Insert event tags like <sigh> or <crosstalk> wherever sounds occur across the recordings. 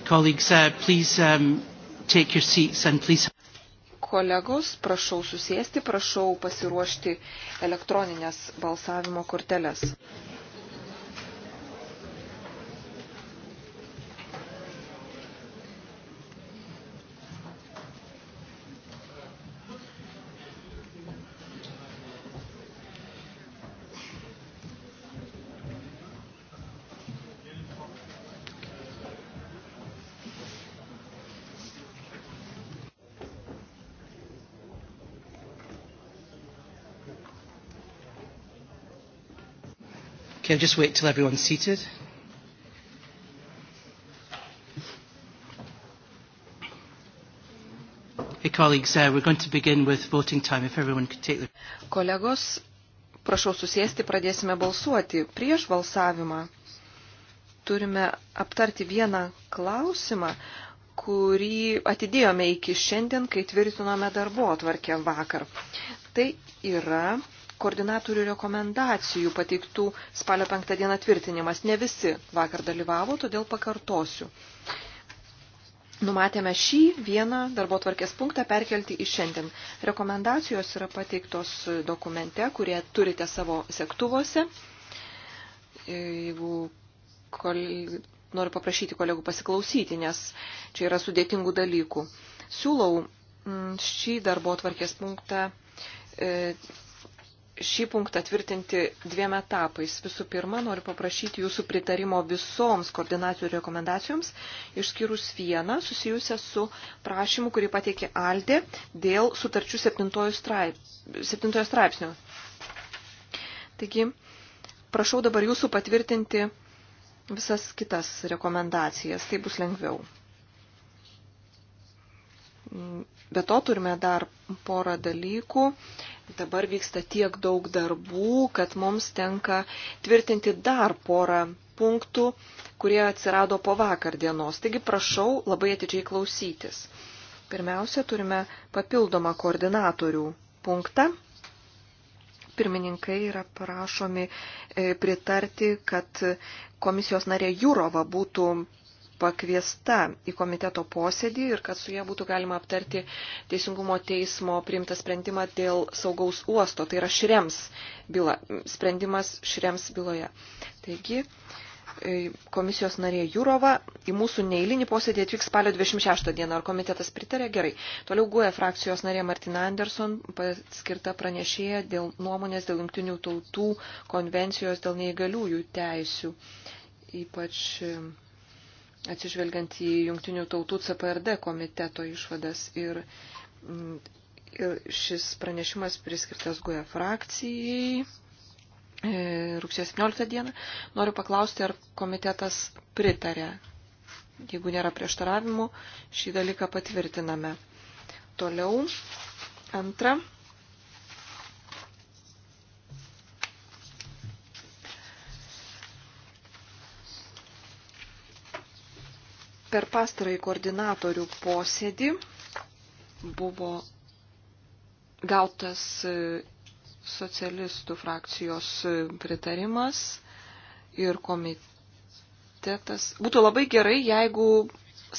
Colleagues, uh, please um, take your seats and please. Kolegos, prašau susėsti, prašau pasiruošti elektroninės balsavimo korteles. Can I just wait till everyone's seated? Hey, colleagues, uh, we're going to begin with voting time. If everyone could take the... Kolegos, prašau susėsti, pradėsime balsuoti. Prieš balsavimą turime aptarti vieną klausimą, kurį atidėjome iki šiandien, kai tvirtinome darbo atvarkę vakar. Tai yra koordinatorių rekomendacijų pateiktų spalio penktą dieną tvirtinimas. Ne visi vakar dalyvavo, todėl pakartosiu. Numatėme šį vieną darbo tvarkės punktą perkelti į šiandien. Rekomendacijos yra pateiktos dokumente, kurie turite savo sektuvose. Jeigu kol... noriu paprašyti kolegų pasiklausyti, nes čia yra sudėtingų dalykų. Siūlau mm, šį darbo tvarkės punktą e, šį punktą tvirtinti dviem etapais. Visų pirma, noriu paprašyti jūsų pritarimo visoms koordinacijų rekomendacijoms, išskyrus vieną susijusią su prašymu, kurį pateikė Aldė dėl sutarčių septintojo straipsnio. Taigi, prašau dabar jūsų patvirtinti visas kitas rekomendacijas, tai bus lengviau. Be to turime dar porą dalykų dabar vyksta tiek daug darbų, kad mums tenka tvirtinti dar porą punktų, kurie atsirado po vakar dienos. Taigi prašau labai atidžiai klausytis. Pirmiausia, turime papildomą koordinatorių punktą. Pirmininkai yra prašomi e, pritarti, kad komisijos narė Jurova būtų pakviesta į komiteto posėdį ir kad su ją būtų galima aptarti Teisingumo teismo priimtą sprendimą dėl saugaus uosto, tai yra šrems byla, sprendimas šrems byloje. Taigi, e, komisijos narė Jurova į mūsų neįlinį posėdį atvyks spalio 26 dieną. Ar komitetas pritarė? Gerai. Toliau guoja e frakcijos narė Martina Anderson, paskirta pranešėja dėl nuomonės dėl jungtinių tautų konvencijos dėl neįgaliųjų teisių, ypač e, atsižvelgiant į Junktinių tautų CPRD komiteto išvadas ir, mm, ir šis pranešimas priskirtas GUE frakcijai e, rugsėjo 17 dieną. Noriu paklausti, ar komitetas pritarė. Jeigu nėra prieštaravimų, šį dalyką patvirtiname. Toliau antra Per pastarąjį koordinatorių posėdį buvo gautas e, socialistų frakcijos e, pritarimas ir komitetas. Būtų labai gerai, jeigu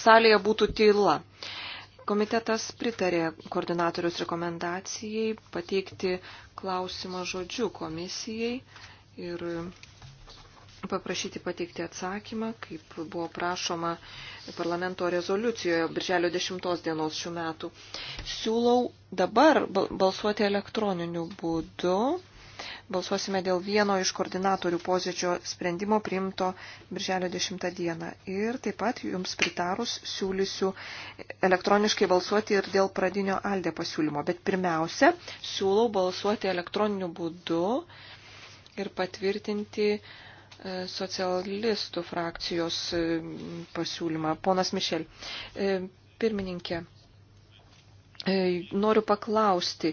salėje būtų tyla. Komitetas pritarė koordinatorius rekomendacijai pateikti klausimą žodžiu komisijai ir paprašyti pateikti atsakymą, kaip buvo prašoma parlamento rezoliucijoje birželio 10 dienos šių metų. Siūlau dabar balsuoti elektroniniu būdu. Balsuosime dėl vieno iš koordinatorių posėdžio sprendimo priimto birželio 10 dieną. Ir taip pat jums pritarus siūlysiu elektroniškai balsuoti ir dėl pradinio aldė pasiūlymo. Bet pirmiausia, siūlau balsuoti elektroniniu būdu ir patvirtinti uh, E, socialistų frakcijos e, pasiūlymą. Ponas Mišel, e, pirmininkė, noriu paklausti,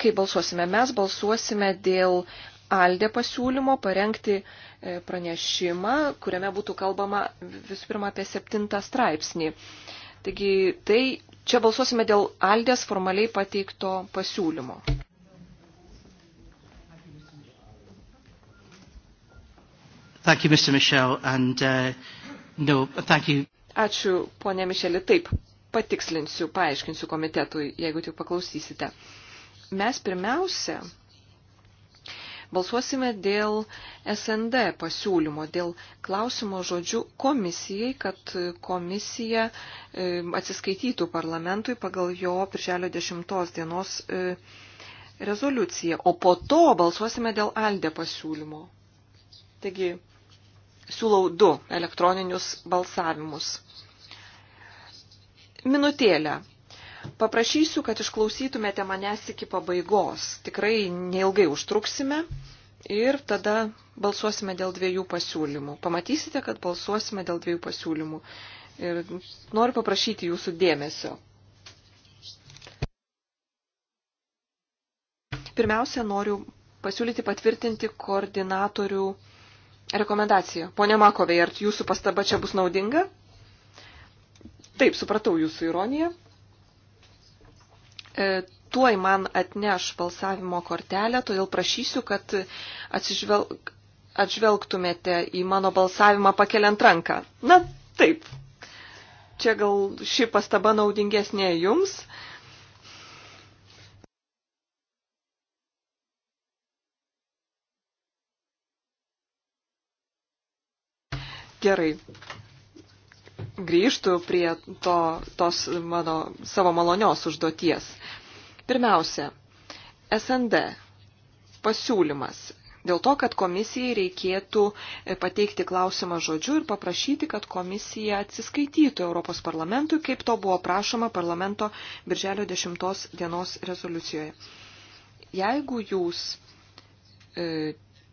kaip balsuosime. Mes balsuosime dėl Aldė pasiūlymo parengti pranešimą, kuriame būtų kalbama visų pirma apie septintą straipsnį. Taigi tai čia balsuosime dėl Aldės formaliai pateikto pasiūlymo. Thank you, Mr. Michel, and uh, no, thank you. Ačiū, ponė Mišelė. Taip, patikslinsiu, paaiškinsiu komitetui, jeigu tik paklausysite. Mes pirmiausia balsuosime dėl SND pasiūlymo, dėl klausimo žodžių komisijai, kad komisija e, atsiskaitytų parlamentui pagal jo pirželio 10 dienos e, rezoliuciją, o po to balsuosime dėl ALDE pasiūlymo. Taigi, siūlau du elektroninius balsavimus. Minutėlę. Paprašysiu, kad išklausytumėte manęs iki pabaigos. Tikrai neilgai užtruksime ir tada balsuosime dėl dviejų pasiūlymų. Pamatysite, kad balsuosime dėl dviejų pasiūlymų. Ir noriu paprašyti jūsų dėmesio. Pirmiausia, noriu pasiūlyti patvirtinti koordinatorių rekomendacijų. Pone Makovė, ar jūsų pastaba čia bus naudinga? Taip, supratau jūsų ironiją. E, tuoj man atneš balsavimo kortelę, todėl prašysiu, kad atsižvelg, atžvelgtumėte į mano balsavimą pakeliant ranką. Na, taip. Čia gal ši pastaba naudingesnė jums. Gerai. Grįžtų prie to, tos mano, savo malonios užduoties. Pirmiausia, SND pasiūlymas. Dėl to, kad komisijai reikėtų e, pateikti klausimą žodžiu ir paprašyti, kad komisija atsiskaitytų Europos parlamentui, kaip to buvo prašoma parlamento birželio 10 dienos rezoliucijoje. Jeigu jūs e,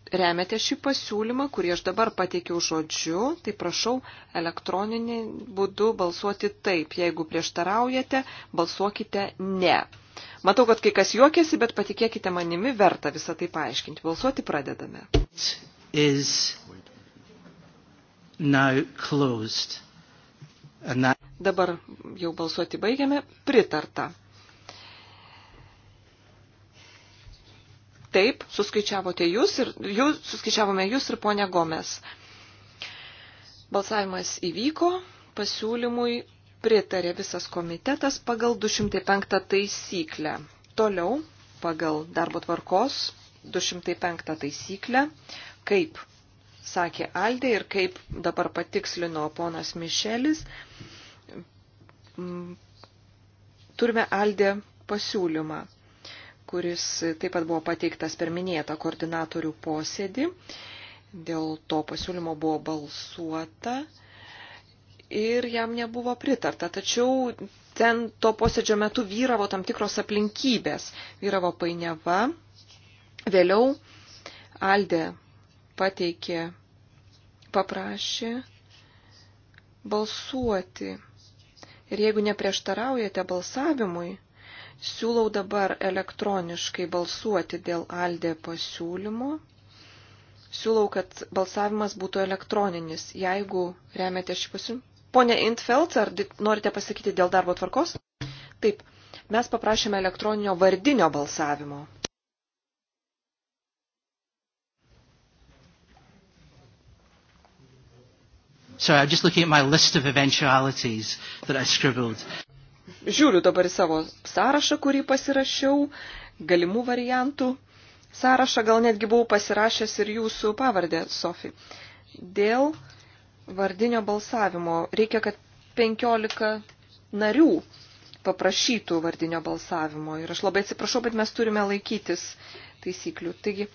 remiate šį pasiūlymą, kurį aš dabar pateikiau žodžiu, tai prašau elektroninį būdu balsuoti taip. Jeigu prieštaraujate, balsuokite ne. Matau, kad kai kas juokiasi, bet patikėkite manimi, verta visą tai paaiškinti. Balsuoti pradedame. That... Dabar jau balsuoti baigiame. Pritarta. Taip, suskaičiavote jūs ir jūs, suskaičiavome jūs ir ponė Gomes. Balsavimas įvyko, pasiūlymui pritarė visas komitetas pagal 205 taisyklę. Toliau, pagal darbo tvarkos 205 taisyklę, kaip sakė Aldė ir kaip dabar patikslino ponas Mišelis, turime Aldė pasiūlymą kuris taip pat buvo pateiktas per minėtą koordinatorių posėdį. Dėl to pasiūlymo buvo balsuota ir jam nebuvo pritarta. Tačiau ten to posėdžio metu vyravo tam tikros aplinkybės. Vyravo painiava. Vėliau Aldė pateikė, paprašė balsuoti. Ir jeigu neprieštaraujate balsavimui, Siūlau dabar elektroniškai balsuoti dėl Aldė pasiūlymo. Siūlau, kad balsavimas būtų elektroninis. Jeigu remiate šį pasiūlymą. Pone Intfeld, ar norite pasakyti dėl darbo tvarkos? Taip, mes paprašėme elektroninio vardinio balsavimo. Sorry, I'm just looking at my list of eventualities that I scribbled žiūriu dabar į savo sąrašą, kurį pasirašiau, galimų variantų sąrašą, gal netgi buvau pasirašęs ir jūsų pavardę, Sofi. Dėl vardinio balsavimo reikia, kad 15 narių paprašytų vardinio balsavimo. Ir aš labai atsiprašau, bet mes turime laikytis taisyklių. Taigi,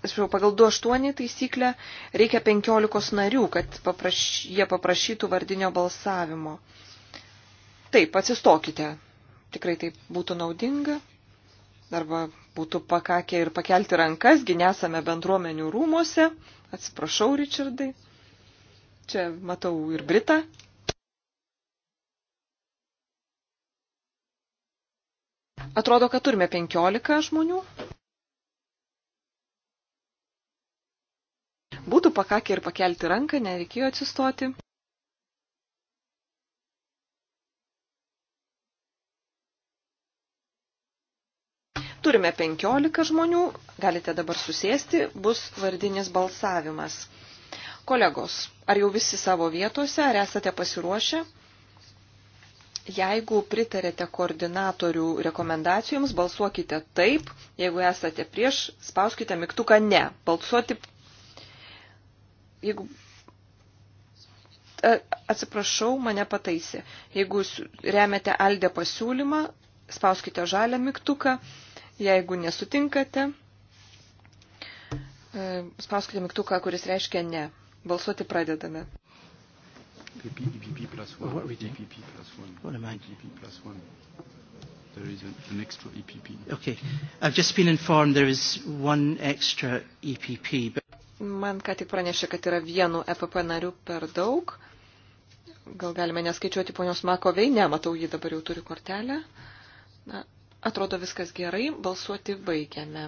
atsiprašau, pagal 28 taisyklę reikia 15 narių, kad papraš, jie paprašytų vardinio balsavimo. Taip, atsistokite. Tikrai taip būtų naudinga. Arba būtų pakakę ir pakelti rankas, ginesame bendruomenių rūmose. Atsiprašau, Richardai. Čia matau ir Britą. Atrodo, kad turime 15 žmonių. Būtų pakakę ir pakelti ranką, nereikėjo atsistoti. Turime 15 žmonių, galite dabar susėsti, bus vardinis balsavimas. Kolegos, ar jau visi savo vietose, ar esate pasiruošę? Jeigu pritarėte koordinatorių rekomendacijoms, balsuokite taip, jeigu esate prieš, spauskite mygtuką ne. Balsuoti, jeigu atsiprašau, mane pataisė. Jeigu remiate Aldė pasiūlymą, spauskite žalią mygtuką, Jeigu nesutinkate, e, spauskite mygtuką, kuris reiškia ne. Balsuoti pradedame. There is an, an extra EPP. Okay. I've just been informed there is one extra EPP. But... Man ką tik pranešė, kad yra vienu EPP nariu per daug. Gal galime neskaičiuoti ponios Makovei, nematau, ji dabar jau turi kortelę. Na, Atrodo viskas gerai, balsuoti baigiame.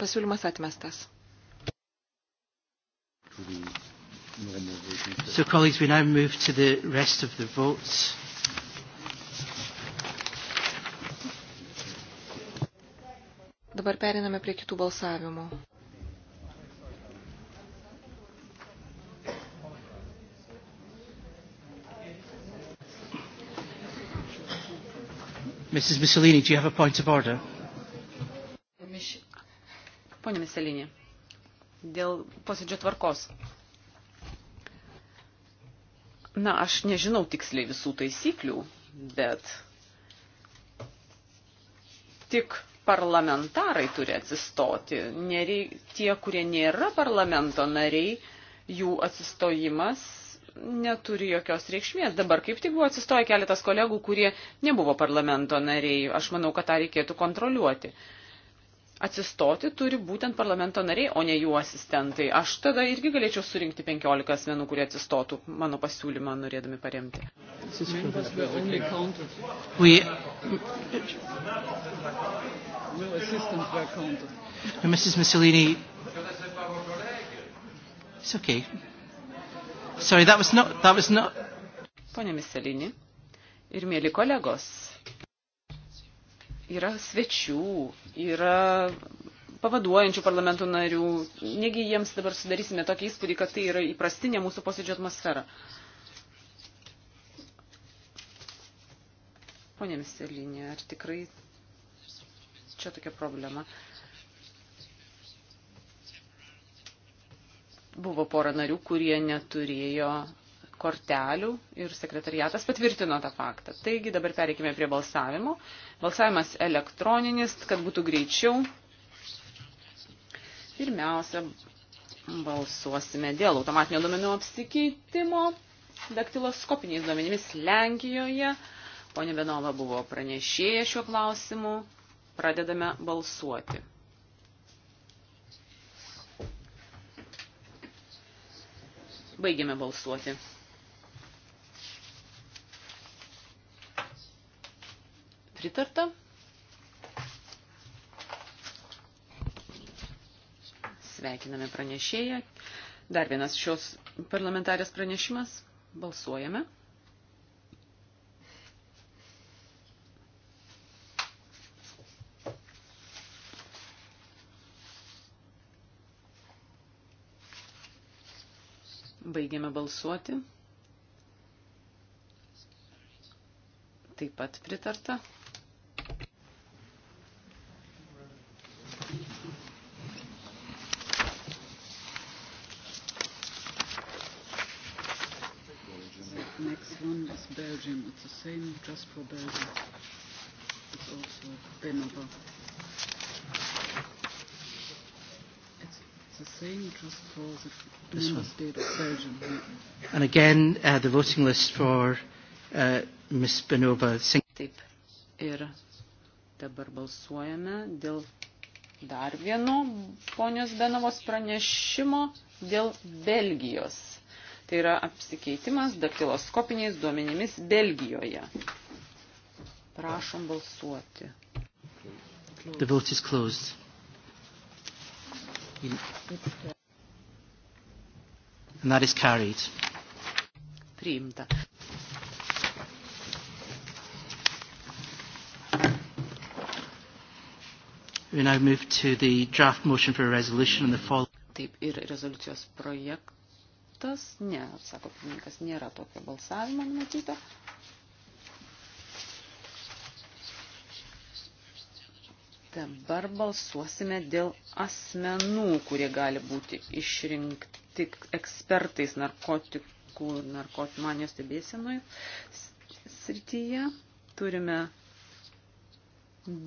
Pasiūlymas atmestas. So, colleagues, we now move to the rest of the votes. Dabar periname prie kitų balsavimų. Mrs. Mussolini, do you have a point of order? Pone Miselinė, dėl posėdžio tvarkos. Na, aš nežinau tiksliai visų taisyklių, bet tik parlamentarai turi atsistoti. Nerei, tie, kurie nėra parlamento nariai, jų atsistojimas neturi jokios reikšmės. Dabar kaip tik buvo atsistoję keletas kolegų, kurie nebuvo parlamento nariai. Aš manau, kad tą reikėtų kontroliuoti. Atsistoti turi būtent parlamento nariai, o ne jų asistentai. Aš tada irgi galėčiau surinkti 15 asmenų, kurie atsistotų mano pasiūlymą norėdami paremti. We... Mrs. Mussolini, it's okay. Sorry, that was not, that was not... Pone Miselini ir mėly kolegos, yra svečių, yra pavaduojančių parlamentų narių, negi jiems dabar sudarysime tokį įspūdį, kad tai yra įprastinė mūsų posėdžio atmosfera. Pone Miselinė, ar tikrai čia tokia problema? buvo pora narių, kurie neturėjo kortelių ir sekretariatas patvirtino tą faktą. Taigi dabar pereikime prie balsavimo. Balsavimas elektroninis, kad būtų greičiau. Pirmiausia, balsuosime dėl automatinio duomenų apsikeitimo daktiloskopiniais duomenimis Lenkijoje. Pone Benova buvo pranešėję šiuo klausimu. Pradedame balsuoti. Baigiame balsuoti. Pritarta. Sveikiname pranešėją. Dar vienas šios parlamentarės pranešimas. Balsuojame. Baigėme balsuoti. Taip pat pritarta. Next one is Belgium. It's the same just for Belgium. It's also Benova. saying it was for the this one. State of Belgium. And again, uh, the voting list for uh, Ms. Benova. Taip. Ir dabar balsuojame dėl dar vieno ponios Benovos pranešimo dėl Belgijos. Tai yra apsikeitimas daktiloskopiniais duomenimis Belgijoje. Prašom balsuoti. The vote is closed. And that is carried. Priimta. We now move to the draft motion for a resolution and the following. Taip, ir rezoliucijos projektas, ne, sako pirmininkas, nėra tokio balsavimo numatyto. Dabar balsuosime dėl asmenų, kurie gali būti išrinkti ekspertais narkotikų, narkotmanijos stebėsenui srityje. Turime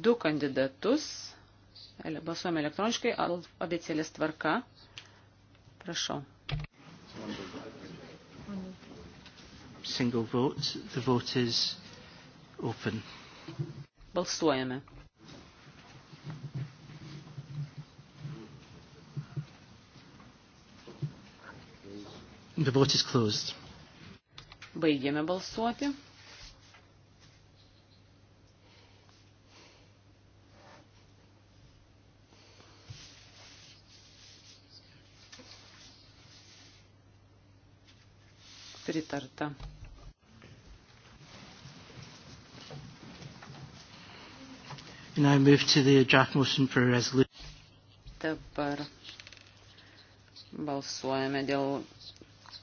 du kandidatus. Balsuojame elektroniškai, abecėlės tvarka. Prašau. Single vote. The vote is open. Balsuojame. The vote is closed. Baigėme balsuoti. pritarta. Dabar balsuojame dėl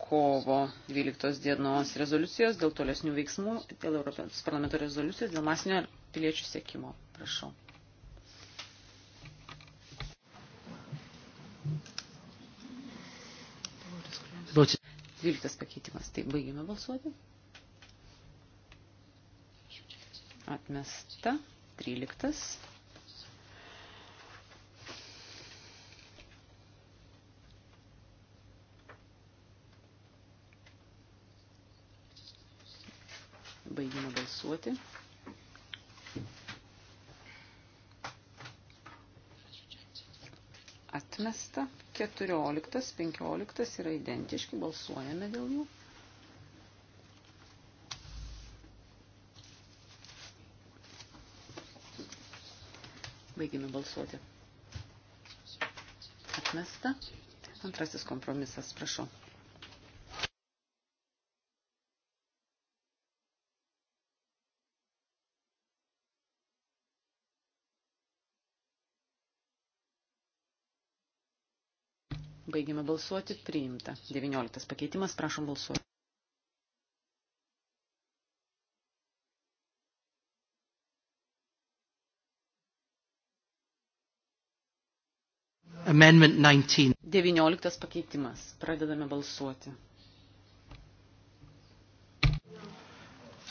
kovo 12 dienos rezoliucijos dėl tolesnių veiksmų, dėl Europos parlamento rezoliucijos, dėl masinio piliečių sėkimo. Prašau. Dvyliktas pakeitimas. Tai baigime balsuoti. Atmesta. Tryliktas. balsuoti. Atmesta. 14, 15 yra identiški, balsuojame dėl jų. Baigime balsuoti. Atmesta. Antrasis kompromisas, prašau. Baigime balsuoti. Priimta. 19 pakeitimas. Prašom balsuoti. Amendment 19. 19 pakeitimas. Pradedame balsuoti.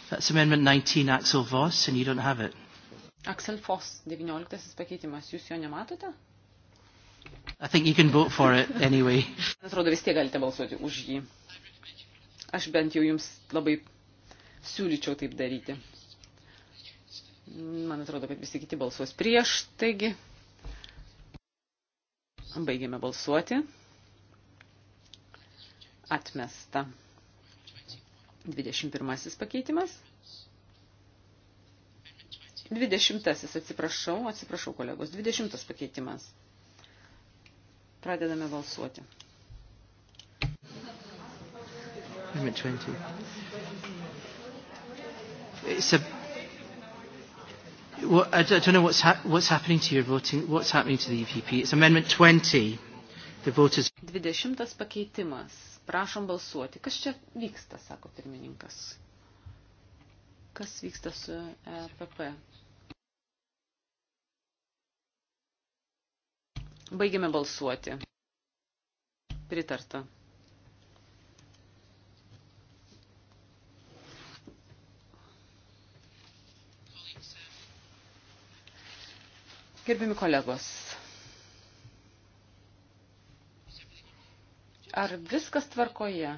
That's Amendment 19, Axel Voss, and you don't have it. Axel Voss, 19 pakeitimas. Jūs jo nematote? Anyway. Atrodo, vis tiek galite balsuoti už jį. Aš bent jau jums labai siūlyčiau taip daryti. Man atrodo, kad visi kiti balsuos prieš, taigi baigėme balsuoti. Atmesta. 21 pakeitimas. 20 atsiprašau, atsiprašau kolegos, 20 pakeitimas. Pradedame balsuoti. Amendment 20. It's a. What, I don't know what's, ha- what's happening to your voting. What's happening to the EPP? It's Amendment 20. The voters. 20 pakeitimas. Prašom balsuoti. Kas čia vyksta, sako pirmininkas. Kas vyksta su EPP? Baigiame balsuoti. Pritarta. Gerbiami kolegos, ar viskas tvarkoje?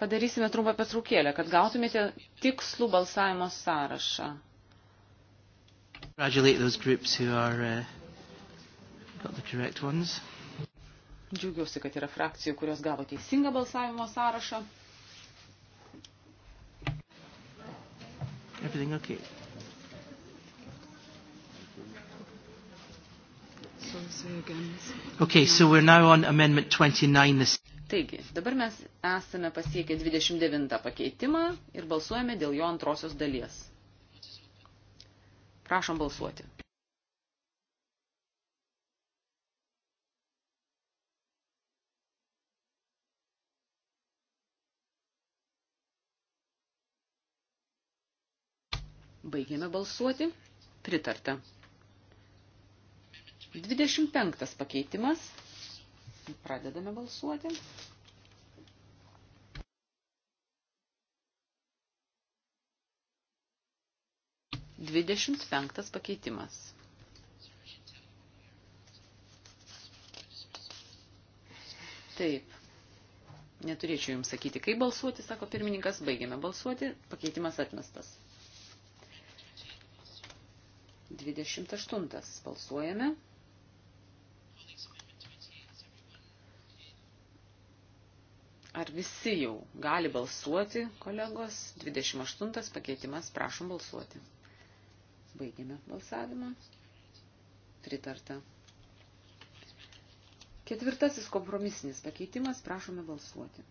Padarysime trumpą petrukėlę, kad gautumėte tikslų balsavimo sąrašą. Congratulate those groups who are uh, Got the correct ones. Džiaugiuosi, kad yra frakcijų, kurios gavo teisingą balsavimo sąrašą. Everything okay? Okay, so we're now on amendment 29. This... Taigi, dabar mes esame pasiekę 29 pakeitimą ir balsuojame dėl jo antrosios dalies. Prašom balsuoti. Baigėme balsuoti. Pritarta. 25 pakeitimas. Pradedame balsuoti. Dvidešimt penktas pakeitimas. Taip. Neturėčiau jums sakyti, kaip balsuoti, sako pirmininkas, baigiame balsuoti, pakeitimas atmestas. 28. Balsuojame. Ar visi jau gali balsuoti, kolegos? 28 pakeitimas, prašom balsuoti. Baigėme balsavimą. Pritarta. Ketvirtasis kompromisinis pakeitimas, prašome balsuoti.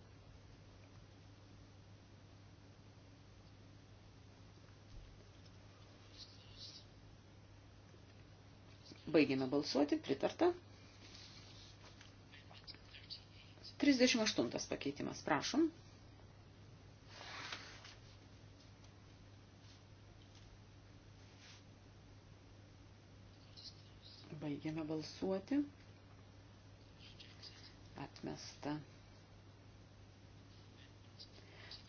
Baigėme balsuoti, pritarta. 38 pakeitimas, prašom. Baigėme balsuoti. Atmesta.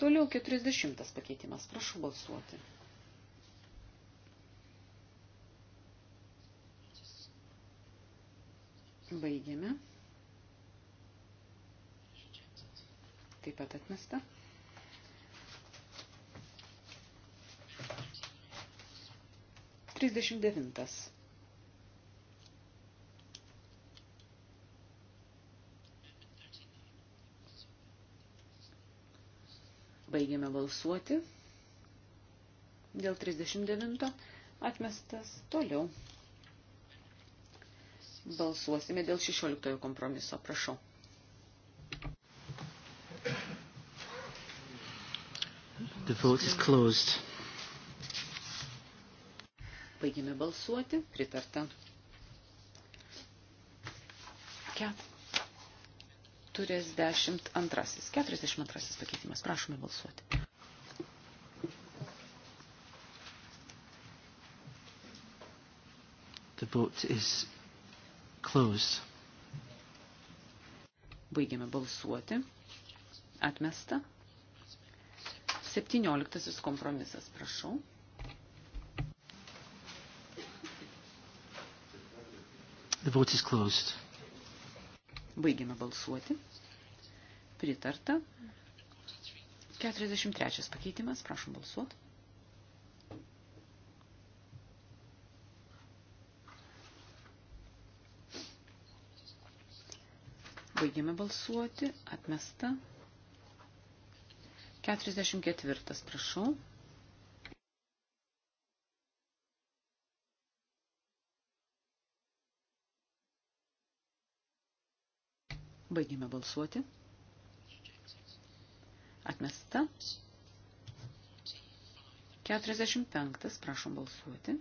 Toliau 40 pakeitimas. Prašau balsuoti. Baigiame. Taip pat atmesta. Trisdešimt devintas. Baigiame balsuoti. Dėl 39 atmestas toliau. Balsuosime dėl 16 kompromiso. Prašau. The vote is closed. Baigėme balsuoti. Pritarta. Ket. 42. 42 pakeitimas. Prašome balsuoti. The vote is closed. Baigiame balsuoti. Atmesta. 17 kompromisas, prašau. The vote is closed. Baigiame balsuoti. Pritarta. 43 pakeitimas, prašom balsuoti. Baigėme balsuoti. Atmesta. 44. Prašau. Baigėme balsuoti. Atmesta. 45. Prašom balsuoti.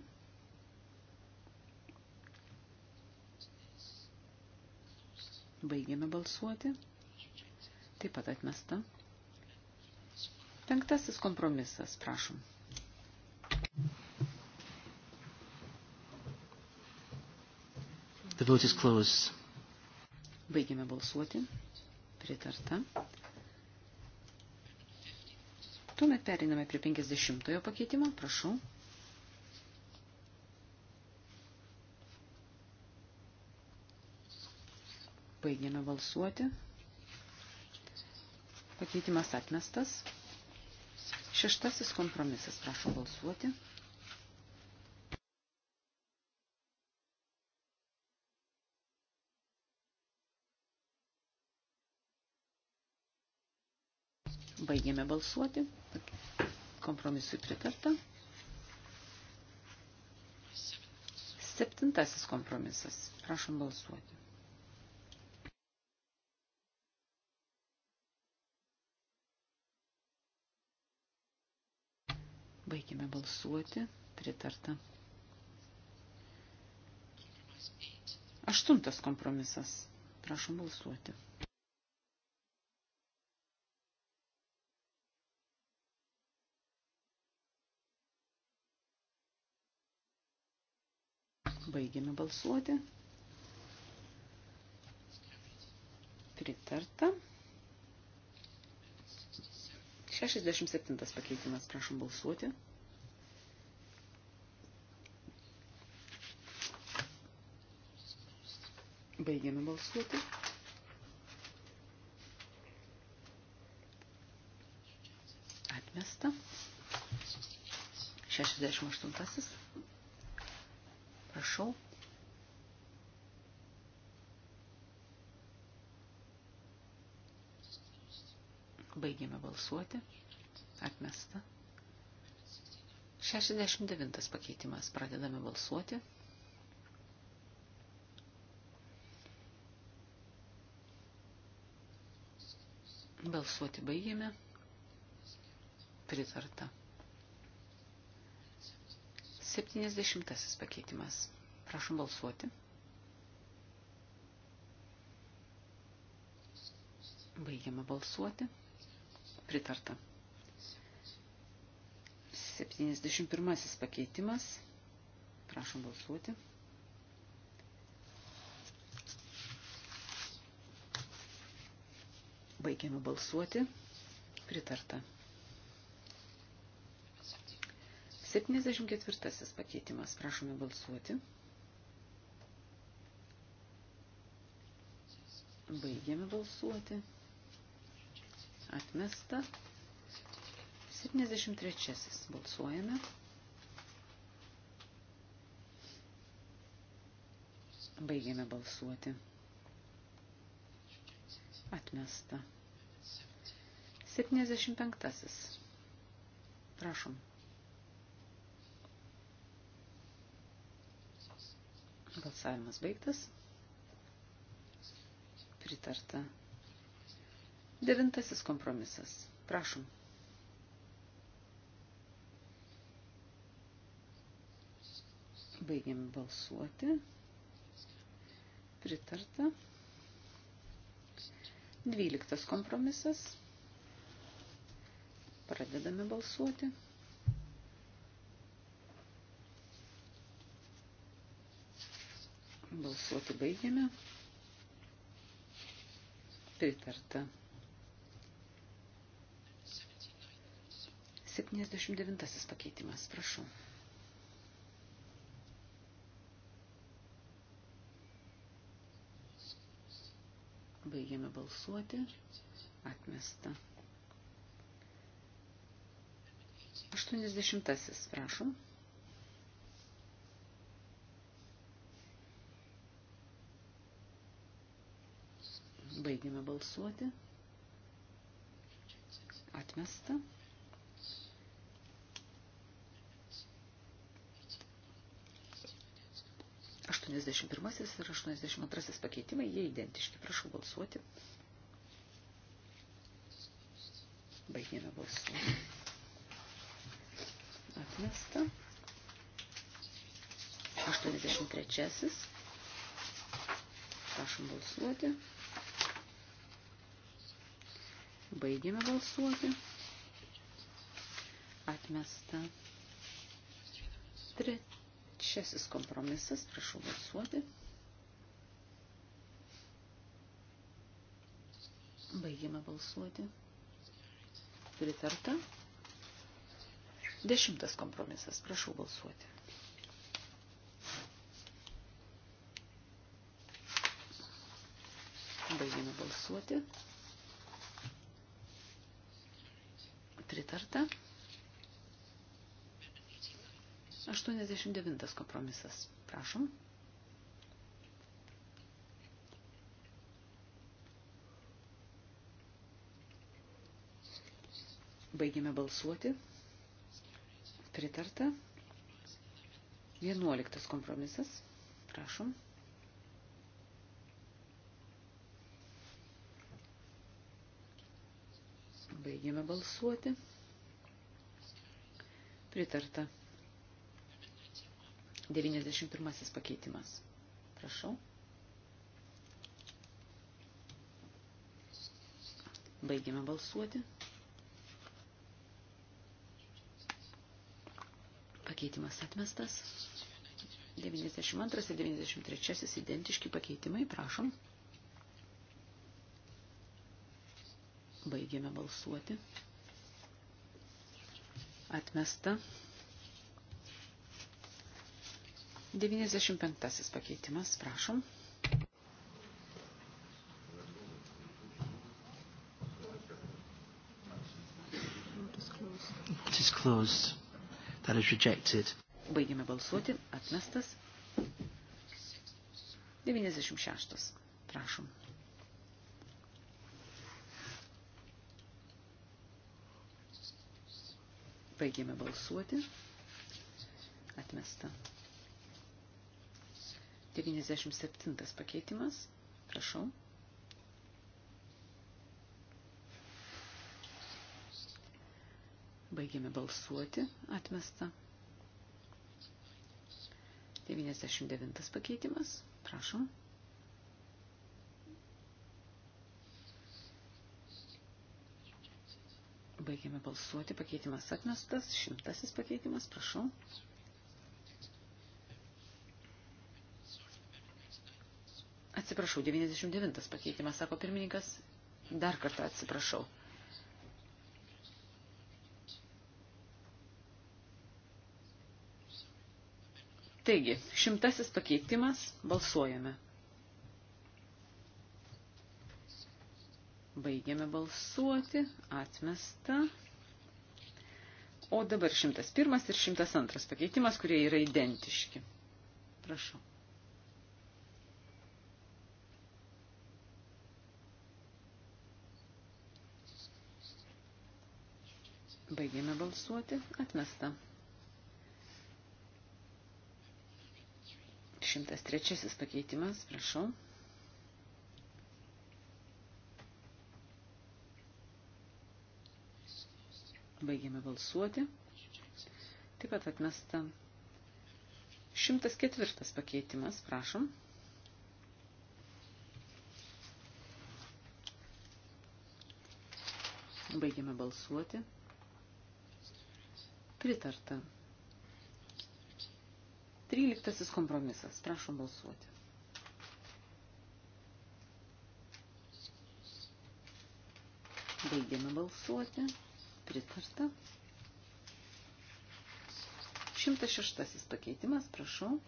Baigėme balsuoti. Taip pat atmesta. Penktasis kompromisas, prašom. The vote is closed. Baigėme balsuoti. Pritarta. Tuomet periname prie 50 pakeitimo. Prašau. Baigėme balsuoti. Pakeitimas atmestas. Šeštasis kompromisas. Prašom balsuoti. Baigėme balsuoti. Kompromisui pritarta. Septintasis kompromisas. Prašom balsuoti. Baigime balsuoti. Pritarta. Aštuntas kompromisas. Prašom balsuoti. Baigėme balsuoti. Pritarta. 67 pakeitimas, prašom balsuoti. Baigiame balsuoti. Atmesta. 68. Prašau. Baigėme balsuoti. Atmesta. 69 pakeitimas. Pradedame balsuoti. Balsuoti baigėme. Pritarta. 70 pakeitimas. Prašom balsuoti. Baigiame balsuoti pritarta. 71 pakeitimas. Prašom balsuoti. Baigiame balsuoti. Pritarta. 74 pakeitimas. Prašome balsuoti. Baigiame balsuoti. Atmesta. 73. Balsuojame. Baigėme balsuoti. Atmesta. 75. Prašom. Balsavimas baigtas. Pritarta. Devintasis kompromisas. Prašom. Baigiam balsuoti. Pritarta. Dvyliktas kompromisas. Pradedame balsuoti. Balsuoti baigiame. Pritarta. 79 pakeitimas, prašau. Baigėme balsuoti. Atmesta. 80. Prašom. Baigėme balsuoti. Atmesta. 81 ir 82 pakeitimai, jie identiški. Prašau balsuoti. Baigėme balsuoti. Atmesta. 83. Prašom balsuoti. Baigėme balsuoti. Atmesta. 3. Trečiasis kompromisas, prašau balsuoti. Baigėme balsuoti. Pritarta. Dešimtas kompromisas, prašau balsuoti. Baigėme balsuoti. Pritarta. 89 kompromisas. Prašom. Baigėme balsuoti. Pritarta. 11 kompromisas. Prašom. Baigėme balsuoti. Pritarta. 91 pakeitimas. Prašau. Baigiame balsuoti. Pakeitimas atmestas. 92 ir 93 identiški pakeitimai. Prašom. Baigiame balsuoti. Atmesta. 95 pakeitimas, prašom. It is closed. That is rejected. Baigėme balsuoti. Atmestas. 96. Prašom. Baigėme balsuoti. Atmesta. 97 pakeitimas. Prašau. Baigėme balsuoti. Atmesta. 99 pakeitimas. Prašom. Baigėme balsuoti. Pakeitimas atmestas. Šimtasis pakeitimas. Prašau. Prašau. Atsiprašau, 99 pakeitimas, sako pirmininkas. Dar kartą atsiprašau. Taigi, šimtasis pakeitimas, balsuojame. Baigiame balsuoti, atmesta. O dabar 101 ir 102 pakeitimas, kurie yra identiški. Prašau. Baigėme balsuoti. Atmesta. 103 pakeitimas. Prašau. Baigėme balsuoti. Taip pat atmesta. 104 pakeitimas. Prašom. Baigėme balsuoti. Pritarta. Tryliktasis kompromisas. Prašom balsuoti. Baigiame balsuoti. Pritarta. 106 pakeitimas, prašau.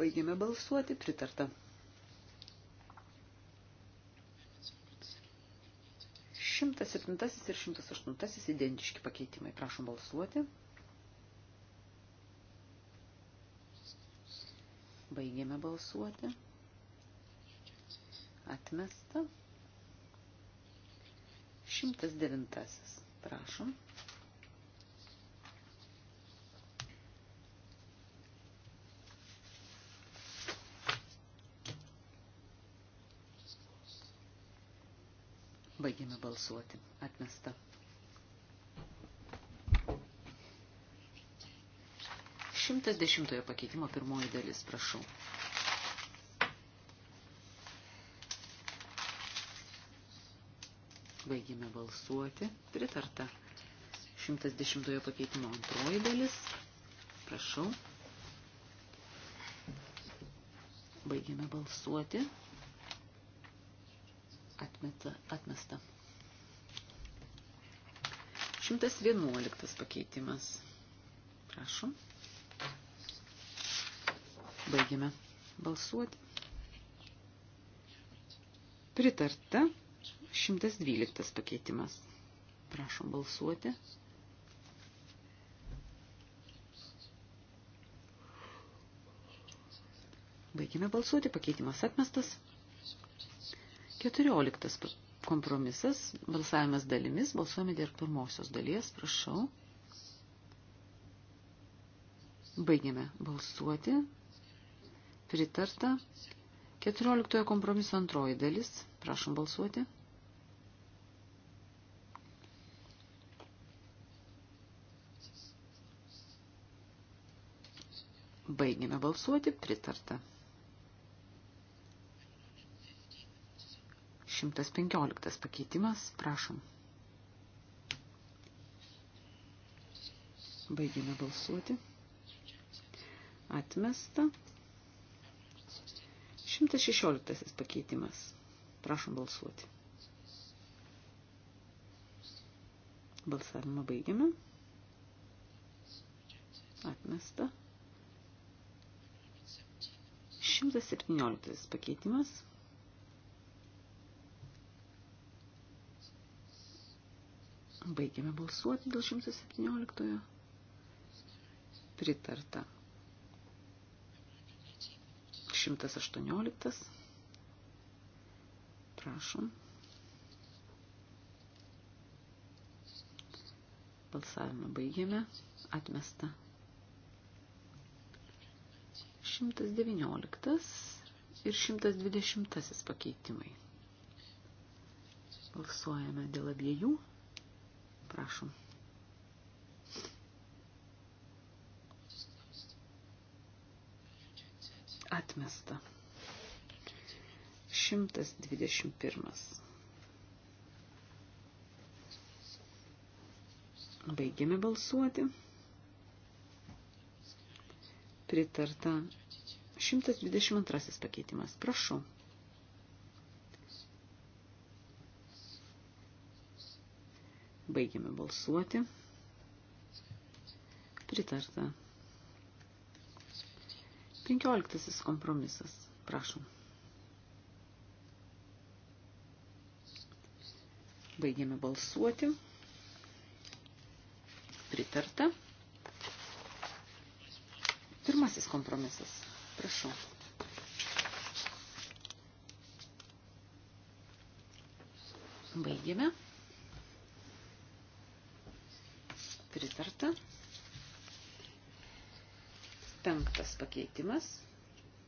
Baigiame balsuoti, pritarta. 107 ir 108 identiški pakeitimai. Prašom balsuoti. Baigėme balsuoti. Atmesta. 109. Prašom. Baigėme balsuoti. Atmesta. Šimtas dešimtojo pakeitimo pirmoji dalis, prašau. Baigėme balsuoti. Pritarta. 110 pakeitimo antroji dalis. Prašau. Baigėme balsuoti atmeta, atmesta. 111 pakeitimas. Prašom. Baigiame balsuoti. Pritarta 112 pakeitimas. Prašom balsuoti. Baigime balsuoti, pakeitimas atmestas. Keturioliktas kompromisas, balsavimas dalimis, balsuojame dėl pirmosios dalies, prašau. Baigiame balsuoti. Pritarta. Keturioliktojo kompromiso antroji dalis, prašom balsuoti. Baigėme balsuoti, pritarta. 115 pakeitimas, prašom. Baigime balsuoti. Atmesta. 116 pakeitimas. Prašom balsuoti. Balsavimą baigiame. Atmesta. 117 pakeitimas. Baigiame balsuoti dėl 117. Pritarta. 118. Prašom. Balsavimą baigėme. Atmesta. 119 ir 120 pakeitimai. Balsuojame dėl abiejų. Prašom. Atmesta. 121. Baigėme balsuoti. Pritarta 122 pakeitimas. Prašau. Baigiame balsuoti. Pritarta. 15 kompromisas. Prašom. Baigiame balsuoti. Pritarta. Pirmasis kompromisas. Prašau. Baigėme. pritarta. Penktas pakeitimas.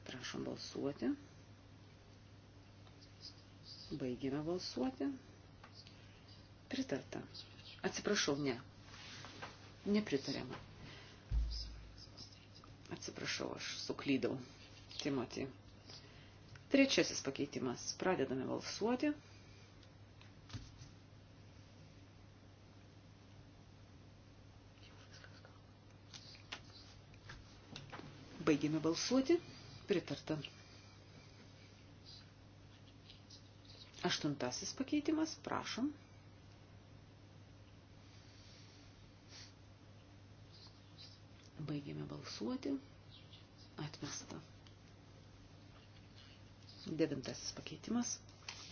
Prašom balsuoti. Baigime balsuoti. Pritarta. Atsiprašau, ne. Nepritariama. Atsiprašau, aš suklydau. Timotį. Trečiasis pakeitimas. Pradedame balsuoti. Pradedame balsuoti. Baigėme balsuoti. Pritarta. Aštuntasis pakeitimas. Prašom. Baigėme balsuoti. Atmesta. Devintasis pakeitimas.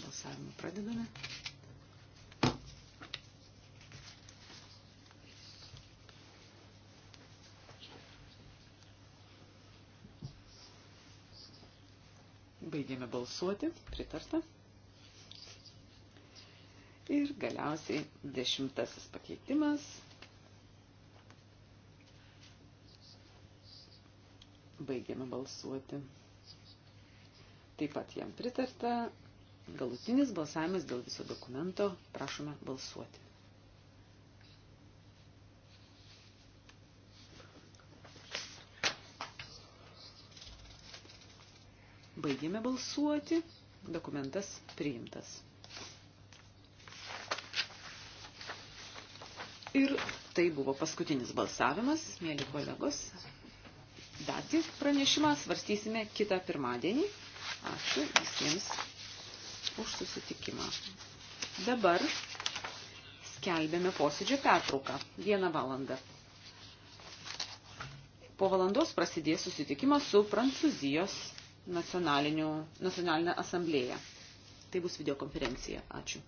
Balsavimą pradedame. Pradedame. Baigėme balsuoti, pritarta. Ir galiausiai dešimtasis pakeitimas. Baigėme balsuoti. Taip pat jam pritarta. Galutinis balsavimas dėl viso dokumento. Prašome balsuoti. Baigėme balsuoti. Dokumentas priimtas. Ir tai buvo paskutinis balsavimas, mėly kolegos. Datį pranešimą svarstysime kitą pirmadienį. Ačiū visiems už susitikimą. Dabar skelbėme posėdžio pertrauką. Vieną valandą. Po valandos prasidės susitikimas su Prancūzijos nacionalinę asamblėją. Tai bus videokonferencija. Ačiū.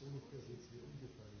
so eine Position gefallen.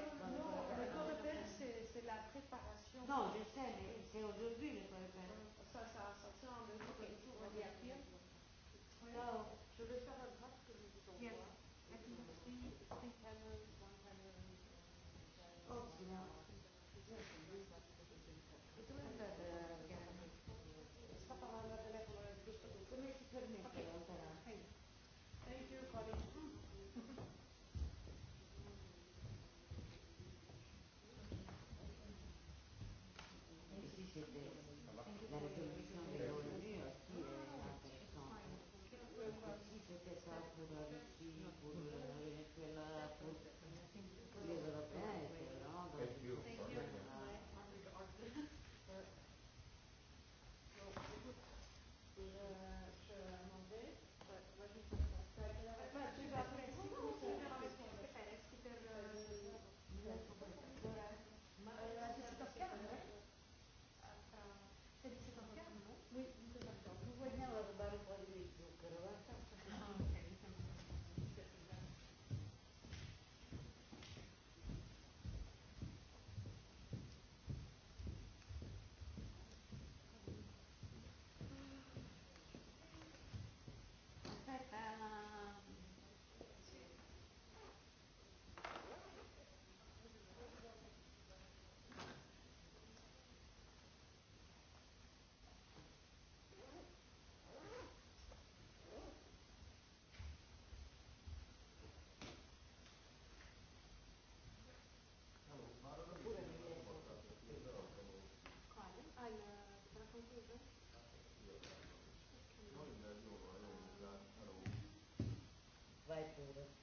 préparation. Non, je sais, mais c'est aujourd'hui le problème. Ça, ça, ça tient le jour et tout, on y appuie. Alors, je vais faire un draft que je vous envoie. Yes. vai pura.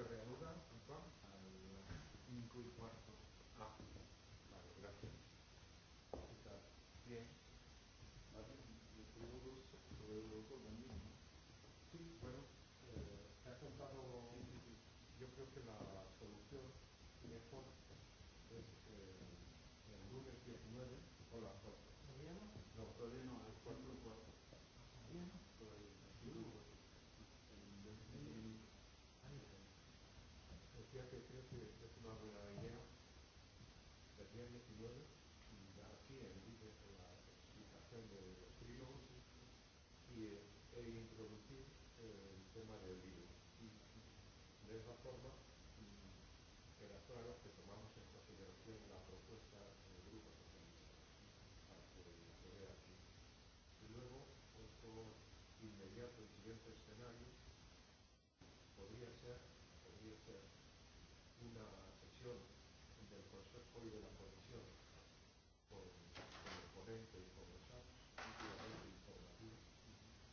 se reanuda, perdón, a las 5 y cuarto. Ah, vale, gracias. Está bien. Vale, yo tengo dos sobre el otro también. Sí, bueno, eh, te ha contado, yo creo que la solución mejor es que eh, el lunes 19 o las 4. ¿Todavía no? No, todavía no, a las 4 y cuarto. ¿Todavía no? Todavía no. fíjate, creo que es una buena idea del día 19 dar aquí en vídeo la explicación de los trílogos y, e introducir el tema del virus. Y de esa forma queda mm, claro que tomamos en consideración la propuesta del grupo socialista para que se vea aquí. Y luego, otro inmediato y siguiente escenario podría ser, podría ser una sesión del Consejo y de la Comisión con, con el ponente y con los SAPs, últimamente informativa,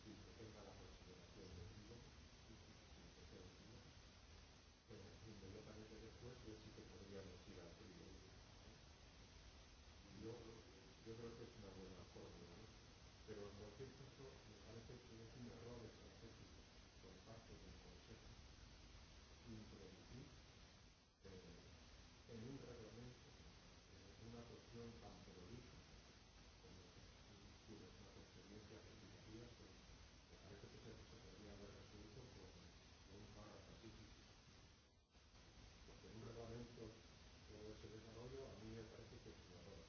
sin que tenga la consideración de vivo, sin que sea vivo, pero inmediatamente después yo sí que podríamos ir a vivo. Yo, yo creo que es una buena fórmula, ¿no? pero en cualquier caso me parece que es un error estratégico por parte del Consejo introducir en un reglamento, es una cuestión tan prolija como tiene una experiencia legislativa, pues me parece que se, se podría haber resuelto con, con un párrafo así. Porque en un reglamento todo ese desarrollo a mí me parece que es innovador.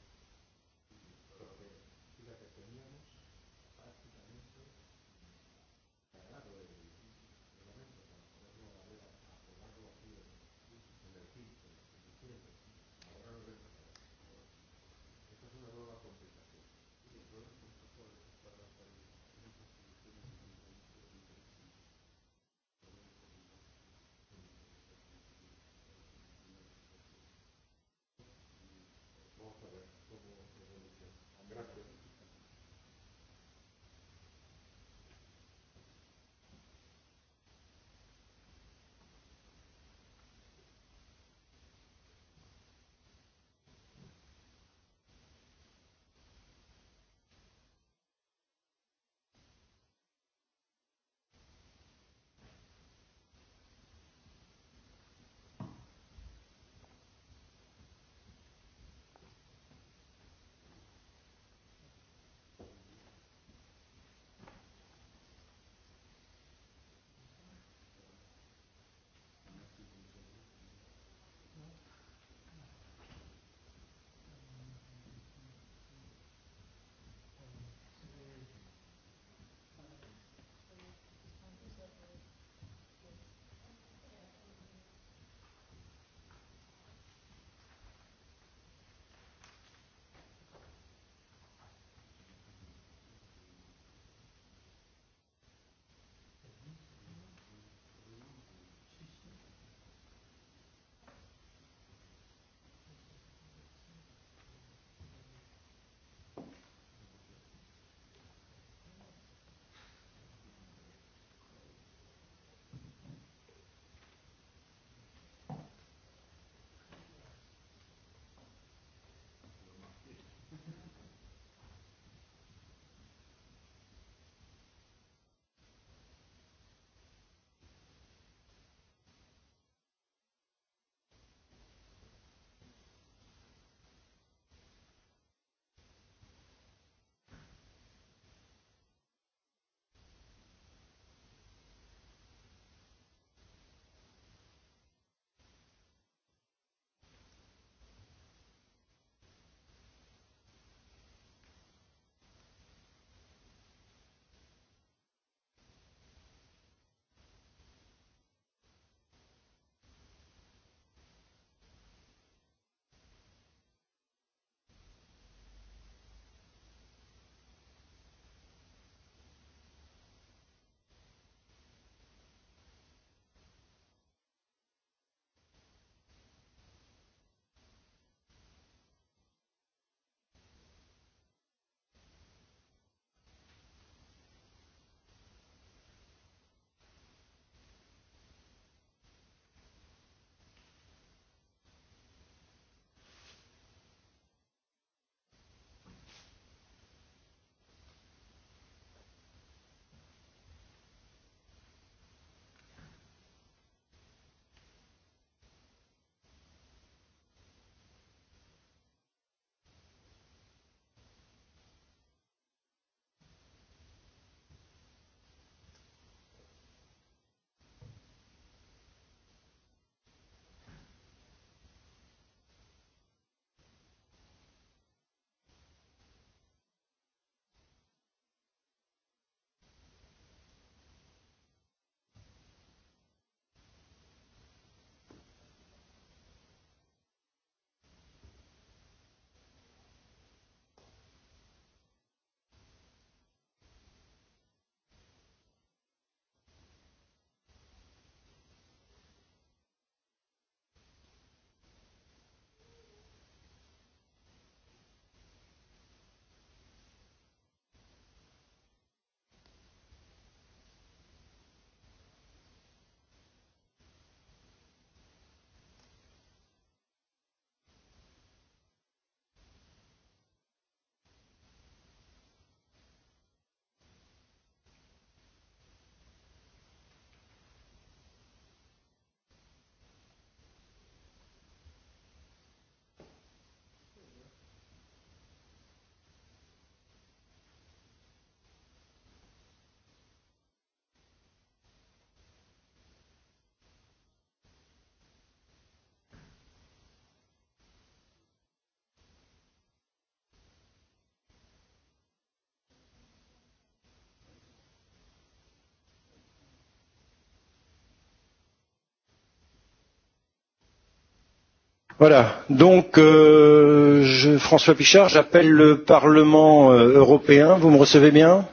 Voilà. Donc, euh, je, François Pichard, j'appelle le Parlement euh, européen. Vous me recevez bien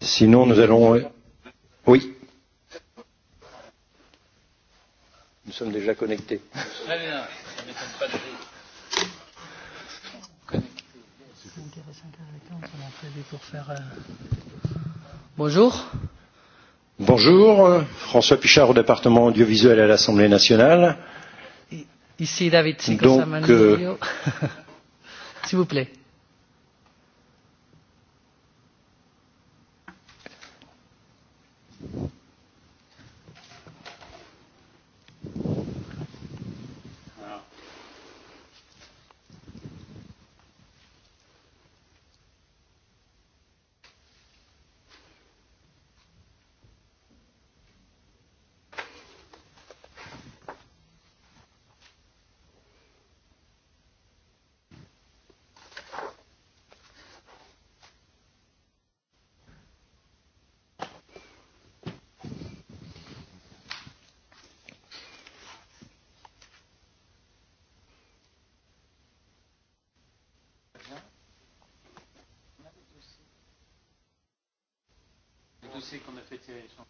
Sinon, nous allons. Euh, oui. Nous sommes déjà connectés. Très bien. Ça m'étonne pas de vous. Euh, bonjour. Bonjour, François Pichard au département audiovisuel à l'Assemblée nationale. Ici David Sicosamanoglio. Donc, euh, <laughs> S'il vous plaît. situation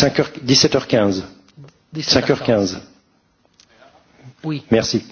5h, 17h15. 17h15. 17h15. Oui. Merci.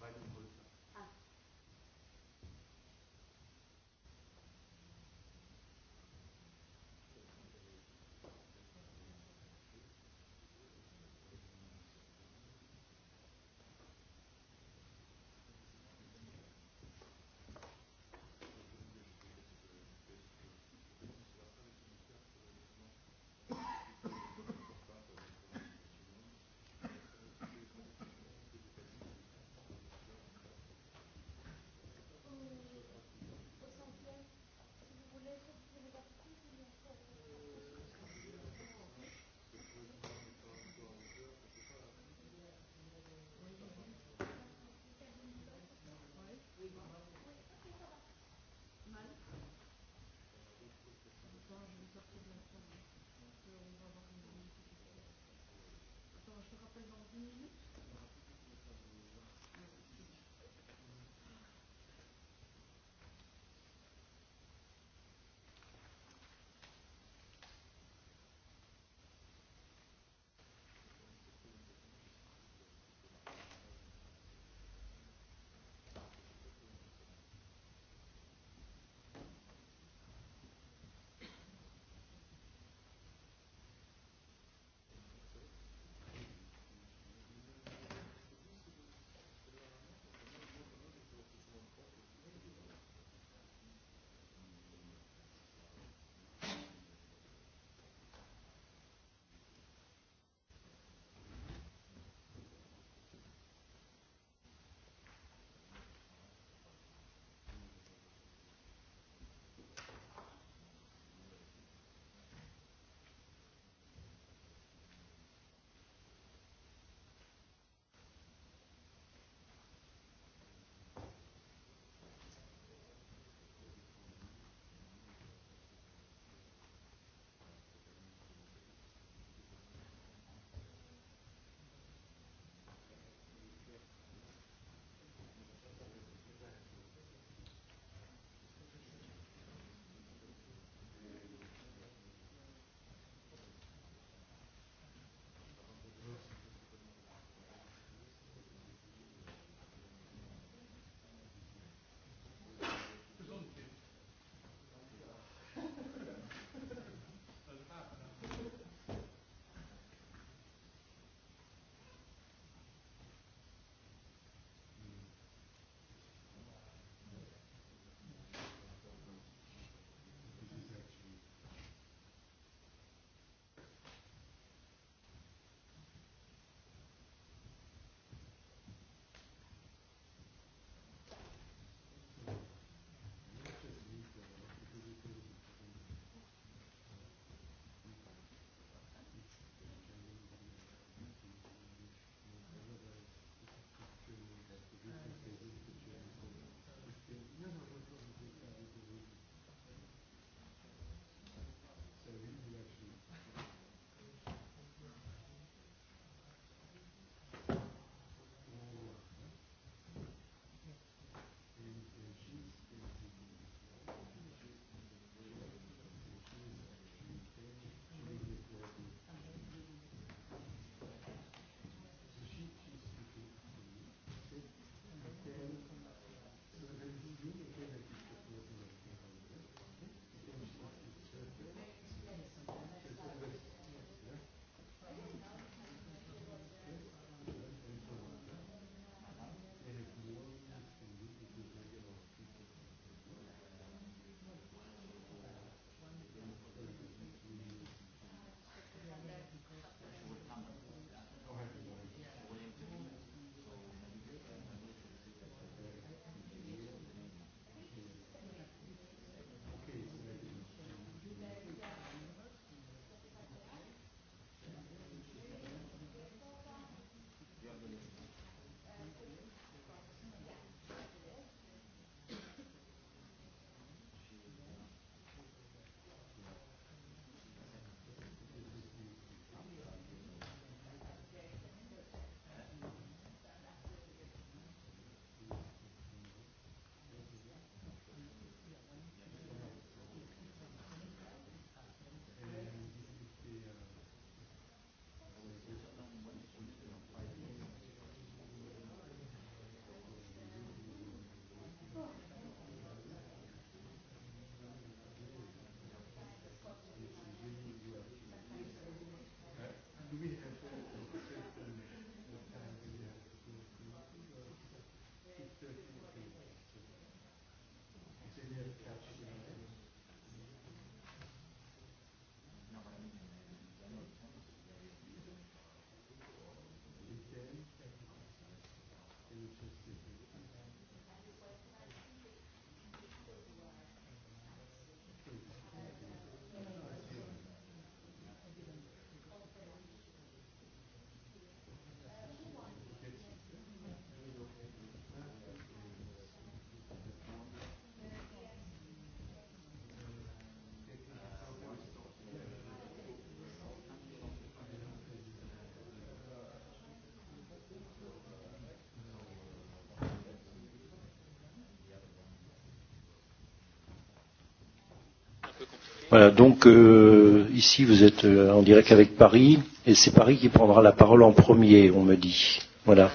Valymui. Voilà, donc euh, ici vous êtes euh, en direct avec Paris et c'est Paris qui prendra la parole en premier, on me dit. Voilà.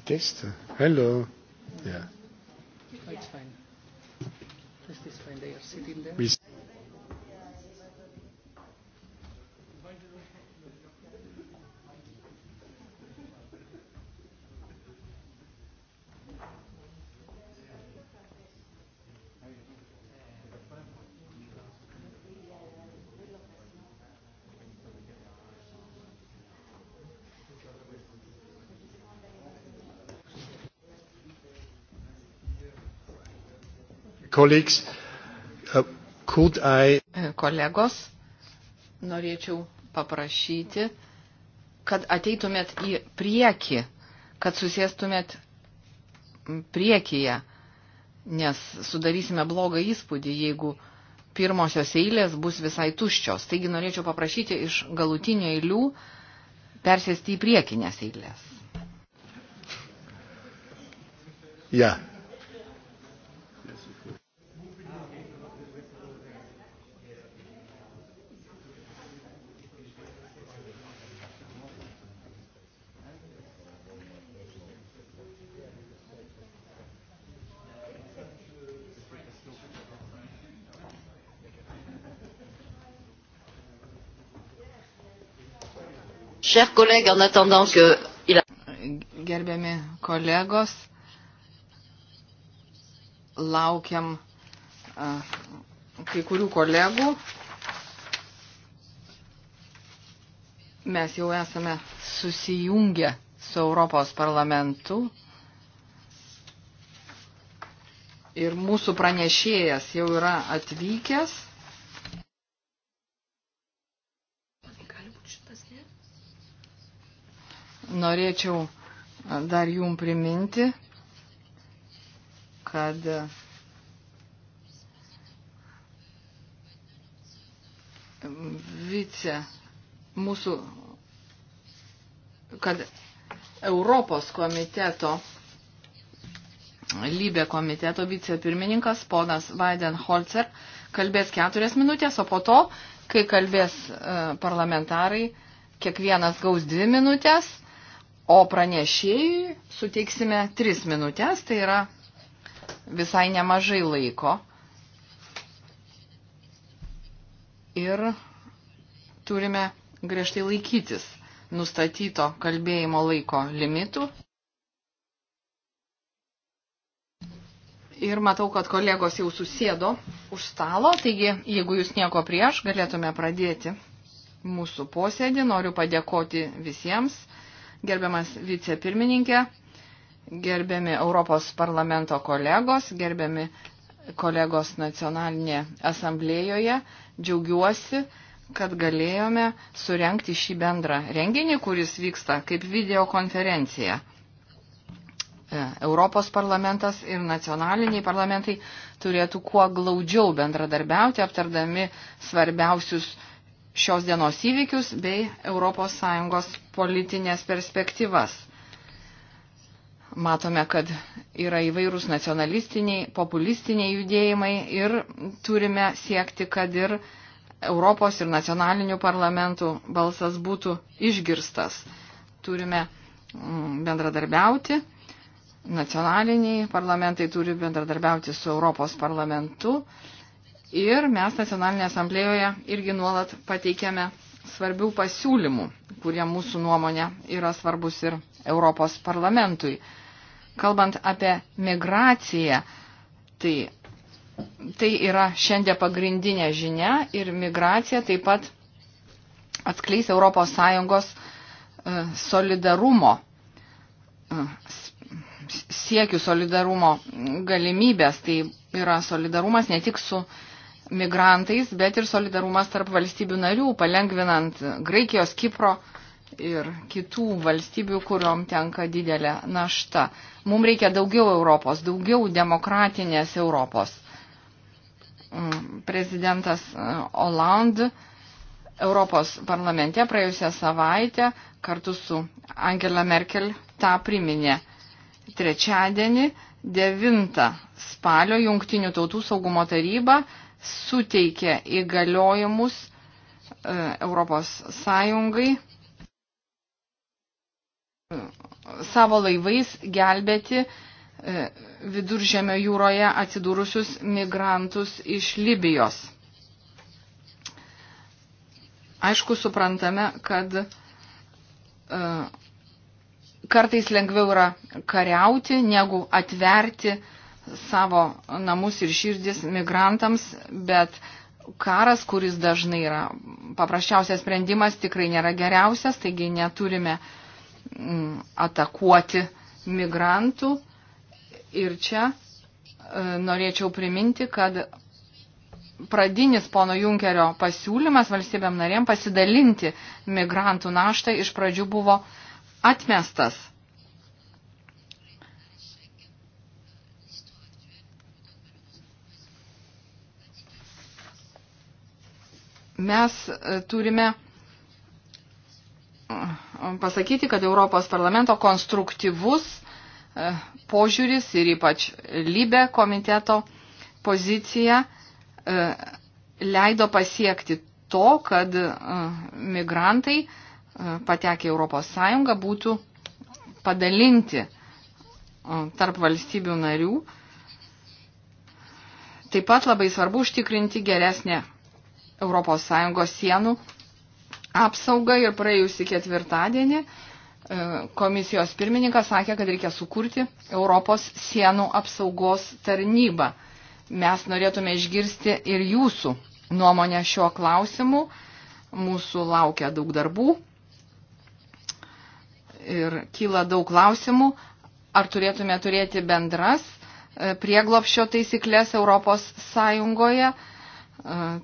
les tests. Hello. colleagues, uh, could I... E, kolegos, norėčiau paprašyti, kad ateitumėt į priekį, kad susėstumėt priekyje, nes sudarysime blogą įspūdį, jeigu pirmosios eilės bus visai tuščios. Taigi norėčiau paprašyti iš galutinio eilių persėsti į priekinės eilės. Yeah. Chers collègues, en attendant que il a... Gerbiami kolegos, laukiam uh, kai kurių kolegų. Mes jau esame susijungę su Europos parlamentu. Ir mūsų pranešėjas jau yra atvykęs. norėčiau dar jum priminti, kad vice mūsų, kad Europos komiteto, lybė komiteto vicepirmininkas ponas Vaiden Holzer kalbės keturias minutės, o po to, kai kalbės parlamentarai, kiekvienas gaus dvi minutės O pranešėjui suteiksime 3 minutės, tai yra visai nemažai laiko. Ir turime griežtai laikytis nustatyto kalbėjimo laiko limitų. Ir matau, kad kolegos jau susėdo už stalo, taigi jeigu jūs nieko prieš, galėtume pradėti mūsų posėdį. Noriu padėkoti visiems gerbiamas vicepirmininkė, gerbiami Europos parlamento kolegos, gerbiami kolegos nacionalinė asamblėjoje. Džiaugiuosi, kad galėjome surenkti šį bendrą renginį, kuris vyksta kaip videokonferencija. E, Europos parlamentas ir nacionaliniai parlamentai turėtų kuo glaudžiau bendradarbiauti, aptardami svarbiausius šios dienos įvykius bei ES politinės perspektyvas. Matome, kad yra įvairūs nacionalistiniai, populistiniai judėjimai ir turime siekti, kad ir Europos ir nacionalinių parlamentų balsas būtų išgirstas. Turime mm, bendradarbiauti, nacionaliniai parlamentai turi bendradarbiauti su Europos parlamentu Ir mes Nacionalinėje asamblėjoje irgi nuolat pateikėme svarbių pasiūlymų, kurie mūsų nuomonė yra svarbus ir Europos parlamentui. Kalbant apie migraciją, tai, tai yra šiandien pagrindinė žinia ir migracija taip pat atskleis ES e, solidarumo e, siekių solidarumo galimybės. Tai yra solidarumas ne tik su migrantais, bet ir solidarumas tarp valstybių narių, palengvinant Graikijos, Kipro ir kitų valstybių, kuriuom tenka didelė našta. Mums reikia daugiau Europos, daugiau demokratinės Europos. Mm, prezidentas e, Oland Europos parlamente praėjusią savaitę kartu su Angela Merkel tą priminė. Trečiadienį 9 spalio Jungtinių tautų saugumo taryba suteikė įgaliojimus e, Europos Sąjungai e, savo laivais gelbėti e, viduržėmio jūroje atsidūrusius migrantus iš Libijos. Aišku, suprantame, kad kartais lengviau yra kariauti, negu atverti uh, savo namus ir širdis migrantams, bet karas, kuris dažnai yra paprasčiausias sprendimas, tikrai nėra geriausias, taigi neturime mm, atakuoti migrantų. Ir čia e, norėčiau priminti, kad pradinis pono Junkerio pasiūlymas valstybėm narėm pasidalinti migrantų naštą iš pradžių buvo atmestas. mes e, turime e, pasakyti, kad Europos parlamento konstruktyvus e, požiūris ir ypač Libe komiteto pozicija leido pasiekti to, kad migrantai patekę Europos Sąjungą būtų padalinti tarp valstybių narių. Taip pat labai svarbu užtikrinti geresnę ES sienų apsaugą ir praėjusį ketvirtadienį e, komisijos pirmininkas sakė, kad reikia sukurti Europos sienų apsaugos tarnybą. Mes norėtume išgirsti ir jūsų nuomonę šiuo klausimu. Mūsų laukia daug darbų ir kyla daug klausimų, ar turėtume turėti bendras e, prieglopšio taisyklės Europos Sąjungoje. E,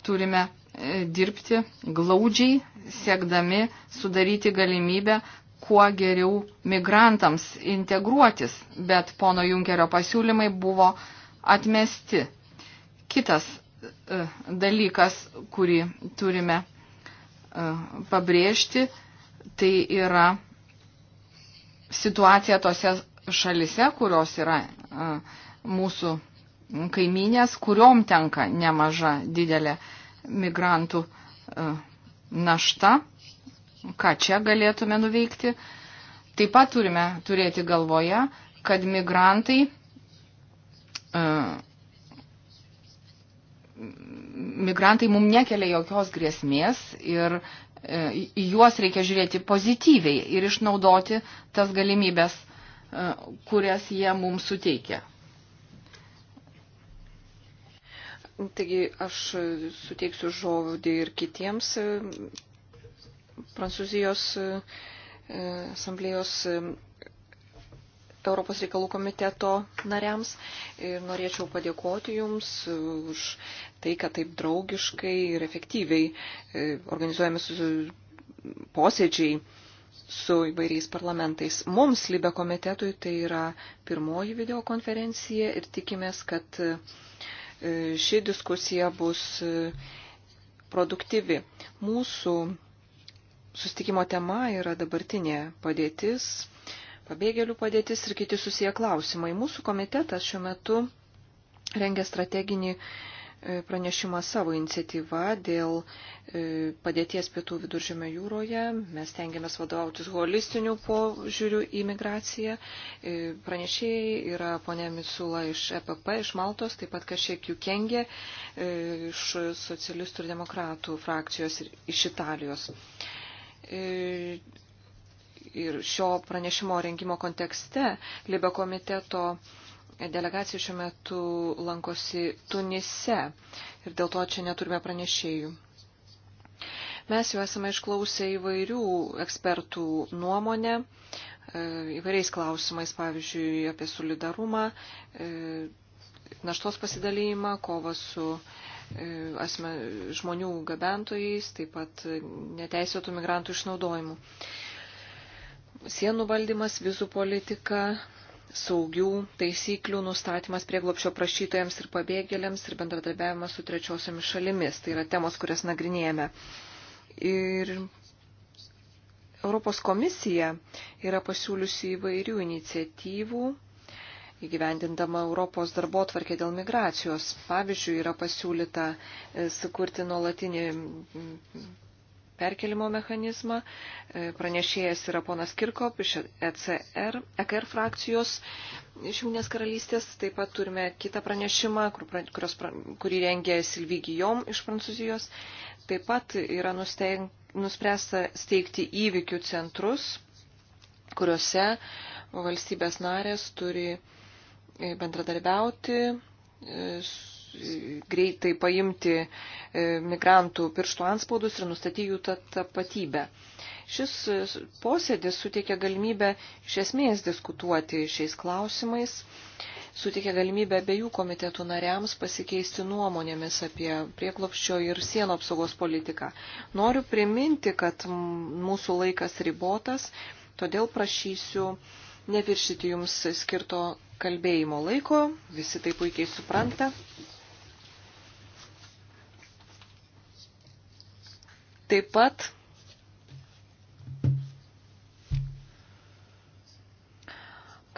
turime E, dirbti glaudžiai, siekdami sudaryti galimybę kuo geriau migrantams integruotis, bet pono Junkerio pasiūlymai buvo atmesti. Kitas e, dalykas, kurį turime e, pabrėžti, tai yra situacija tose šalise, kurios yra mūsų kaiminės, kuriuom tenka nemaža didelė uh, migrantų e, našta, ką čia galėtume nuveikti. Taip pat turime turėti galvoje, kad migrantai, e, migrantai mums nekelia jokios grėsmės ir e, į juos reikia žiūrėti pozityviai ir išnaudoti tas galimybės, kurias jie mums suteikia. Taigi aš suteiksiu žodį ir kitiems e, Prancūzijos e, asamblėjos e, Europos reikalų komiteto nariams ir norėčiau padėkoti Jums už tai, kad taip draugiškai ir efektyviai organizuojami posėdžiai su įvairiais parlamentais. Mums, Libe komitetui, tai yra pirmoji videokonferencija ir tikimės, kad E, ši diskusija bus e, produktyvi. Mūsų sustikimo tema yra dabartinė padėtis, pabėgėlių padėtis ir kiti susiję klausimai. Mūsų komitetas šiuo metu rengia strateginį E, pranešimą savo iniciatyvą dėl e, padėties pietų viduržėme jūroje. Mes tengiamės vadovautis holistiniu požiūriu į migraciją. E, pranešėjai yra ponė Mitsula iš EPP, iš Maltos, taip pat Kašėk Jukengė iš socialistų ir demokratų frakcijos iš Italijos ir šio pranešimo rengimo kontekste Libe komiteto delegacija šiuo metu lankosi Tunise ir dėl to čia neturime pranešėjų. Mes jau esame išklausę įvairių ekspertų nuomonę e, įvairiais klausimais, pavyzdžiui, apie solidarumą, e, naštos pasidalymą, kovą su e, asme, žmonių gabentojais, taip pat neteisėtų migrantų išnaudojimu. Sienų valdymas, vizų politika, saugių taisyklių nustatymas prieglopšio prašytojams ir pabėgėliams ir bendradarbiavimas su trečiosiomis šalimis. Tai yra temos, kurias nagrinėjame. Ir Europos komisija yra pasiūliusi įvairių iniciatyvų įgyvendindama Europos darbo tvarkė dėl migracijos. Pavyzdžiui, yra pasiūlyta e, sukurti nuolatinį perkelimo mechanizmą. E, pranešėjas yra ponas Kirkop iš ECR, EKR frakcijos iš Jungtinės karalystės. Taip pat turime kitą pranešimą, kur, kurios, kurį rengė Silvygijom iš Prancūzijos. Taip pat yra nusteig, nuspręsta steigti įvykių centrus, kuriuose valstybės narės turi e, bendradarbiauti e, greitai paimti e, migrantų pirštų anspaudus ir nustatyti jų tapatybę. Šis e, posėdis suteikia galimybę iš esmės diskutuoti šiais klausimais, suteikia galimybę abiejų komitetų nariams pasikeisti nuomonėmis apie prieklopščio ir sienų apsaugos politiką. Noriu priminti, kad mūsų laikas ribotas, todėl prašysiu neviršyti jums skirto kalbėjimo laiko, visi tai puikiai supranta. Taip pat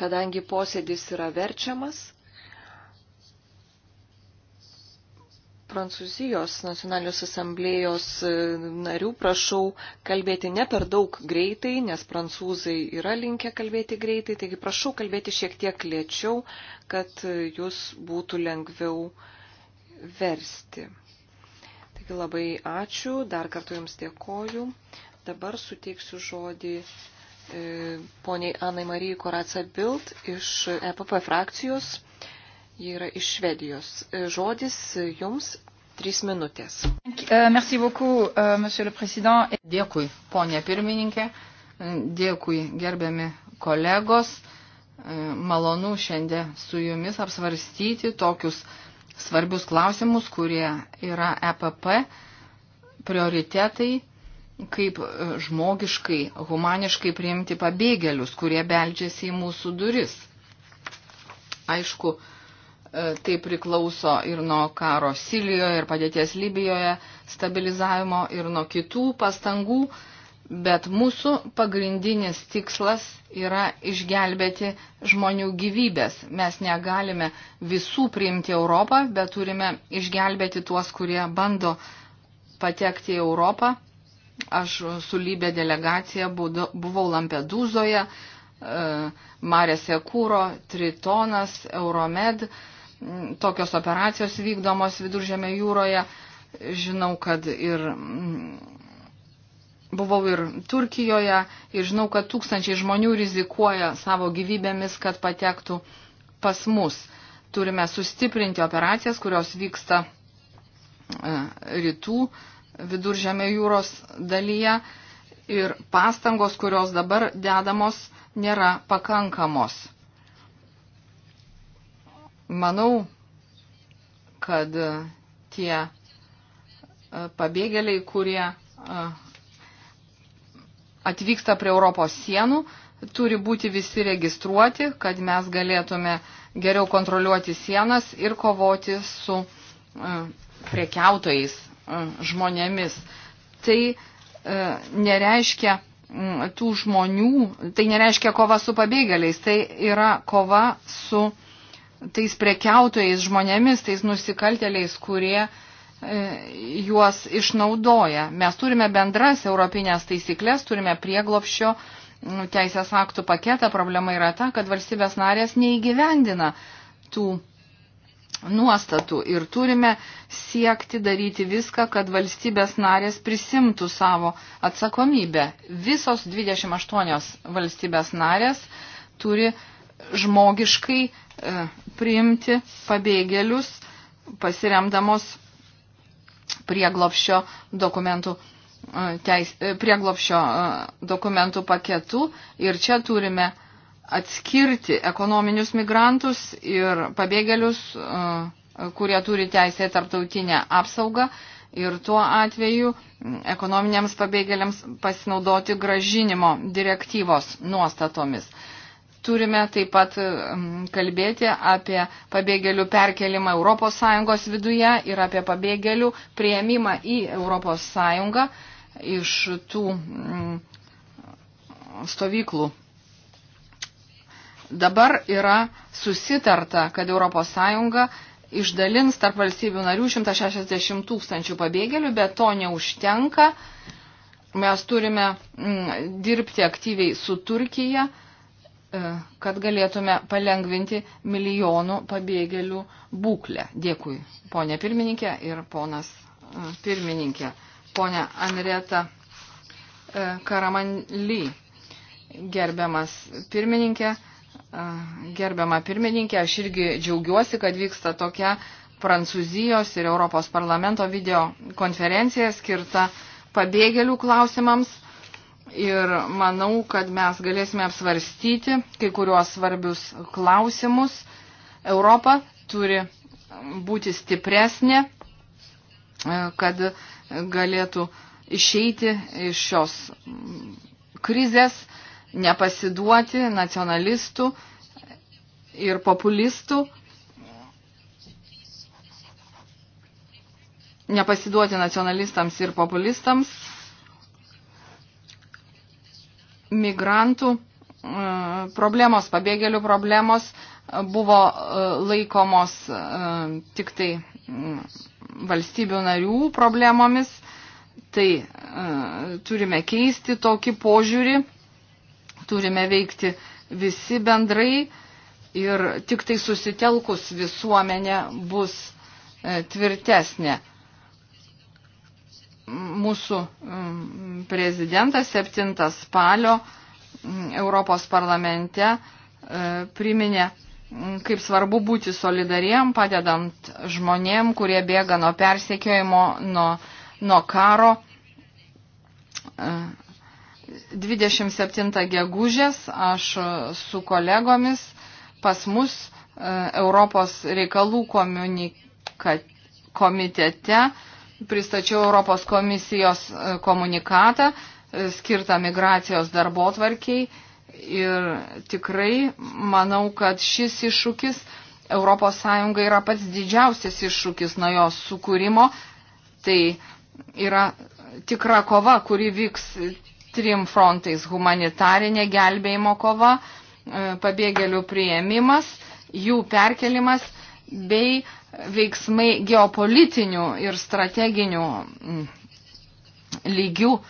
kadangi posėdis yra verčiamas, Prancūzijos nacionalinės asamblėjos e, narių prašau kalbėti ne per daug greitai, nes prancūzai yra linkę kalbėti greitai, taigi prašau kalbėti šiek tiek lėčiau, kad e, jūs būtų lengviau versti. Taigi labai ačiū, dar kartu Jums dėkoju. Dabar suteiksiu žodį e, poniai Anai Marijai Koraca Bild iš EPP frakcijos. Ji yra iš Švedijos. E, žodis jums trys minutės. E, dėkui, ponė pirmininkė. Dėkui, gerbiami kolegos. Malonu šiandien su jumis apsvarstyti tokius svarbius klausimus, kurie yra EPP prioritetai, kaip žmogiškai, humaniškai priimti pabėgėlius, kurie beldžiasi į mūsų duris. Aišku, e, tai priklauso ir nuo karo Sirijoje ir padėties Libijoje stabilizavimo ir nuo kitų pastangų Bet mūsų pagrindinis tikslas yra išgelbėti žmonių gyvybės. Mes negalime visų priimti Europą, bet turime išgelbėti tuos, kurie bando patekti į Europą. Aš su Lybė delegacija buvau Lampedūzoje, e, Marėse Kūro, Tritonas, Euromed. Tokios operacijos vykdomos viduržėme jūroje. Žinau, kad ir Buvau ir Turkijoje ir žinau, kad tūkstančiai žmonių rizikuoja savo gyvybėmis, kad patektų pas mus. Turime sustiprinti operacijas, kurios vyksta e, rytų viduržėmio jūros dalyje ir pastangos, kurios dabar dedamos, nėra pakankamos. Manau, kad tie e, pabėgėliai, kurie e, atvyksta prie Europos sienų, turi būti visi registruoti, kad mes galėtume geriau kontroliuoti sienas ir kovoti su e, prekiautojais e, žmonėmis. Tai e, nereiškia tų žmonių, tai nereiškia kova su pabėgėliais, tai yra kova su tais prekiautojais žmonėmis, tais nusikaltėliais, kurie uh, E, juos išnaudoja. Mes turime bendras europinės taisyklės, turime prieglopščio nu, teisės aktų paketą. Problema yra ta, kad valstybės narės neįgyvendina tų nuostatų ir turime siekti daryti viską, kad valstybės narės prisimtų savo atsakomybę. Visos 28 valstybės narės turi žmogiškai e, priimti pabėgėlius, pasiremdamos prieglopščio dokumentų, e, teis, e, prieglopščio e, dokumentų paketu ir čia turime atskirti ekonominius migrantus ir pabėgėlius, kurie turi teisę tarptautinę apsaugą ir tuo atveju ekonominiams pabėgėliams pasinaudoti gražinimo direktyvos nuostatomis. Turime taip pat mm, kalbėti apie pabėgėlių perkelimą ES viduje ir apie pabėgėlių prieimimą į ES iš tų mm, stovyklų. Dabar yra susitarta, kad ES išdalins tarp valstybių narių 160 tūkstančių pabėgėlių, bet to neužtenka. Mes turime mm, dirbti aktyviai su Turkija E, kad galėtume palengvinti milijonų pabėgėlių būklę. Dėkui, ponė pirmininkė ir ponas e, pirmininkė. Pone Anreta e, Karamanly, gerbiamas pirmininkė, gerbiama pirmininkė, aš irgi džiaugiuosi, kad vyksta tokia Prancūzijos ir Europos parlamento video konferencija skirta pabėgėlių klausimams ir manau, kad mes galėsime apsvarstyti kai kuriuos svarbius klausimus. Europa turi būti stipresnė, e, kad galėtų išeiti iš šios krizės, nepasiduoti nacionalistų ir populistų, nepasiduoti nacionalistams ir populistams migrantų e, problemos, pabėgėlių problemos e, buvo e, laikomos tik tai valstybių narių problemomis, tai turime keisti tokį požiūrį, turime veikti visi bendrai ir tik tai susitelkus visuomenė bus tvirtesnė mūsų mm, prezidentas 7 spalio mm, Europos parlamente e, priminė, mm, kaip svarbu būti solidariem, padedant žmonėm, kurie bėga nuo persekiojimo, nuo, nuo karo. 27 e, gegužės aš su kolegomis pas mus e, Europos reikalų komunikate komitete pristačiau Europos komisijos e, komunikatą e, skirtą migracijos darbo tvarkiai ir tikrai manau, kad šis iššūkis Europos Sąjunga yra pats didžiausias iššūkis nuo jos sukūrimo. Tai yra tikra kova, kuri vyks trim frontais - humanitarinė gelbėjimo kova, e, pabėgėlių prieimimas, jų perkelimas bei veiksmai geopolitinių ir strateginių mm, lygių, e,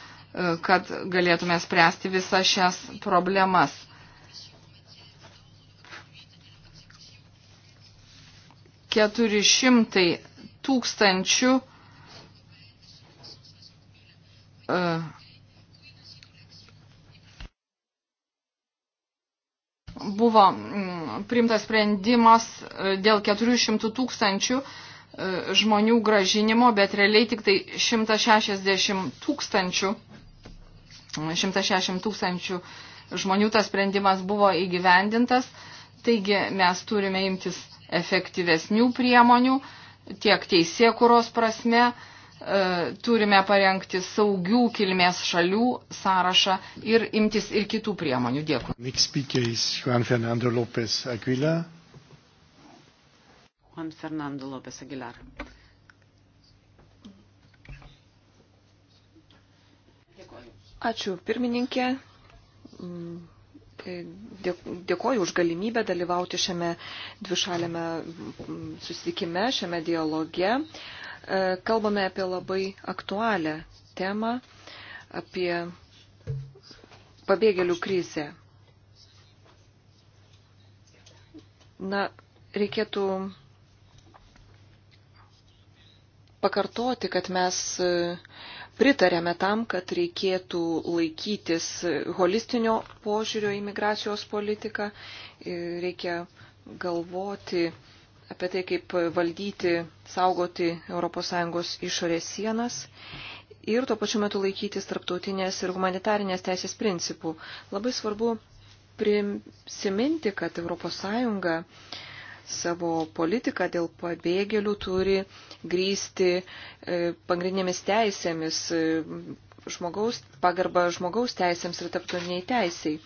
kad galėtume spręsti visas šias problemas. Keturi šimtai tūkstančių uh, buvo mm, priimtas sprendimas e, dėl 400 tūkstančių e, žmonių gražinimo, bet realiai tik tai 160 tūkstančių, 160 mm, tūkstančių žmonių tas sprendimas buvo įgyvendintas. Taigi mes turime imtis efektyvesnių priemonių tiek teisėkuros prasme, E, turime parengti saugių kilmės šalių sąrašą ir imtis ir kitų priemonių. Dėkui. Next speaker is Juan Fernando López Aguilar. Juan Fernando López Aguilar. Ačiū pirmininkė. Mm, dėkoju už galimybę dalyvauti šiame dvišalėme mm, susitikime, šiame dialoge. Kalbame apie labai aktualią temą, apie pabėgėlių krizę. Na, reikėtų pakartoti, kad mes e, pritarėme tam, kad reikėtų laikytis holistinio požiūrio į migracijos politiką. E, reikia galvoti apie tai, kaip valdyti, saugoti ES išorės sienas ir tuo pačiu metu laikytis tarptautinės ir humanitarinės teisės principų. Labai svarbu prisiminti, kad ES savo politiką dėl pabėgėlių turi grįsti e, pagrindinėmis teisėmis, e, žmogaus, pagarba žmogaus teisėms ir tarptautiniai teisiai.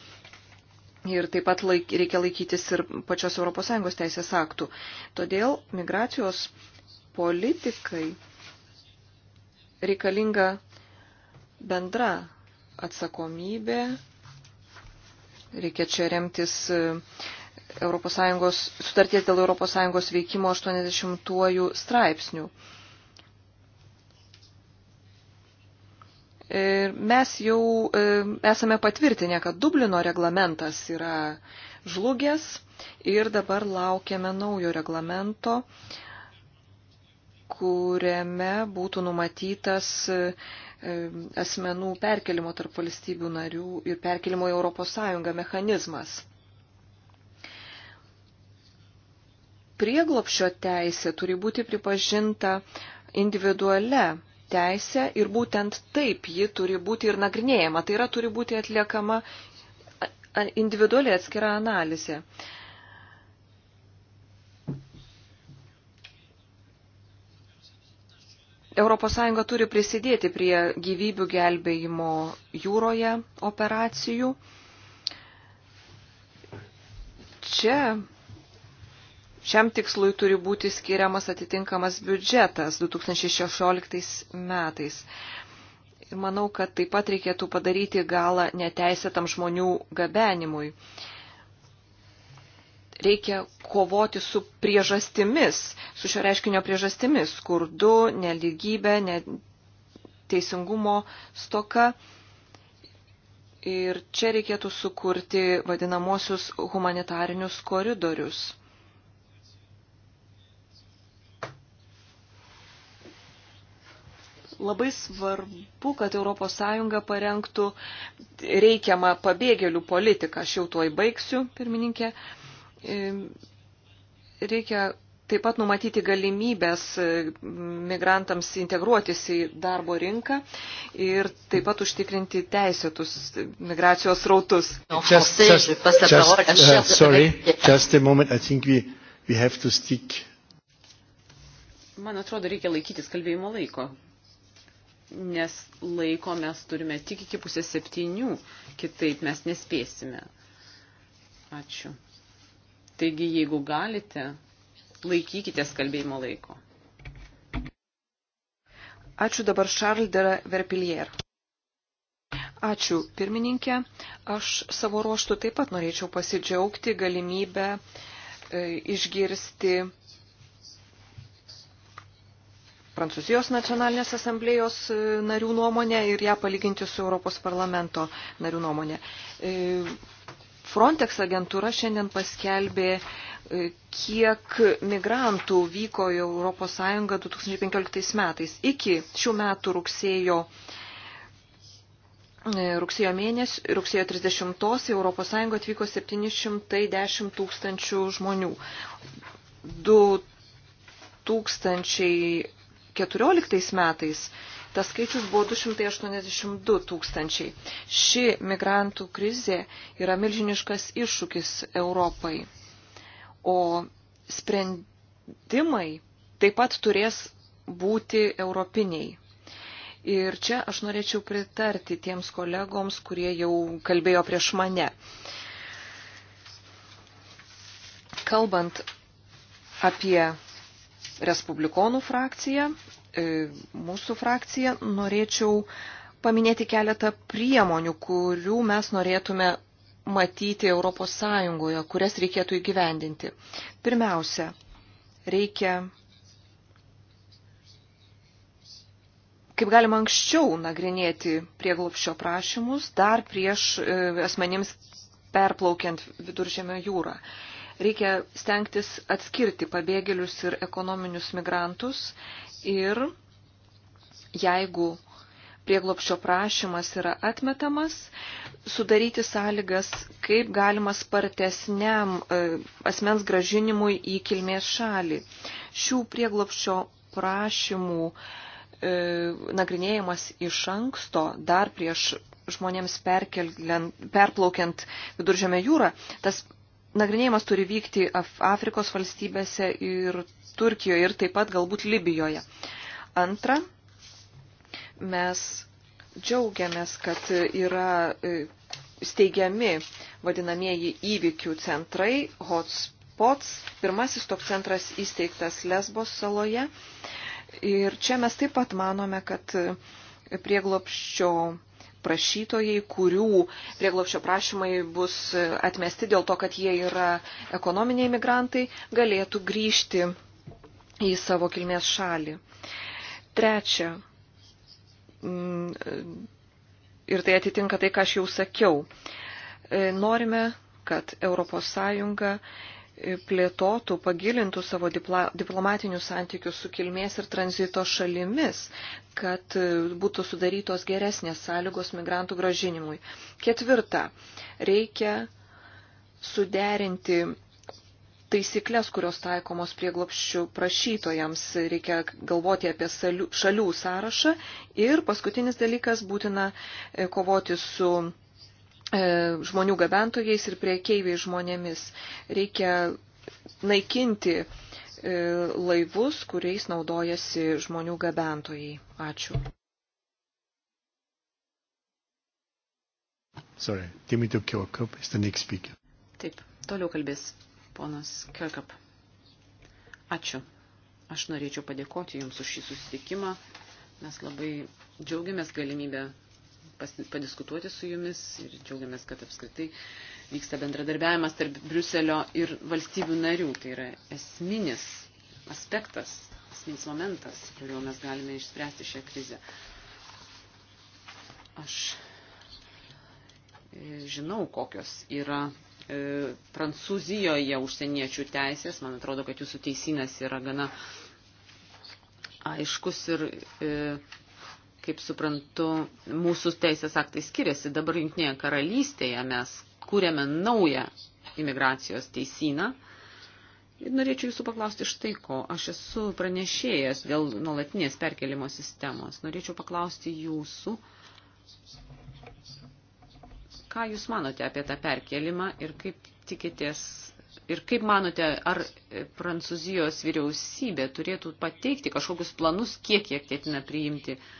Ir taip pat laik, reikia laikytis ir pačios ES teisės aktų. Todėl migracijos politikai reikalinga bendra atsakomybė. Reikia čia remtis ES, sutarties dėl ES veikimo 80-ųjų straipsnių. Mes jau e, esame patvirtinę, kad Dublino reglamentas yra žlugęs ir dabar laukiame naujo reglamento, kuriame būtų numatytas e, asmenų perkelimo tarp valstybių narių ir perkelimo į ES mechanizmas. Prieglopšio teisė turi būti pripažinta individuale teisę ir būtent taip ji turi būti ir nagrinėjama. Tai yra, turi būti atliekama individualiai atskira analizė. ES turi prisidėti prie gyvybių gelbėjimo jūroje operacijų. Čia Šiam tikslui turi būti skiriamas atitinkamas biudžetas 2016 metais. Ir manau, kad taip pat reikėtų padaryti galą neteisėtam žmonių gabenimui. Reikia kovoti su priežastimis, su šio reiškinio priežastimis - skurdu, neligybė, neteisingumo stoka. Ir čia reikėtų sukurti vadinamosius humanitarinius koridorius Labai svarbu, kad ES parengtų reikiamą pabėgėlių politiką. Aš jau tuoj baigsiu, pirmininkė. E, reikia taip pat numatyti galimybės e, migrantams integruotis į darbo rinką ir taip pat užtikrinti teisėtus migracijos rautus. Just, just, just, uh, sorry, just a moment, I think we, we have to stick. Man atrodo, reikia laikytis kalbėjimo laiko nes laiko mes turime tik iki pusės septynių, kitaip mes nespėsime. Ačiū. Taigi, jeigu galite, laikykite kalbėjimo laiko. Ačiū dabar Charles de Verpillier. Ačiū, pirmininkė. Aš savo ruoštų taip pat norėčiau pasidžiaugti galimybę e, išgirsti Prancūzijos nacionalinės asamblėjos e, narių nuomonę ir ją palyginti su Europos parlamento narių nuomonė. E, Frontex agentūra šiandien paskelbė, e, kiek migrantų vyko į ES 2015 metais. Iki šių metų rugsėjo, rugsėjo mėnesį, rugsėjo 30 į ES atvyko 710 tūkstančių žmonių. 2 tūkstančiai 2014 metais tas skaičius buvo 282 tūkstančiai. Ši migrantų krizė yra milžiniškas iššūkis Europai. O sprendimai taip pat turės būti europiniai. Ir čia aš norėčiau pritarti tiems kolegoms, kurie jau kalbėjo prieš mane. Kalbant apie Respublikonų frakcija, e, mūsų frakcija, norėčiau paminėti keletą priemonių, kurių mes norėtume matyti Europos Sąjungoje, kurias reikėtų įgyvendinti. Pirmiausia, reikia kaip galima anksčiau nagrinėti prieglopščio prašymus dar prieš e, asmenims perplaukiant viduržėmio jūrą. Reikia stengtis atskirti pabėgėlius ir ekonominius migrantus ir jeigu prieglopščio prašymas yra atmetamas, sudaryti sąlygas, kaip galima spartesniam e, asmens gražinimui į kilmės šalį. Šių prieglopščio prašymų e, nagrinėjimas iš anksto dar prieš žmonėms perplaukiant viduržėme jūrą, tas nagrinėjimas turi vykti Af Afrikos valstybėse ir Turkijoje ir taip pat galbūt Libijoje. Antra, mes džiaugiamės, kad yra e, steigiami vadinamieji įvykių centrai, hotspots. Pirmasis toks centras įsteigtas Lesbos saloje. Ir čia mes taip pat manome, kad prieglopščio prašytojai, kurių prieglopščio prašymai bus atmesti dėl to, kad jie yra ekonominiai migrantai, galėtų grįžti į savo kilmės šalį. Trečia, mm, ir tai atitinka tai, ką aš jau sakiau, norime, kad ES plėtotų, pagilintų savo diplomatinius santykius su kilmės ir tranzito šalimis, kad e, būtų sudarytos geresnės sąlygos migrantų gražinimui. Ketvirta, reikia suderinti taisyklės, kurios taikomos prieglopščių prašytojams. Reikia galvoti apie šalių sąrašą. Ir paskutinis dalykas būtina e, kovoti su E, žmonių gabentojais ir priekeiviai žmonėmis. Reikia naikinti e, laivus, kuriais naudojasi žmonių gabentojai. Ačiū. Sorry, Dimitri Kirkup is the next speaker. Taip, toliau kalbės ponas Kirkup. Ačiū. Aš norėčiau padėkoti Jums už šį susitikimą. Mes labai džiaugiamės galimybę padiskutuoti su jumis ir džiaugiamės, kad apskritai vyksta bendradarbiavimas tarp Briuselio ir valstybių narių. Tai yra esminis aspektas, esminis momentas, kuriuo mes galime išspręsti šią krizę. Aš e, žinau, kokios yra e, Prancūzijoje užsieniečių teisės. Man atrodo, kad jūsų teisinas yra gana aiškus ir e, Kaip suprantu, mūsų teisės aktai skiriasi. Dabar Junktinėje karalystėje mes kūrėme naują imigracijos teisyną. Ir norėčiau jūsų paklausti štai ko. Aš esu pranešėjęs dėl nuolatinės perkelimo sistemos. Norėčiau paklausti jūsų, ką jūs manote apie tą perkelimą ir kaip tikitės, ir kaip manote, ar Prancūzijos vyriausybė turėtų pateikti kažkokius planus, kiek jie ketina priimti uh,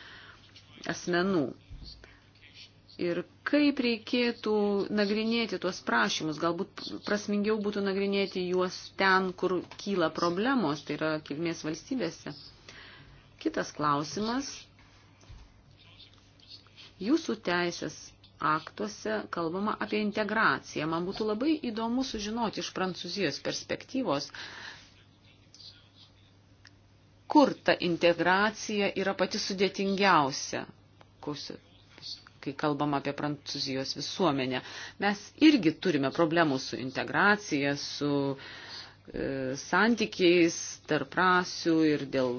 asmenų. Ir kaip reikėtų nagrinėti tuos prašymus, galbūt prasmingiau būtų nagrinėti juos ten, kur kyla problemos, tai yra kilmės valstybėse. Kitas klausimas. Jūsų teisės aktuose kalbama apie integraciją. Man būtų labai įdomu sužinoti iš prancūzijos perspektyvos, kur ta integracija yra pati sudėtingiausia, kai kalbam apie Prancūzijos visuomenę. Mes irgi turime problemų su integracija, su e, santykiais tarp rasių ir dėl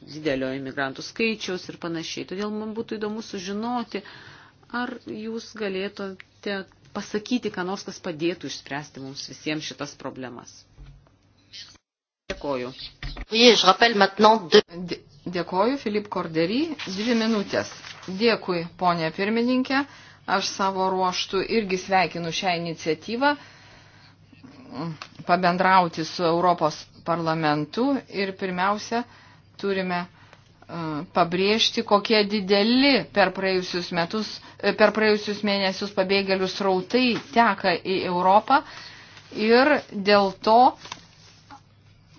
didelio imigrantų skaičiaus ir panašiai. Todėl man būtų įdomu sužinoti, ar jūs galėtumėte pasakyti, ką nors, kas padėtų išspręsti mums visiems šitas problemas. Dėkoju. Dėkoju, Filip Kordery, dvi minutės. Dėkui, ponė pirmininkė. Aš savo ruoštų irgi sveikinu šią iniciatyvą mm, pabendrauti su Europos parlamentu ir pirmiausia turime e, pabrėžti, kokie dideli per praėjusius, metus, e, per praėjusius mėnesius pabėgėlių srautai teka į Europą ir dėl to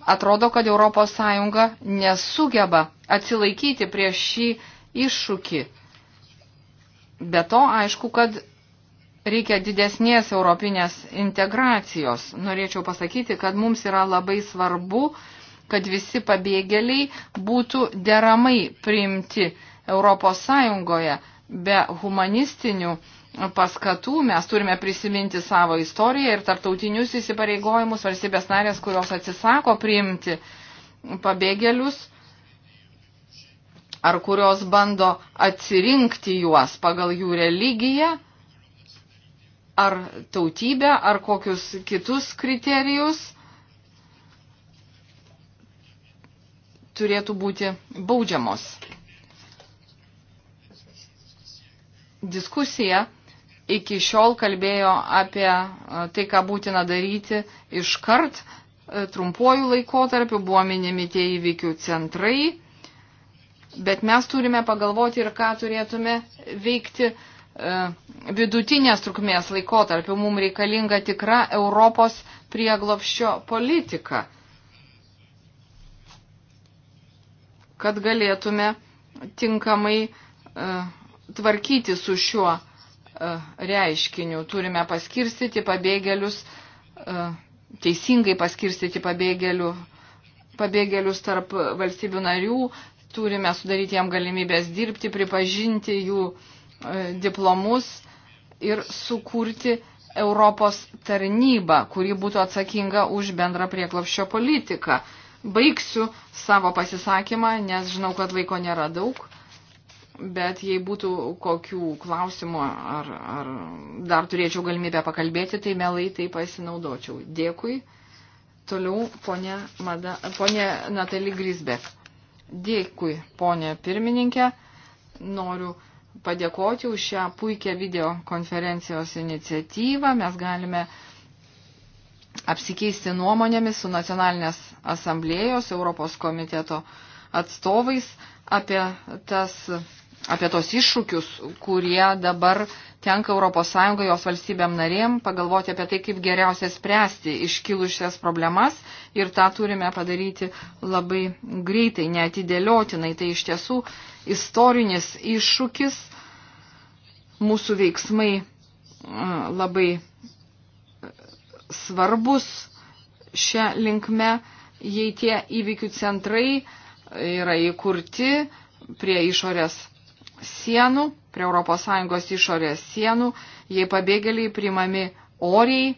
Atrodo, kad ES nesugeba atsilaikyti prieš šį iššūkį. Be to, aišku, kad reikia didesnės europinės integracijos. Norėčiau pasakyti, kad mums yra labai svarbu, kad visi pabėgėliai būtų deramai priimti Europos Sąjungoje be humanistinių paskatų, mes turime prisiminti savo istoriją ir tarptautinius įsipareigojimus valstybės narės, kurios atsisako priimti pabėgėlius ar kurios bando atsirinkti juos pagal jų religiją ar tautybę ar kokius kitus kriterijus turėtų būti baudžiamos. Diskusija iki šiol kalbėjo apie e, tai, ką būtina daryti iškart e, trumpuoju laikotarpiu, buvo minimi tie įvykių centrai, bet mes turime pagalvoti ir ką turėtume veikti e, vidutinės trukmės laikotarpiu. Mums reikalinga tikra Europos prieglopščio politika, kad galėtume tinkamai tvarkyti su šiuo E, reiškinių. Turime paskirstyti pabėgėlius, e, teisingai paskirstyti pabėgėlių, pabėgėlius tarp valstybių narių, turime sudaryti jam galimybės dirbti, pripažinti jų e, diplomus ir sukurti Europos tarnybą, kuri būtų atsakinga už bendrą prieklopščio politiką. Baigsiu savo pasisakymą, nes žinau, kad laiko nėra daug. Bet jei būtų kokių klausimų ar, ar dar turėčiau galimybę pakalbėti, tai melai tai pasinaudočiau. Dėkui. Toliau ponė, Mada, ponė Natali Grisbek. Dėkui, ponė pirmininkė. Noriu padėkoti už šią puikią videokonferencijos iniciatyvą. Mes galime apsikeisti nuomonėmis su nacionalinės asamblėjos Europos komiteto atstovais apie tas apie tos iššūkius, kurie dabar tenka ES jos valstybėm narėm, pagalvoti apie tai, kaip geriausia spręsti iškilusias problemas ir tą turime padaryti labai greitai, neatidėliotinai. Tai iš tiesų istorinis iššūkis, mūsų veiksmai mm, labai e, svarbus šią linkme, jei tie įvykių centrai yra įkurti prie išorės sienų, prie ES išorės sienų, jei pabėgėliai primami oriai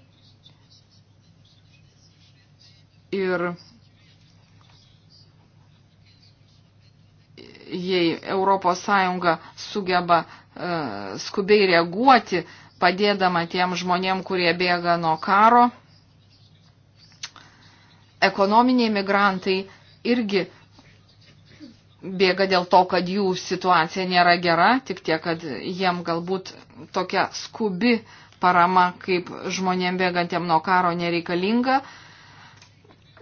ir jei ES sugeba uh, skubiai reaguoti, padėdama tiem žmonėm, kurie bėga nuo karo, ekonominiai migrantai irgi bėga dėl to, kad jų situacija nėra gera, tik tiek, kad jiem galbūt tokia skubi parama, kaip žmonėm bėgantiem nuo karo nereikalinga.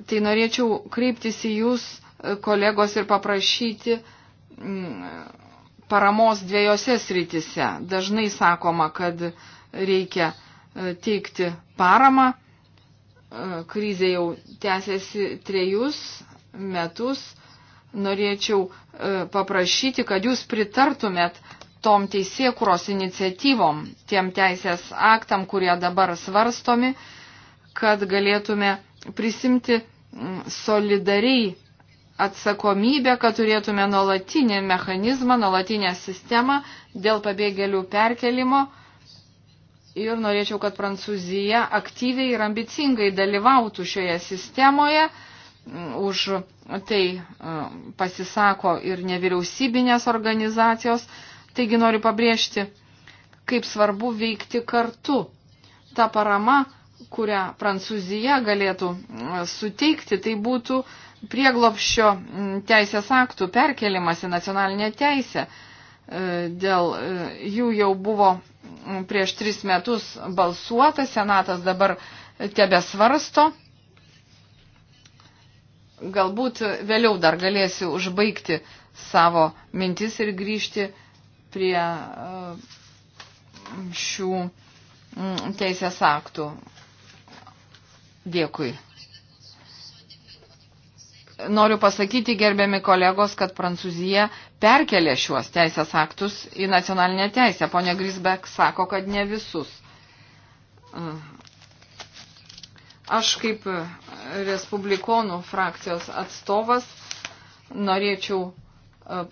Tai norėčiau kreiptis į jūs, kolegos, ir paprašyti mm, paramos dviejose sritise. Dažnai sakoma, kad reikia e, teikti paramą. E, krizė jau tęsiasi trejus metus norėčiau e, paprašyti, kad jūs pritartumėt tom teisėkuros iniciatyvom, tiem teisės aktam, kurie dabar svarstomi, kad galėtume prisimti solidariai atsakomybę, kad turėtume nuolatinį mechanizmą, nuolatinę sistemą dėl pabėgėlių perkelimo. Ir norėčiau, kad Prancūzija aktyviai ir ambicingai dalyvautų šioje sistemoje už tai e, pasisako ir nevyriausybinės organizacijos. Taigi noriu pabrėžti, kaip svarbu veikti kartu. Ta parama, kurią Prancūzija galėtų e, suteikti, tai būtų prieglopščio teisės aktų perkelimas į nacionalinę teisę. E, dėl jų jau buvo prieš tris metus balsuota, senatas dabar tebe svarsto Galbūt vėliau dar galėsiu užbaigti savo mintis ir grįžti prie e, šių teisės aktų. Dėkui. Noriu pasakyti, gerbiami kolegos, kad Prancūzija perkelė šiuos teisės aktus į nacionalinę teisę. Pone Grisbek sako, kad ne visus e, Aš kaip Respublikonų frakcijos atstovas norėčiau e,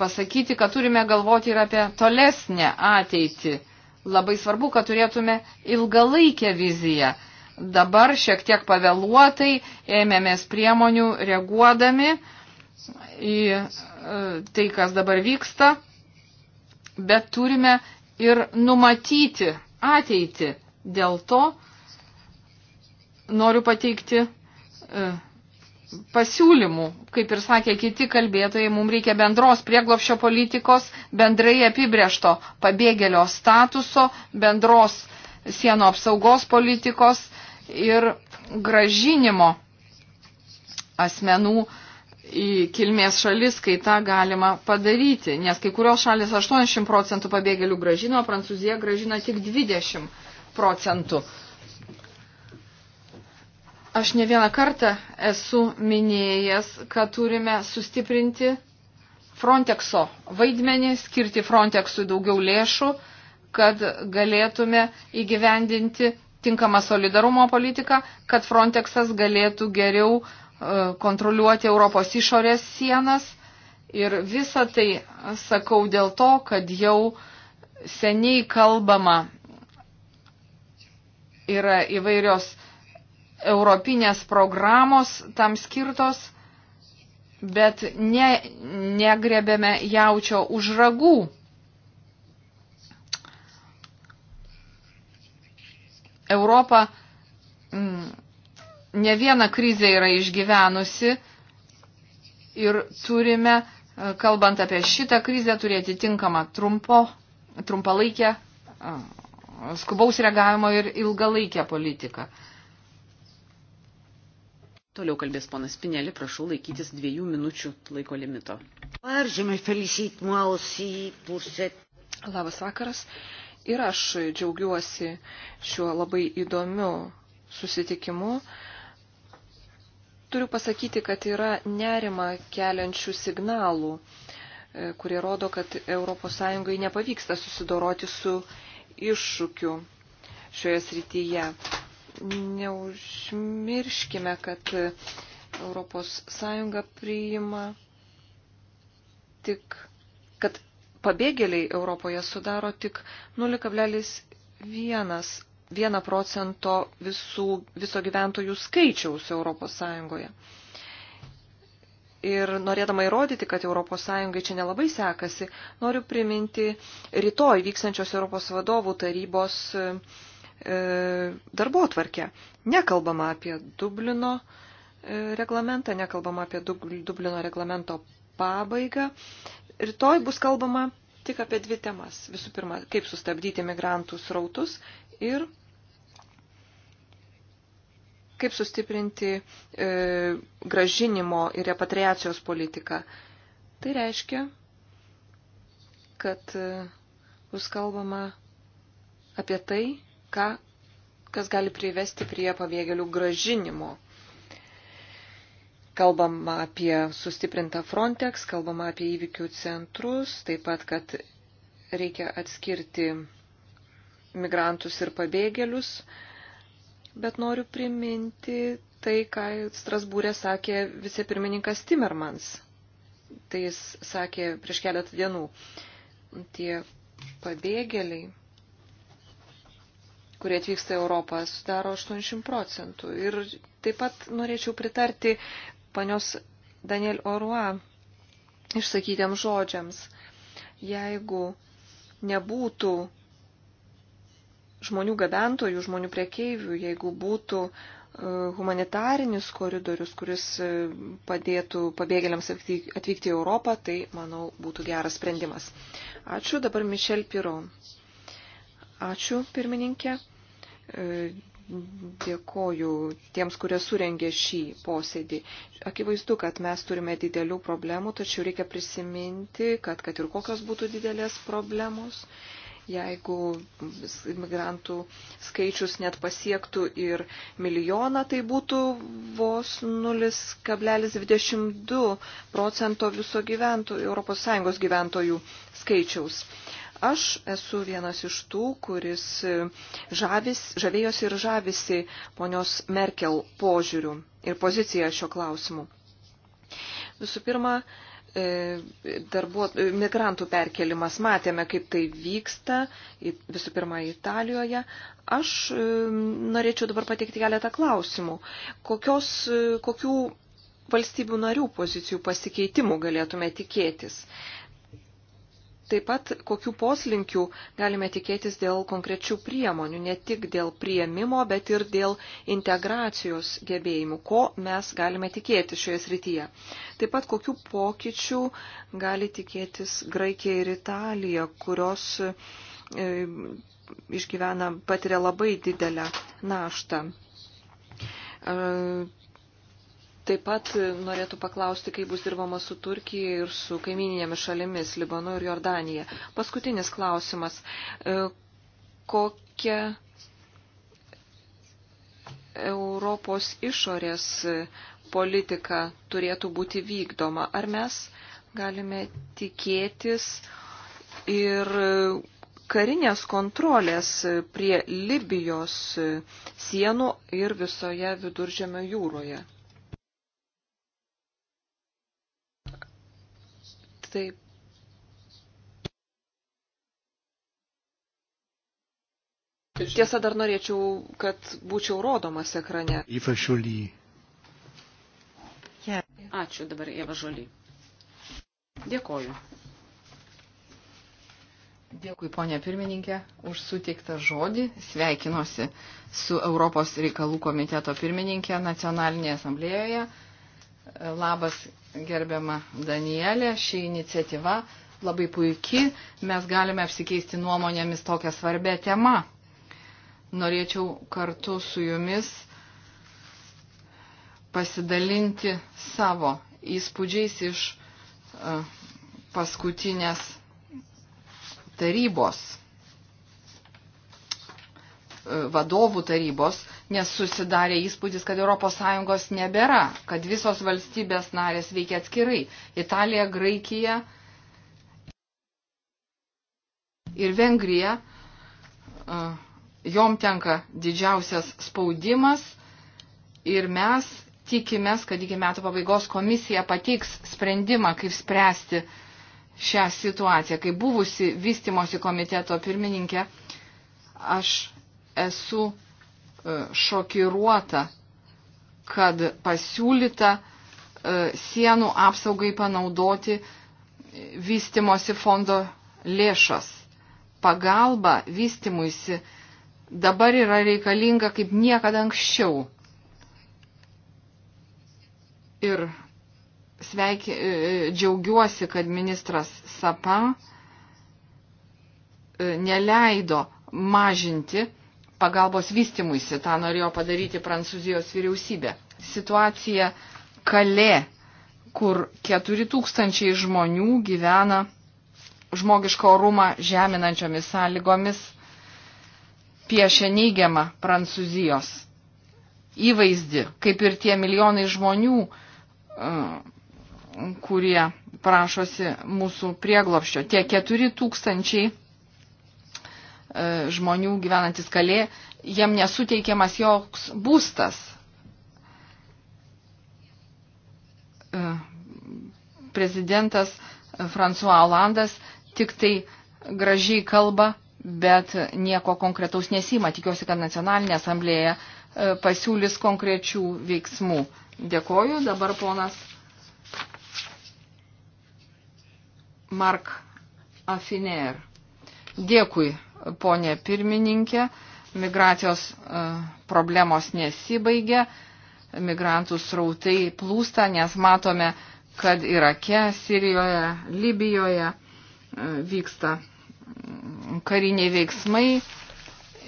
pasakyti, kad turime galvoti ir apie tolesnę ateitį. Labai svarbu, kad turėtume ilgalaikę viziją. Dabar šiek tiek pavėluotai ėmėmės priemonių reaguodami į e, tai, kas dabar vyksta, bet turime ir numatyti ateitį. Dėl to, noriu pateikti e, pasiūlymų. Kaip ir sakė kiti kalbėtojai, mums reikia bendros prieglopšio politikos, bendrai apibriešto pabėgėlio statuso, bendros sienų apsaugos politikos ir gražinimo asmenų į kilmės šalis, kai tą galima padaryti. Nes kai kurios šalis 80 procentų pabėgėlių gražino, Prancūzija gražina tik 20 procentų. Aš ne vieną kartą esu minėjęs, kad turime sustiprinti Frontexo vaidmenį, skirti Frontexui daugiau lėšų, kad galėtume įgyvendinti tinkamą solidarumo politiką, kad Frontexas galėtų geriau e, kontroliuoti Europos išorės sienas. Ir visą tai sakau dėl to, kad jau seniai kalbama yra įvairios europinės programos tam skirtos, bet ne, negrebėme jaučio už ragų. Europa mm, ne vieną krizę yra išgyvenusi ir turime, e, kalbant apie šitą krizę, turėti tinkamą trumpo, trumpalaikę, e, skubaus reagavimo ir ilgalaikę politiką. Toliau kalbės ponas Pinelė, prašau laikytis dviejų minučių laiko limito. Labas vakaras. Ir aš džiaugiuosi šiuo labai įdomiu susitikimu. Turiu pasakyti, kad yra nerima keliančių signalų, e, kurie rodo, kad ES nepavyksta susidoroti su iššūkiu šioje srityje neužmirškime, kad ES priima tik, kad pabėgėliai Europoje sudaro tik 0,1 procento visų, viso gyventojų skaičiaus ES. Ir norėdama įrodyti, kad ES čia nelabai sekasi, noriu priminti rytoj vyksančios ES vadovų tarybos E, darbo tvarkę. Nekalbama apie Dublino e, reglamentą, nekalbama apie Dublino reglamento pabaigą. Rytoj bus kalbama tik apie dvi temas. Visų pirma, kaip sustabdyti migrantų srautus ir kaip sustiprinti e, gražinimo ir repatriacijos politiką. Tai reiškia, kad e, bus kalbama apie tai, ką, kas gali privesti prie pabėgėlių gražinimo. Kalbama apie sustiprintą Frontex, kalbama apie įvykių centrus, taip pat, kad reikia atskirti migrantus ir pabėgėlius, bet noriu priminti tai, ką Strasbūrė sakė vicepirmininkas Timmermans. Tai jis sakė prieš keletą dienų. Tie pabėgėliai kurie atvyksta į Europą, sudaro 80 procentų. Ir taip pat norėčiau pritarti panios Daniel Orua išsakytėm žodžiams. Jeigu nebūtų žmonių gabentojų, žmonių priekeivių, jeigu būtų e, humanitarinis koridorius, kuris e, padėtų pabėgėliams atvykti į Europą, tai, manau, būtų geras sprendimas. Ačiū, dabar Mišel Piro. Ačiū, pirmininkė. E, dėkoju tiems, kurie surengė šį posėdį. Akivaizdu, kad mes turime didelių problemų, tačiau reikia prisiminti, kad, kad ir kokios būtų didelės problemos, jeigu migrantų skaičius net pasiektų ir milijoną, tai būtų vos 0,22 procento viso gyventojų, ES gyventojų skaičiaus. Aš esu vienas iš tų, kuris žavis, žavėjosi ir žavisi ponios Merkel požiūrių ir poziciją šio klausimu. Visų pirma, e, darbuot, e, migrantų perkelimas, matėme, kaip tai vyksta, visų pirma, Italijoje. Aš e, norėčiau dabar pateikti keletą klausimų. Kokios, kokių valstybių narių pozicijų pasikeitimų galėtume tikėtis? taip pat kokių poslinkių galime tikėtis dėl konkrečių priemonių, ne tik dėl prieimimo, bet ir dėl integracijos gebėjimų, ko mes galime tikėtis šioje srityje. Taip pat kokių pokyčių gali tikėtis Graikija ir Italija, kurios e, išgyvena, patiria labai didelę naštą. E, Taip pat norėtų paklausti, kaip bus dirbama su Turkija ir su kaimininėmis šalimis Libanu ir Jordanija. Paskutinis klausimas. E, kokia Europos išorės politika turėtų būti vykdoma? Ar mes galime tikėtis ir karinės kontrolės prie Libijos sienų ir visoje viduržėmio jūroje? tai Tiesa, dar norėčiau, kad būčiau rodomas ekrane. Eva Žoly. Ačiū dabar, Eva Žoly. Dėkoju. Dėkui, ponė pirmininkė, už suteiktą žodį. Sveikinuosi su Europos reikalų komiteto pirmininkė Nacionalinėje asamblėjoje. Labas gerbiama Danielė, ši iniciatyva labai puiki, mes galime apsikeisti nuomonėmis tokią svarbę temą. Norėčiau kartu su jumis pasidalinti savo įspūdžiais iš e, paskutinės tarybos. E, vadovų tarybos, nes susidarė įspūdis, kad ES nebėra, kad visos valstybės narės veikia atskirai. Italija, Graikija ir Vengrija, e, jom tenka didžiausias spaudimas ir mes tikimės, kad iki metų pabaigos komisija pateiks sprendimą, kaip spręsti šią situaciją. Kai buvusi vystimosi komiteto pirmininkė, aš esu e, šokiruota, kad pasiūlyta e, sienų apsaugai panaudoti vystimosi fondo lėšas. Pagalba vystimuisi dabar yra reikalinga kaip niekada anksčiau. Ir sveiki, e, džiaugiuosi, kad ministras Sapa neleido mažinti pagalbos vystimuisi. Ta norėjo padaryti Prancūzijos vyriausybė. Situacija kalė, kur 4000 žmonių gyvena žmogiško orumą žeminančiomis sąlygomis, piešia neigiamą Prancūzijos įvaizdį, kaip ir tie milijonai žmonių, e, kurie prašosi mūsų prieglopščio. Tie 4000 E, žmonių gyvenantis kalė, jiem nesuteikiamas joks būstas. E, prezidentas François Hollandas tik tai gražiai kalba, bet nieko konkretaus nesima. Tikiuosi, kad nacionalinė asamblėja e, pasiūlys konkrečių veiksmų. Dėkoju. Dabar ponas Mark Afiner. Dėkui ponė pirmininkė. Migracijos e, problemos nesibaigia, migrantų srautai plūsta, nes matome, kad Irake, Sirijoje, Libijoje e, vyksta kariniai veiksmai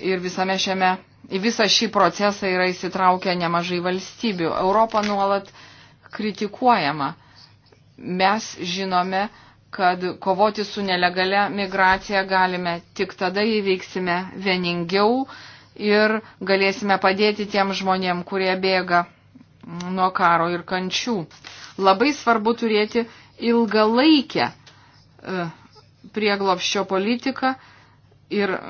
ir visame šiame, į visą šį procesą yra įsitraukę nemažai valstybių. Europa nuolat kritikuojama. Mes žinome, kad kovoti su nelegalia migracija galime tik tada įveiksime vieningiau ir galėsime padėti tiem žmonėm, kurie bėga nuo karo ir kančių. Labai svarbu turėti ilgalaikę e, prieglopščio politiką ir e,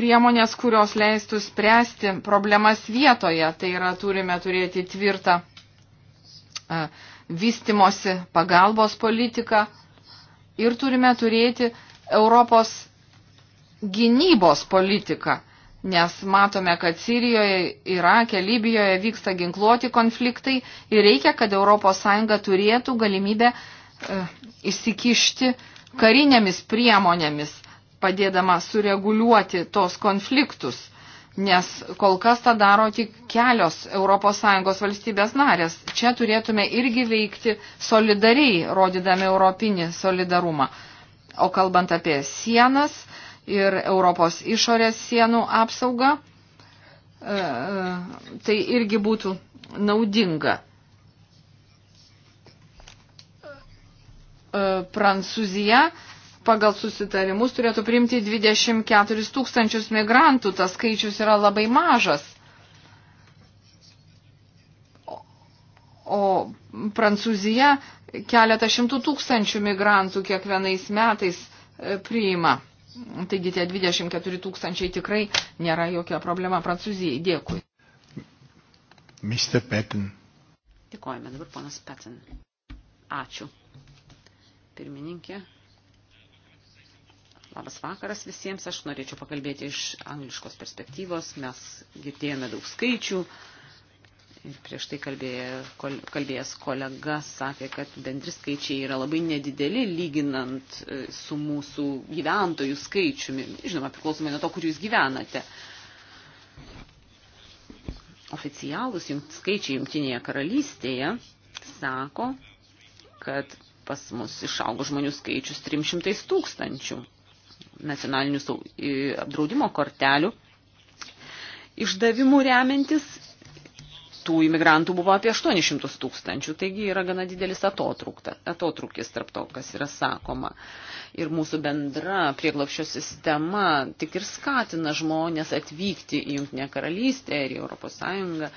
priemonės, kurios leistų spręsti problemas vietoje. Tai yra, turime turėti tvirtą e, vystimosi pagalbos politiką ir turime turėti Europos gynybos politiką, nes matome, kad Sirijoje, Irake, Libijoje vyksta ginkluoti konfliktai ir reikia, kad ES turėtų galimybę e, įsikišti karinėmis priemonėmis, padėdama sureguliuoti tos konfliktus nes kol kas tą daro tik kelios ES valstybės narės. Čia turėtume irgi veikti solidariai, rodydami europinį solidarumą. O kalbant apie sienas ir Europos išorės sienų apsaugą, e, e, tai irgi būtų naudinga. E, Prancūzija pagal susitarimus turėtų priimti 24 tūkstančius migrantų, tas skaičius yra labai mažas. O, o Prancūzija keletą šimtų tūkstančių migrantų kiekvienais metais e, priima. Taigi tie 24 tūkstančiai tikrai nėra jokia problema Prancūzijai. Dėkui. Mr. Patton. Dėkojame dabar ponas Patton. Ačiū. Pirmininkė. Labas vakaras visiems, aš norėčiau pakalbėti iš angliškos perspektyvos, mes girdėjome daug skaičių ir prieš tai kalbėjo, kol, kalbėjęs kolega sakė, kad bendri skaičiai yra labai nedideli lyginant e, su mūsų gyventojų skaičiumi, žinoma, priklausomai nuo to, kur jūs gyvenate. Oficialūs skaičiai Jungtinėje karalystėje sako, kad pas mus išaugo žmonių skaičius 300 tūkstančių nacionalinių apdraudimo kortelių išdavimų remiantis tų imigrantų buvo apie 800 tūkstančių, taigi yra gana didelis atotrukis tarp to, kas yra sakoma. Ir mūsų bendra prieglapščio sistema tik ir skatina žmonės atvykti į Junktinę karalystę ir į Europos Sąjungą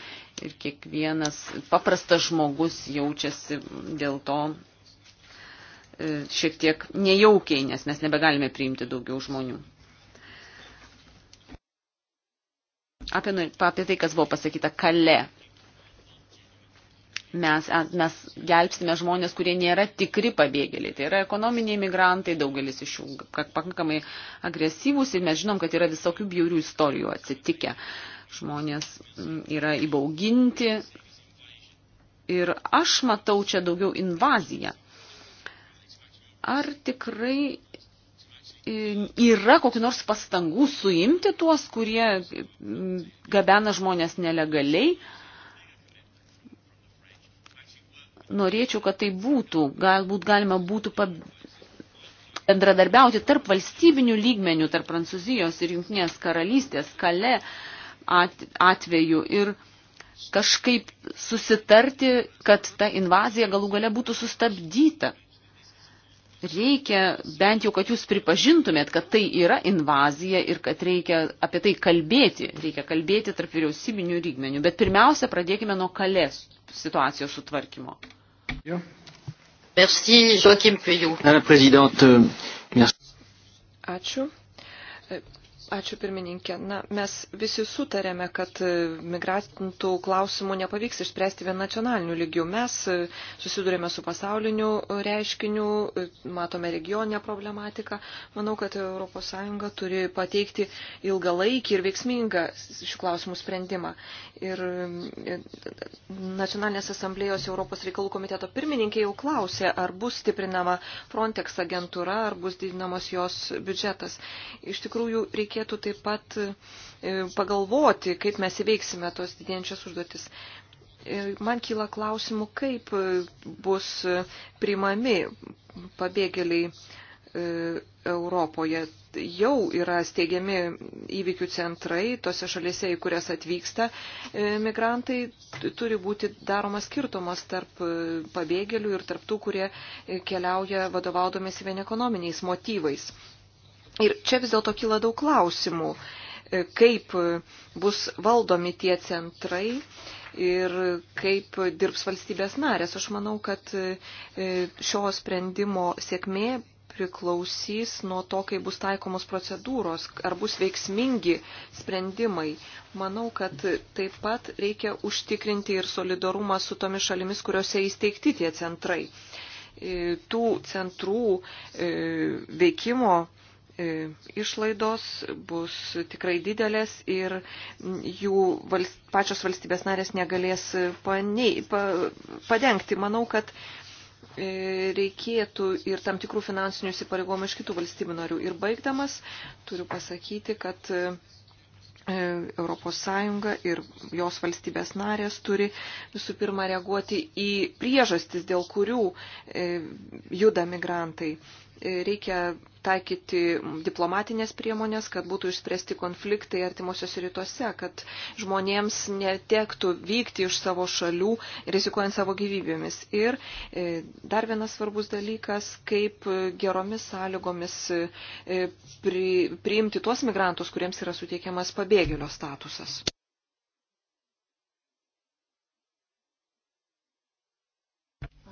ir kiekvienas paprastas žmogus jaučiasi dėl to E, šiek tiek nejaukiai, nes mes nebegalime priimti daugiau žmonių. Apie, nu, apie tai, kas buvo pasakyta kale. Mes, mes gelbstime žmonės, kurie nėra tikri pabėgėliai. Tai yra ekonominiai migrantai, daugelis iš jų pakankamai agresyvūs ir mes žinom, kad yra visokių bjaurių istorijų atsitikę. Žmonės yra įbauginti ir aš matau čia daugiau invaziją Ar tikrai e, yra kokiu nors pastangų suimti tuos, kurie gabena žmonės nelegaliai? Norėčiau, kad tai būtų. Galbūt galima būtų pab bendradarbiauti tarp valstybinių lygmenių, tarp Prancūzijos ir Junktinės karalystės, kale atveju ir kažkaip susitarti, kad ta invazija galų gale būtų sustabdyta reikia bent jau, kad jūs pripažintumėt, kad tai yra invazija ir kad reikia apie tai kalbėti, reikia kalbėti tarp vyriausybinių lygmenių. Bet pirmiausia, pradėkime nuo kalės situacijos sutvarkymo. Jo. Merci, Joachim Puyou. Euh, Ačiū. Ačiū pirmininkė. Na, mes visi sutarėme, kad e, migrantų klausimų nepavyks išspręsti vien nacionaliniu lygiu. Mes e, susidurėme su pasauliniu reiškiniu, e, matome regioninę problematiką. Manau, kad ES turi pateikti ilgalaikį ir veiksmingą šių klausimų sprendimą. Ir Nacionalinės asamblėjos Europos reikalų komiteto pirmininkė jau klausė, ar bus stiprinama Frontex agentūra, ar bus didinamas jos biudžetas. Iš tikrųjų, reikia reikėtų taip pat e, pagalvoti, kaip mes įveiksime tos didėjančias užduotis. E, man kyla klausimų, kaip e, bus priimami pabėgėliai Europoje. Jau yra steigiami įvykių centrai, tose šalise, į kurias atvyksta migrantai, turi būti daromas skirtumas tarp pabėgėlių ir tarp tų, kurie keliauja vadovaudomėsi vien ekonominiais motyvais. Ir čia vis dėlto kyla daug klausimų, e, kaip bus valdomi tie centrai ir kaip dirbs valstybės narės. Aš manau, kad e, šio sprendimo sėkmė priklausys nuo to, kaip bus taikomos procedūros, ar bus veiksmingi sprendimai. Manau, kad taip pat reikia užtikrinti ir solidarumą su tomis šalimis, kuriuose įsteigti tie centrai. E, tų centrų veikimo E, išlaidos bus tikrai didelės ir jų valst, pačios valstybės narės negalės panei, pa, padengti. Manau, kad e, reikėtų ir tam tikrų finansinių įsipareigomų iš kitų valstybių narių. Ir baigdamas, turiu pasakyti, kad ES ir jos valstybės narės turi visų pirma reaguoti į priežastis, dėl kurių e, juda migrantai reikia taikyti diplomatinės priemonės, kad būtų išspręsti konfliktai artimuosios rytuose, kad žmonėms netektų vykti iš savo šalių, rizikuojant savo gyvybėmis. Ir e, dar vienas svarbus dalykas, kaip geromis sąlygomis e, pri, priimti tuos migrantus, kuriems yra suteikiamas pabėgėlio statusas.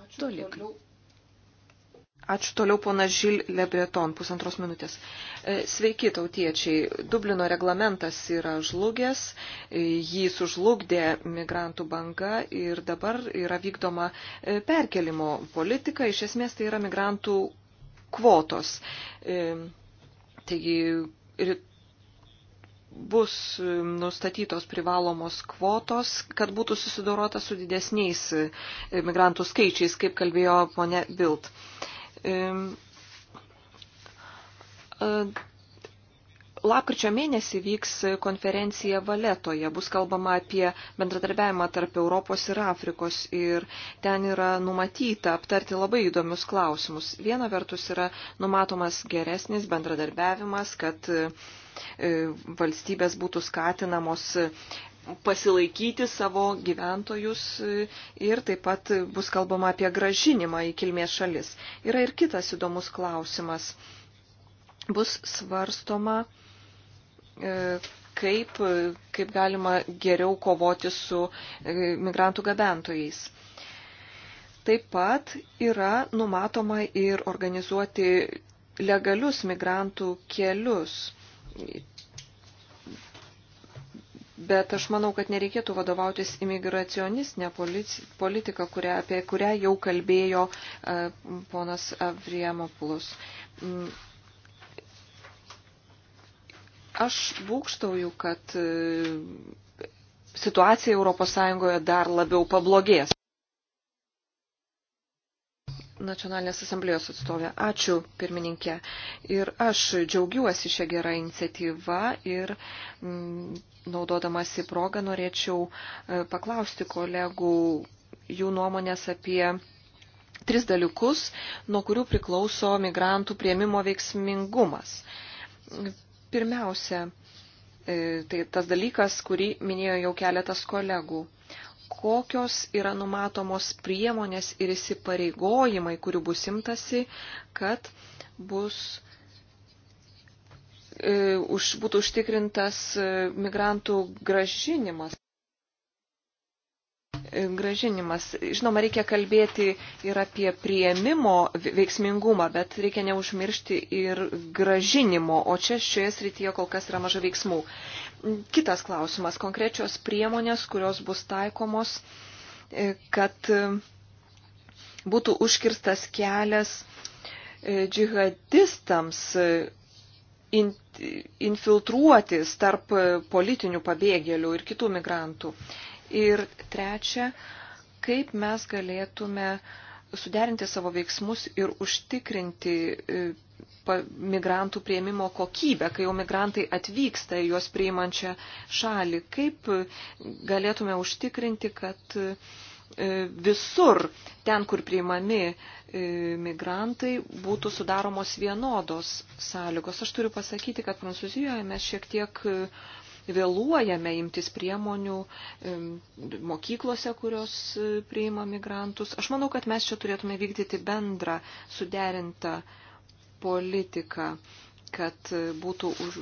Ačiū. Toliau. Ačiū toliau pona Žil Lebreton, pusantros minutės. E, sveiki tautiečiai, Dublino reglamentas yra žlugęs, e, jį sužlugdė migrantų banga ir dabar yra vykdoma e, perkelimo politika, iš esmės tai yra migrantų kvotos. Taigi bus nustatytos privalomos kvotos, kad būtų susidorota su didesniais migrantų skaičiais, kaip kalbėjo ponė Bilt. Lapkričio mėnesį vyks konferencija Valetoje. Bus kalbama apie bendradarbiavimą tarp Europos ir Afrikos ir ten yra numatyta aptarti labai įdomius klausimus. Viena vertus yra numatomas geresnis bendradarbiavimas, kad e, valstybės būtų skatinamos pasilaikyti savo gyventojus e, ir taip pat bus kalbama apie gražinimą į kilmės šalis. Yra ir kitas įdomus klausimas. Bus svarstoma, e, kaip, kaip galima geriau kovoti su e, migrantų gabentojais. Taip pat yra numatoma ir organizuoti legalius migrantų kelius Bet aš manau, kad nereikėtų vadovautis imigracionistinė politika, kurią, apie kurią jau kalbėjo e, ponas Avriemopulus. Mm. Aš būkštauju, kad e, situacija ES dar labiau pablogės. Nacionalinės asamblėjos atstovė. Ačiū, pirmininkė. Ir aš džiaugiuosi šią gerą iniciatyvą ir m, mm, naudodamasi progą norėčiau e, paklausti kolegų jų nuomonės apie tris dalykus, nuo kurių priklauso migrantų prieimimo veiksmingumas. Pirmiausia, e, tai tas dalykas, kurį minėjo jau keletas kolegų kokios yra numatomos priemonės ir įsipareigojimai, kurių bus imtasi, kad bus, e, už, būtų užtikrintas e, migrantų gražinimas. E, gražinimas. Žinoma, reikia kalbėti ir apie prieimimo veiksmingumą, bet reikia neužmiršti ir gražinimo, o čia šioje srityje kol kas yra maža veiksmų. Kitas klausimas - konkrečios priemonės, kurios bus taikomos, e, kad e, būtų užkirstas kelias e, džihadistams infiltruotis tarp politinių pabėgėlių ir kitų migrantų. Ir trečia, kaip mes galėtume suderinti savo veiksmus ir užtikrinti migrantų prieimimo kokybę, kai jau migrantai atvyksta į juos priimančią šalį. Kaip galėtume užtikrinti, kad e, visur ten, kur priimami e, migrantai, būtų sudaromos vienodos sąlygos. Aš turiu pasakyti, kad Prancūzijoje mes šiek tiek e, vėluojame imtis priemonių mokyklose, kurios priima migrantus. Aš manau, kad mes čia turėtume vykdyti bendrą, suderintą uh, politiką, kad būtų už,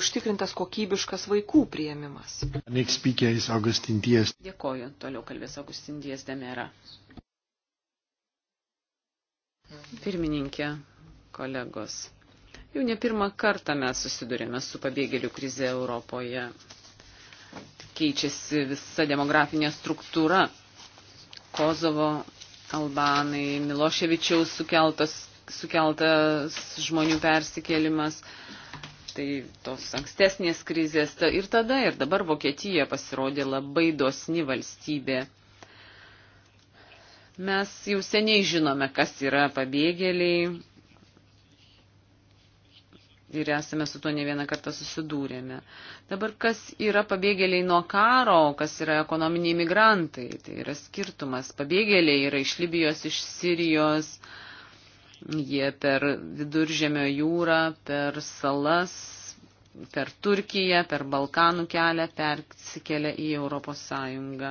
užtikrintas kokybiškas vaikų prieimimas. Dėkoju, toliau kalbės Augustindies Demera. Pirmininkė, kolegos, jau ne pirmą kartą mes susidurėme su pabėgėlių krize Europoje. Keičiasi visa demografinė struktūra. Kozovo albanai, Miloševičiaus sukeltas sukeltas žmonių persikėlimas, tai tos ankstesnės krizės. Ir tada, ir dabar Vokietija pasirodė labai dosni valstybė. Mes jau seniai žinome, kas yra pabėgėliai ir esame su tuo ne vieną kartą susidūrėme. Dabar kas yra pabėgėliai nuo karo, kas yra ekonominiai migrantai, tai yra skirtumas. Pabėgėliai yra iš Libijos, iš Sirijos, uh, Jie per viduržėmio jūrą, per salas, per Turkiją, per Balkanų kelią persikelia į Europos Sąjungą.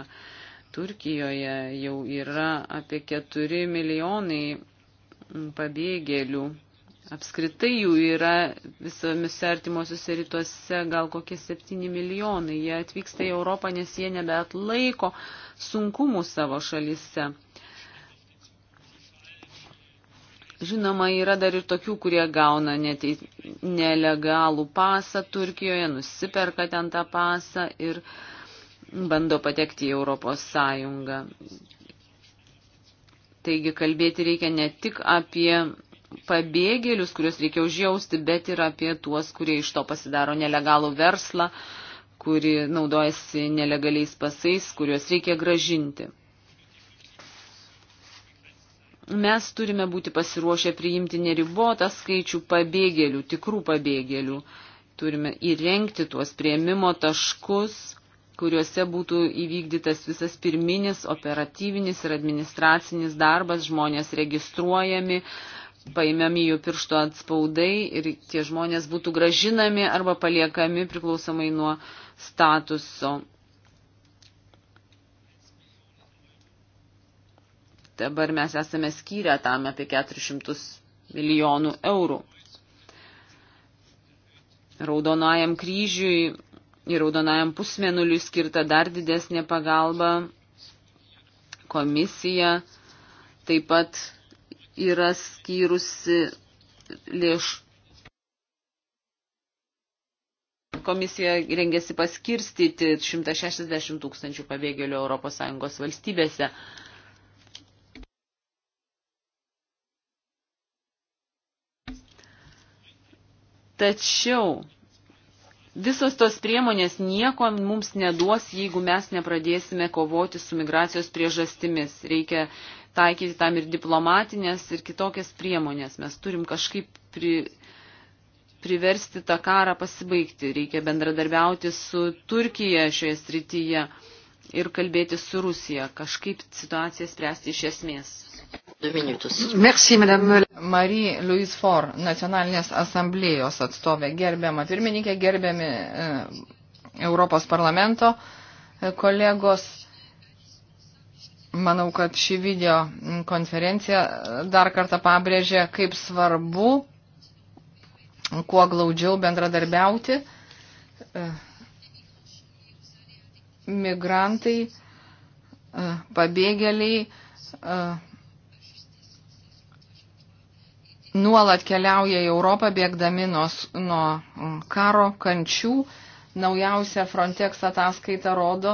Turkijoje jau yra apie 4 milijonai pabėgėlių. Apskritai jų yra visomis artimuosiuose rytuose gal kokie 7 milijonai. Jie atvyksta į Europą, nes jie nebeatlaiko sunkumų savo šalyse. Žinoma, yra dar ir tokių, kurie gauna neteis, nelegalų pasą Turkijoje, nusiperka ten tą pasą ir bando patekti į Europos Sąjungą. Taigi kalbėti reikia ne tik apie pabėgėlius, kuriuos reikia užjausti, bet ir apie tuos, kurie iš to pasidaro nelegalų verslą, kuri naudojasi nelegaliais pasais, kuriuos reikia gražinti. Mes turime būti pasiruošę priimti neribotą skaičių pabėgėlių, tikrų pabėgėlių. Turime įrengti tuos prieimimo taškus, kuriuose būtų įvykdytas visas pirminis operatyvinis ir administracinis darbas, žmonės registruojami, paimami jų piršto atspaudai ir tie žmonės būtų gražinami arba paliekami priklausomai nuo statuso. Dabar mes esame skyrę tam apie 400 milijonų eurų. Raudonajam kryžiui ir raudonajam pusmenuliui skirta dar didesnė pagalba. Komisija taip pat yra skyrusi lėšų. Komisija rengėsi paskirstyti 160 tūkstančių pabėgėlių ES valstybėse. Tačiau visos tos priemonės nieko mums neduos, jeigu mes nepradėsime kovoti su migracijos priežastimis. Reikia taikyti tam ir diplomatinės, ir kitokias priemonės. Mes turim kažkaip pri, priversti tą karą pasibaigti. Reikia bendradarbiauti su Turkija šioje srityje ir kalbėti su Rusija. Kažkaip situaciją spręsti iš esmės. Merci, Marie Louise Ford, Nacionalinės asamblėjos atstovė, gerbiama pirmininkė, gerbiami e, Europos parlamento e, kolegos. Manau, kad ši video konferencija e, dar kartą pabrėžė, kaip svarbu, kuo glaudžiau bendradarbiauti. Migrantai, pabėgėliai, nuolat keliauja į Europą bėgdami nuo, nuo mm, karo kančių. Naujausia Frontex ataskaita rodo,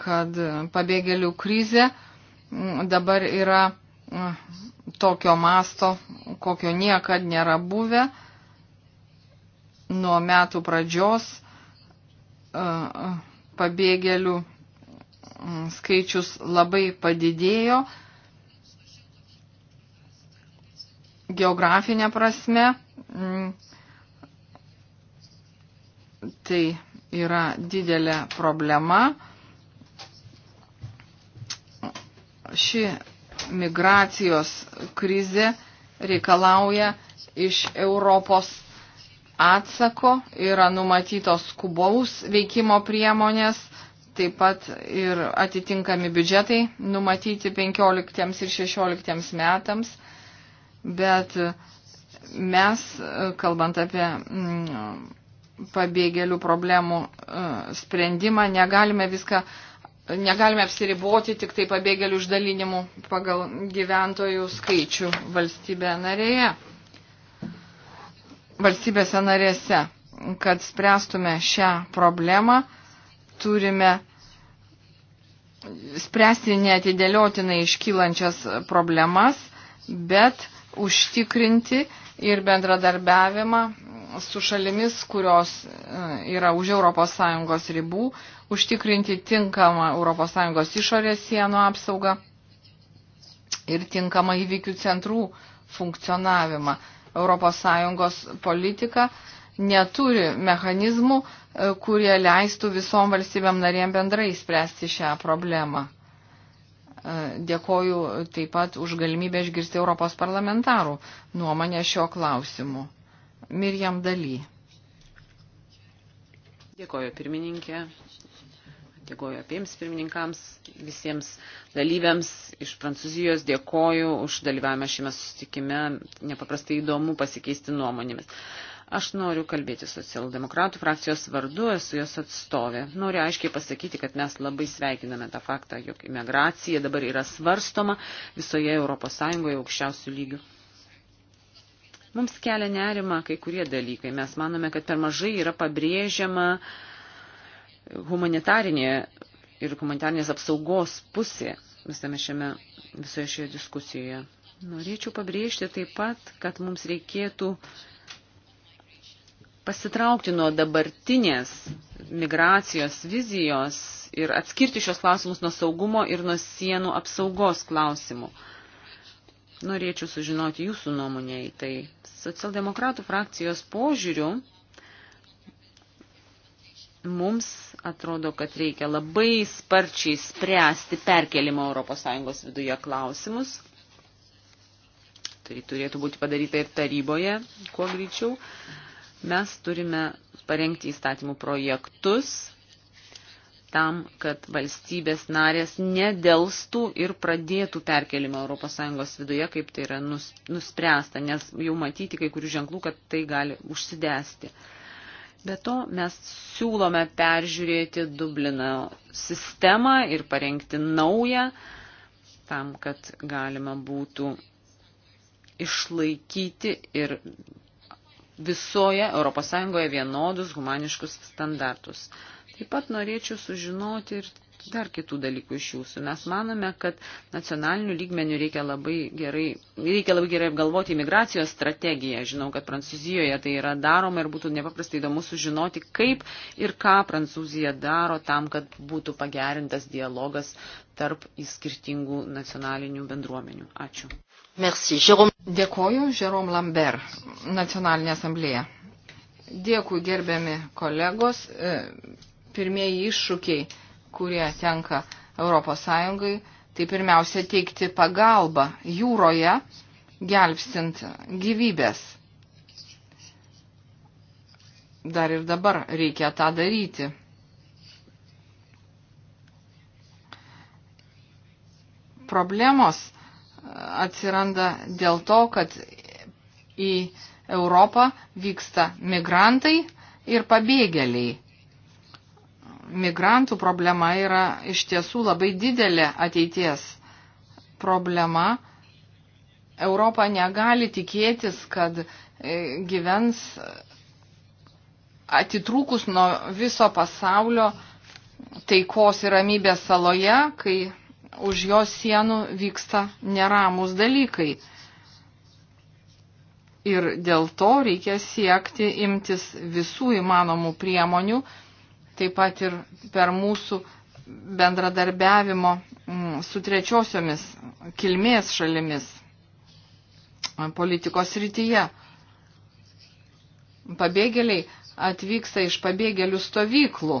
kad pabėgėlių krizė mm, dabar yra mm, tokio masto, kokio niekad nėra buvę. Nuo metų pradžios e, e, pabėgėlių skaičius labai padidėjo geografinė prasme. Mm, tai yra didelė problema. Ši migracijos krizė reikalauja iš Europos atsako, yra numatytos skubaus veikimo priemonės, taip pat ir atitinkami biudžetai numatyti 15 ir 16 metams bet mes, kalbant apie mm, pabėgėlių problemų e, sprendimą, negalime viską, negalime apsiriboti tik tai pabėgėlių išdalinimu pagal gyventojų skaičių valstybė narėje, valstybėse narėse. Kad spręstume šią problemą, turime spręsti neatidėliotinai iškylančias problemas, bet uh, užtikrinti ir bendradarbiavimą su šalimis, kurios e, yra už ES ribų, užtikrinti tinkamą ES išorės sienų apsaugą ir tinkamą įvykių centrų funkcionavimą. ES politika neturi mechanizmų, e, kurie leistų visom valstybėm narėm bendrai spręsti šią problemą. E, dėkoju taip pat už galimybę išgirsti Europos parlamentarų nuomonę šio klausimu. Mirjam Daly. Dėkoju pirmininkė, dėkoju abiems pirmininkams, visiems dalyviams iš Prancūzijos, dėkoju už dalyvavimą šiame susitikime, nepaprastai įdomu pasikeisti nuomonėmis. Aš noriu kalbėti socialdemokratų frakcijos vardu, esu jos atstovė. Noriu aiškiai pasakyti, kad mes labai sveikiname tą faktą, jog imigracija dabar yra svarstoma visoje ES aukščiausių lygių. Mums kelia nerima kai kurie dalykai. Mes manome, kad per mažai yra pabrėžiama humanitarinė ir humanitarinės apsaugos pusė visame šiame, visoje šioje diskusijoje. Norėčiau pabrėžti taip pat, kad mums reikėtų pasitraukti nuo dabartinės migracijos vizijos ir atskirti šios klausimus nuo saugumo ir nuo sienų apsaugos klausimų. Norėčiau sužinoti jūsų nuomonę į tai. Socialdemokratų frakcijos požiūrių mums atrodo, kad reikia labai sparčiai spręsti perkelimo ES viduje klausimus. Tai turėtų būti padaryta ir taryboje, kuo greičiau. Uh, Mes turime parengti įstatymų projektus tam, kad valstybės narės nedelstų ir pradėtų perkelimą ES viduje, kaip tai yra nus, nuspręsta, nes jau matyti kai kurių ženklų, kad tai gali užsidęsti. Be to, mes siūlome peržiūrėti Dublino sistemą ir parengti naują, tam, kad galima būtų išlaikyti ir visoje ES vienodus humaniškus standartus. Taip pat norėčiau sužinoti ir dar kitų dalykų iš jūsų. Mes manome, kad nacionalinių lygmenių reikia labai gerai, reikia labai gerai apgalvoti imigracijos strategiją. Žinau, kad Prancūzijoje tai yra daroma ir būtų nepaprastai įdomu sužinoti, kaip ir ką Prancūzija daro tam, kad būtų pagerintas dialogas tarp skirtingų nacionalinių bendruomenių. Ačiū. Merci. Jérôme... Dėkoju, Žerom Lambert, Nacionalinė asamblėja. Dėkui, gerbiami kolegos. E, pirmieji iššūkiai, kurie tenka ES, tai pirmiausia teikti pagalbą jūroje, gelbstint gyvybės. Dar ir dabar reikia tą daryti. Problemos atsiranda dėl to, kad į Europą vyksta migrantai ir pabėgėliai. Migrantų problema yra iš tiesų labai didelė ateities problema. Europa negali tikėtis, kad e, gyvens atitrūkus nuo viso pasaulio taikos ir ramybės saloje, kai už jos sienų vyksta neramus dalykai. Ir dėl to reikia siekti imtis visų įmanomų priemonių, taip pat ir per mūsų bendradarbiavimo mm, su trečiosiomis kilmės šalimis politikos rytyje. Pabėgėliai atvyksta iš pabėgėlių stovyklų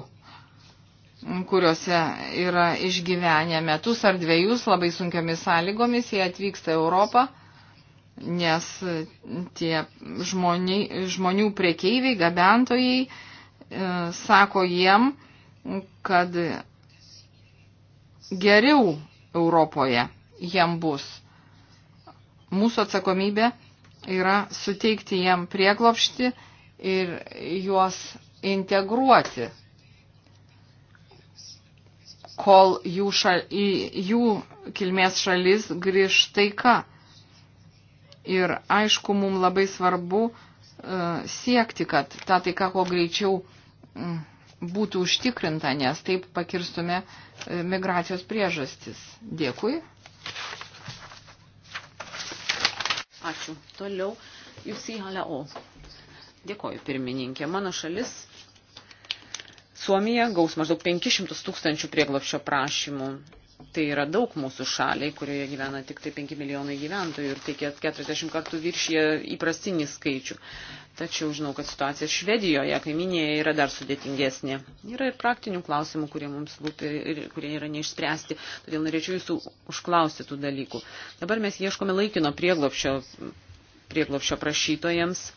kuriuose yra išgyvenę metus ar dviejus labai sunkiomis sąlygomis, jie atvyksta į Europą, nes tie žmoni, žmonių priekeiviai, gabentojai e, sako jiem, kad geriau Europoje jiem bus. Mūsų atsakomybė yra suteikti jiem prieglopšti ir juos integruoti kol jų, šal, į jų kilmės šalis grįž taika. Ir aišku, mums labai svarbu uh, siekti, kad ta taika kuo greičiau um, būtų užtikrinta, nes taip pakirstume e, migracijos priežastis. Dėkui. Ačiū. Toliau jūs į Haleo. Dėkoju, pirmininkė. Mano šalis Suomija gaus maždaug 500 tūkstančių prieglopščio prašymų. Tai yra daug mūsų šaliai, kurioje gyvena tik tai 5 milijonai gyventojų ir tai 40 kartų viršyje įprastinį skaičių. Tačiau žinau, kad situacija Švedijoje, kaiminėje, yra dar sudėtingesnė. Yra ir praktinių klausimų, kurie mums rūpi ir kurie yra neišspręsti. Todėl norėčiau jūsų užklausti tų dalykų. Dabar mes ieškome laikino prieglopščio, prieglopščio prašytojams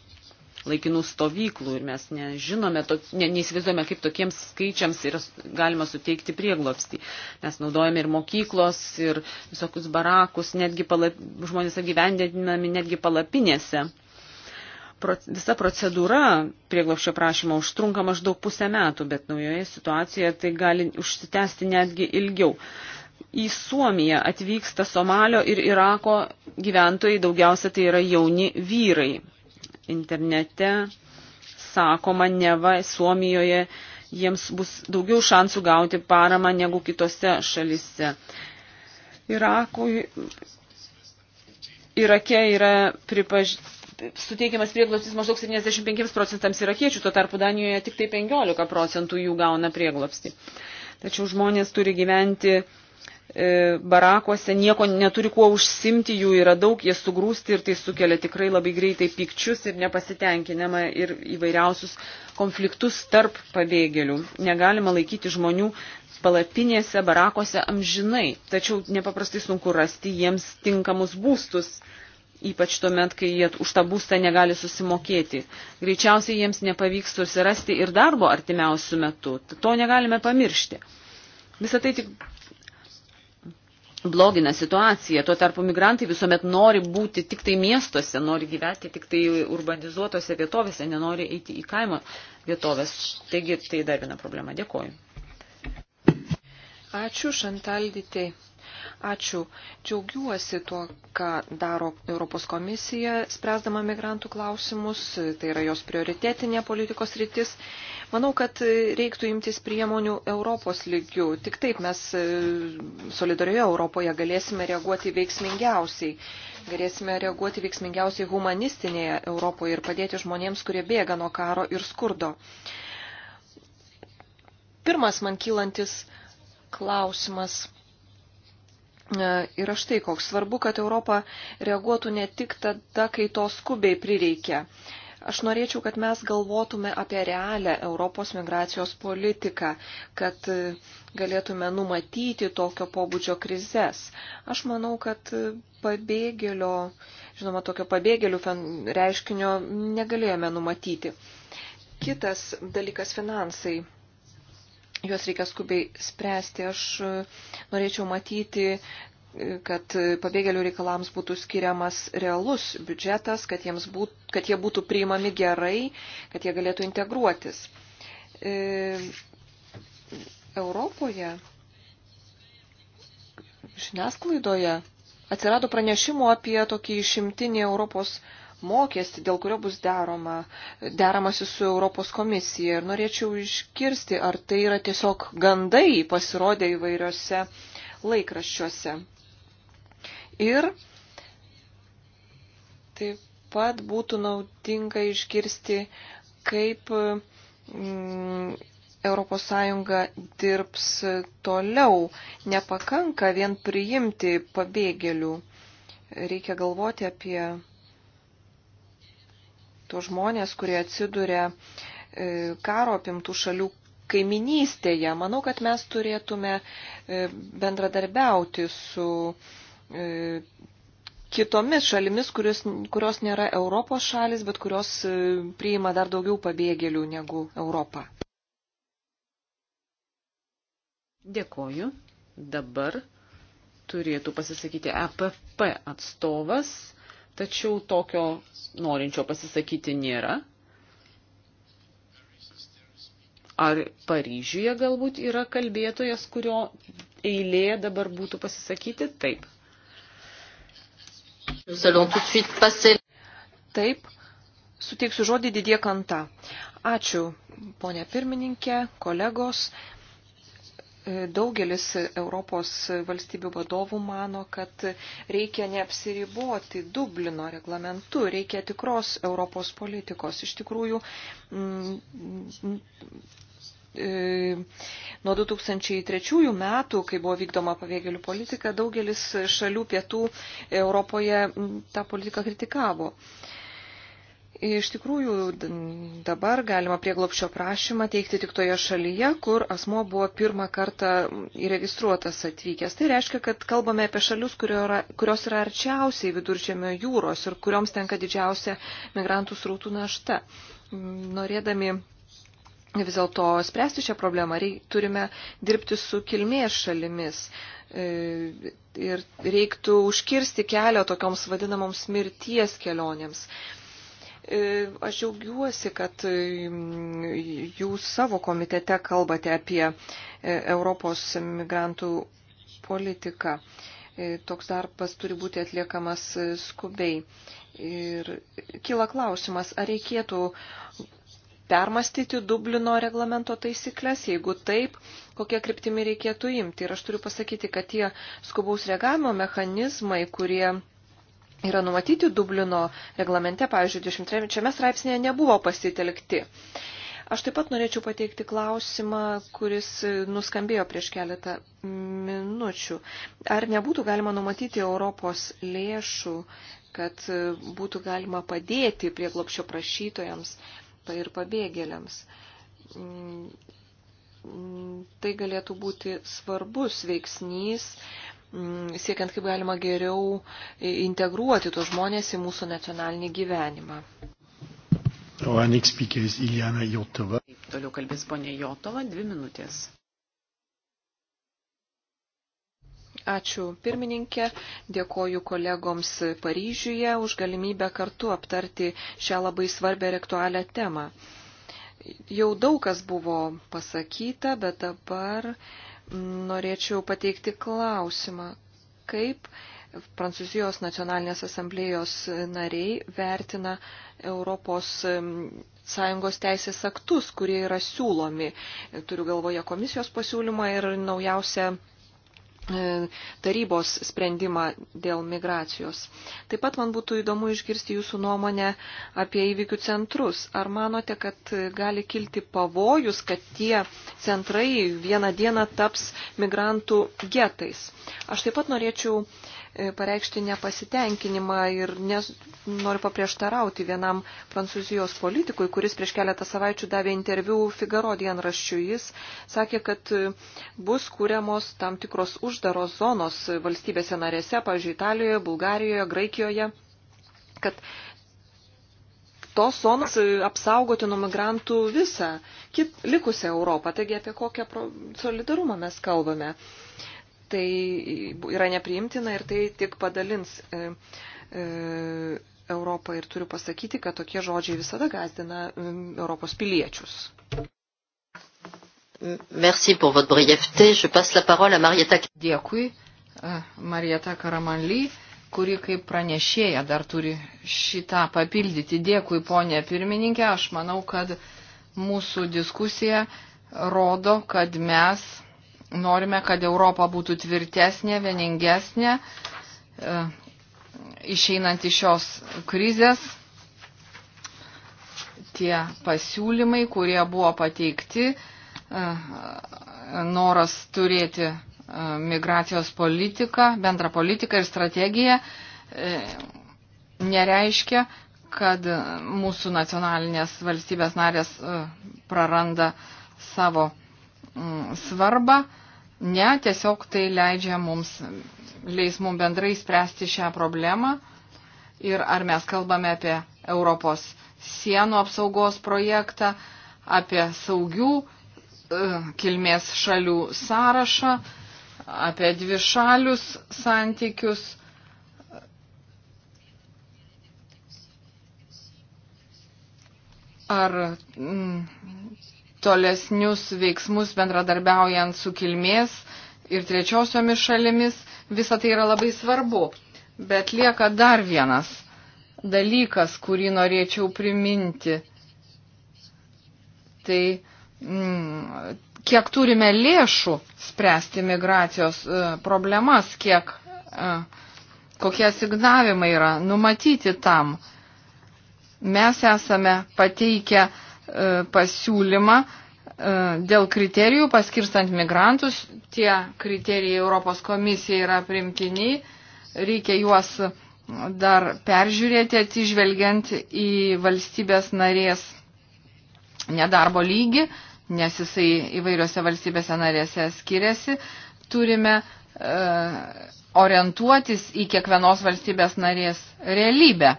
laikinų stovyklų ir mes nežinome, to, ne, neįsivaizduojame, kaip tokiems skaičiams yra galima suteikti prieglopstį. Mes naudojame ir mokyklos, ir visokius barakus, netgi palap, žmonės apgyvendinami netgi palapinėse. Pro, visa procedūra prieglopščio prašymo užtrunka maždaug pusę metų, bet naujoje situacijoje tai gali užsitęsti netgi ilgiau į Suomiją atvyksta Somalio ir Irako gyventojai, daugiausia tai yra jauni vyrai internete sakoma, neva Suomijoje jiems bus daugiau šansų gauti paramą negu kitose šalise. Irakui, Irake yra pripaž... suteikiamas prieglobstis maždaug 75 procentams irakiečių, tuo tarpu Danijoje tik tai 15 procentų jų gauna prieglobstį. Tačiau žmonės turi gyventi E, barakuose, nieko neturi kuo užsimti, jų yra daug, jie sugrūsti ir tai sukelia tikrai labai greitai pikčius ir nepasitenkinimą ir įvairiausius konfliktus tarp pabėgėlių. Negalima laikyti žmonių palapinėse, barakose amžinai, tačiau nepaprastai sunku rasti jiems tinkamus būstus, ypač tuomet, kai jie už tą būstą negali susimokėti. Greičiausiai jiems nepavyks susirasti ir darbo artimiausių metų, to negalime pamiršti. Visą tai tik blogina situaciją. Tuo tarpu migrantai visuomet nori būti tik tai miestuose, nori gyventi tik tai urbanizuotose vietovėse, nenori eiti į kaimo vietovės. Taigi tai dar viena problema. Dėkoju. Ačiū, Šantaldytė. Ačiū. Džiaugiuosi tuo, ką daro Europos komisija, spręsdama migrantų klausimus. Tai yra jos prioritetinė politikos rytis. Manau, kad reiktų imtis priemonių Europos lygių. Tik taip mes e, solidarioje Europoje galėsime reaguoti veiksmingiausiai. Galėsime reaguoti veiksmingiausiai humanistinėje Europoje ir padėti žmonėms, kurie bėga nuo karo ir skurdo. Pirmas man kylantis klausimas e, yra štai koks. Svarbu, kad Europa reaguotų ne tik tada, kai to skubiai prireikia. Aš norėčiau, kad mes galvotume apie realią Europos migracijos politiką, kad e, galėtume numatyti tokio pobūdžio krizės. Aš manau, kad e, pabėgėlio, žinoma, tokio pabėgėlių reiškinio negalėjome numatyti. Kitas dalykas - finansai. Juos reikia skubiai spręsti. Aš e, norėčiau matyti kad pabėgėlių reikalams būtų skiriamas realus biudžetas, kad, būt, kad jie būtų priimami gerai, kad jie galėtų integruotis. E, Europoje žiniasklaidoje atsirado pranešimų apie tokį išimtinį Europos mokestį, dėl kurio bus daroma, deramasi su Europos komisija. Ir norėčiau iškirsti, ar tai yra tiesiog gandai pasirodę įvairiose laikraščiuose. Ir taip pat būtų naudinga išgirsti, kaip mm, ES dirbs toliau. Nepakanka vien priimti pabėgėlių. Reikia galvoti apie tuos žmonės, kurie atsiduria e, karo apimtų šalių kaiminystėje. Manau, kad mes turėtume e, bendradarbiauti su uh, E, kitomis šalimis, kurios, kurios nėra Europos šalis, bet kurios e, priima dar daugiau pabėgėlių negu Europą. Dėkoju. Dabar turėtų pasisakyti EPP atstovas, tačiau tokio norinčio pasisakyti nėra. Ar Paryžiuje galbūt yra kalbėtojas, kurio eilė dabar būtų pasisakyti? Taip. Taip, suteiksiu žodį didie kanta. Ačiū, ponė pirmininkė, kolegos. E, daugelis Europos valstybių vadovų mano, kad reikia neapsiriboti Dublino reglamentu, reikia tikros Europos politikos. Iš tikrųjų, E, nuo 2003 metų, kai buvo vykdoma pavėgėlių politika, daugelis šalių pietų Europoje tą politiką kritikavo. Iš tikrųjų, dabar galima prieglopščio prašymą teikti tik toje šalyje, kur asmo buvo pirmą kartą įregistruotas atvykęs. Tai reiškia, kad kalbame apie šalius, kurios yra arčiausiai viduržėmio jūros ir kurioms tenka didžiausia migrantų srautų našta. Norėdami vis dėlto spręsti šią problemą reik, turime dirbti su kilmės šalimis. E, ir reiktų užkirsti kelio tokioms vadinamoms mirties kelionėms. E, aš džiaugiuosi, kad e, jūs savo komitete kalbate apie Europos migrantų politiką. Toks darbas turi būti atliekamas skubiai. Ir kyla klausimas, ar reikėtų permastyti Dublino reglamento taisyklės, jeigu taip, kokie kryptimi reikėtų imti. Ir aš turiu pasakyti, kad tie skubaus reagavimo mechanizmai, kurie yra numatyti Dublino reglamente, pavyzdžiui, 23 straipsnėje nebuvo pasitelkti. Aš taip pat norėčiau pateikti klausimą, kuris nuskambėjo prieš keletą minučių. Ar nebūtų galima numatyti Europos lėšų, kad būtų galima padėti prieglopšio prašytojams ir pabėgėliams. Tai galėtų būti svarbus veiksnys, mm, siekiant kaip galima geriau integruoti tos žmonės į mūsų nacionalinį gyvenimą. Toliau kalbės ponė Jotova, dvi minutės. Ačiū pirmininkė, dėkoju kolegoms Paryžiuje už galimybę kartu aptarti šią labai svarbę ir aktualią temą. Jau daug kas buvo pasakyta, bet dabar norėčiau pateikti klausimą, kaip Prancūzijos nacionalinės asamblėjos nariai vertina Europos Sąjungos teisės aktus, kurie yra siūlomi. Turiu galvoje komisijos pasiūlymą ir naujausią E, tarybos sprendimą dėl migracijos. Taip pat man būtų įdomu išgirsti jūsų nuomonę apie įvykių centrus. Ar manote, kad gali kilti pavojus, kad tie centrai vieną dieną taps migrantų getais? Aš taip pat norėčiau E, pareikšti nepasitenkinimą ir nes, noriu paprieštarauti vienam prancūzijos politikui, kuris prieš keletą savaičių davė interviu Figaro dienraščiu. Jis sakė, kad e, bus kūriamos tam tikros uždaros zonos valstybėse narėse, pavyzdžiui, Italijoje, Bulgarijoje, Graikijoje, kad tos zonos e, apsaugoti nuo migrantų visą kit, likusią Europą. Taigi apie kokią solidarumą mes kalbame tai yra nepriimtina ir tai tik padalins e, e, Europą ir turiu pasakyti, kad tokie žodžiai visada gazdina e, Europos piliečius. Merci pour votre brièveté. Je passe la parole à Marieta. Dėkui, e, Marieta Karamanly, kuri kaip pranešėja dar turi šitą papildyti. Dėkui, ponė pirmininkė. Aš manau, kad mūsų diskusija rodo, kad mes Norime, kad Europa būtų tvirtesnė, vieningesnė, e, išeinant iš šios krizės. Tie pasiūlymai, kurie buvo pateikti, e, noras turėti e, migracijos politiką, bendrą politiką ir strategiją nereiškia, kad mūsų nacionalinės valstybės narės praranda savo svarbą. Ne, tiesiog tai leidžia mums, leis mums bendrai spręsti šią problemą. Ir ar mes kalbame apie Europos sienų apsaugos projektą, apie saugių e, kilmės šalių sąrašą, apie dvi šalius santykius. Ar mm, tolesnius veiksmus bendradarbiaujant su kilmės ir trečiosiomis šalimis. Visa tai yra labai svarbu. Bet lieka dar vienas dalykas, kurį norėčiau priminti. Tai mm, kiek turime lėšų spręsti migracijos e, problemas, kiek, e, kokie signavimai yra numatyti tam. Mes esame pateikę E, pasiūlymą e, dėl kriterijų paskirstant migrantus. Tie kriterijai Europos komisija yra primtini, reikia juos dar peržiūrėti atsižvelgiant į valstybės narės nedarbo lygį, nes jisai įvairiose valstybėse narėse skiriasi. Turime e, orientuotis į kiekvienos valstybės narės realybę,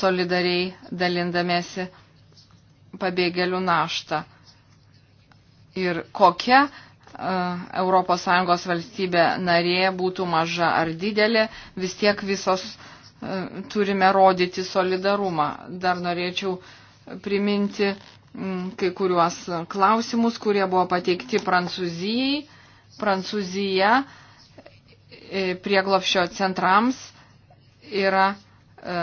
solidariai dalindamėsi pabėgėlių naštą. Ir kokia ES valstybė narė būtų maža ar didelė, vis tiek visos e, turime rodyti solidarumą. Dar norėčiau priminti kai kuriuos klausimus, kurie buvo pateikti Prancūzijai. Prancūzija e, prieglopščio centrams yra e,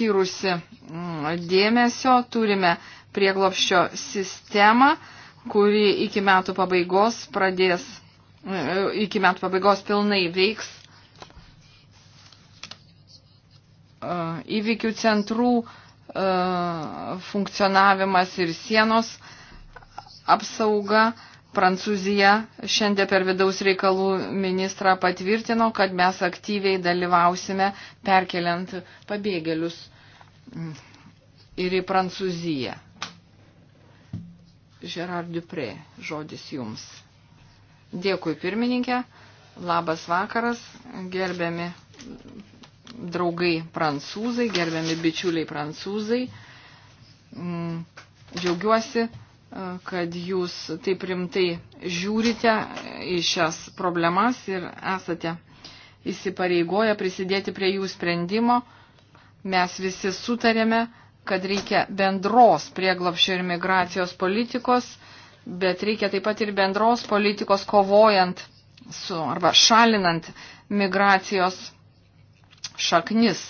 skyrusi mm, dėmesio. Turime prieglopščio sistemą, kuri iki metų pabaigos pradės, e, iki metų pabaigos pilnai veiks e, įvykių centrų e, funkcionavimas ir sienos apsauga Prancūzija šiandien per vidaus reikalų ministrą patvirtino, kad mes aktyviai dalyvausime perkeliant pabėgėlius mm, ir į Prancūziją. Gerard Dupré, žodis jums. Dėkui pirmininkė, labas vakaras, gerbiami draugai prancūzai, gerbiami bičiuliai prancūzai. Mm, džiaugiuosi kad jūs taip rimtai žiūrite į šias problemas ir esate įsipareigoję prisidėti prie jų sprendimo. Mes visi sutarėme, kad reikia bendros prieglapščio ir migracijos politikos, bet reikia taip pat ir bendros politikos kovojant su arba šalinant migracijos šaknis.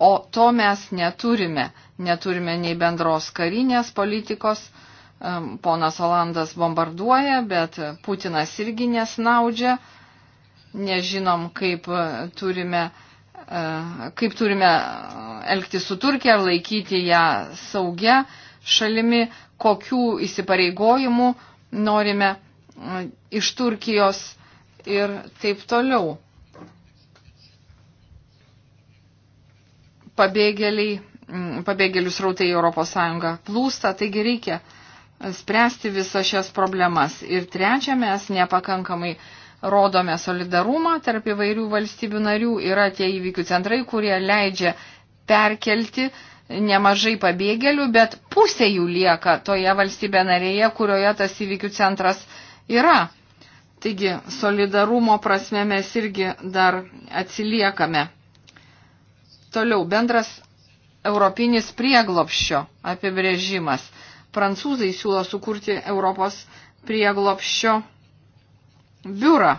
O to mes neturime. Neturime nei bendros karinės politikos, ponas Olandas bombarduoja, bet Putinas irgi nesnaudžia. Nežinom, kaip e, turime, e, kaip turime e, elgti su Turkija, ar laikyti ją saugia šalimi, kokių įsipareigojimų norime iš Turkijos ir taip toliau. Pabėgėliai, pabėgėlių srautai į ES plūsta, taigi reikia uh, spręsti visas šias problemas. Ir trečia, mes nepakankamai rodome solidarumą tarp įvairių valstybių narių. Yra tie įvykių centrai, kurie leidžia perkelti nemažai pabėgėlių, bet pusė jų lieka toje valstybė narėje, kurioje tas įvykių centras yra. Taigi solidarumo prasme mes irgi dar atsiliekame. Toliau bendras europinis prieglopščio apibrėžimas prancūzai siūlo sukurti Europos prieglopščio biurą.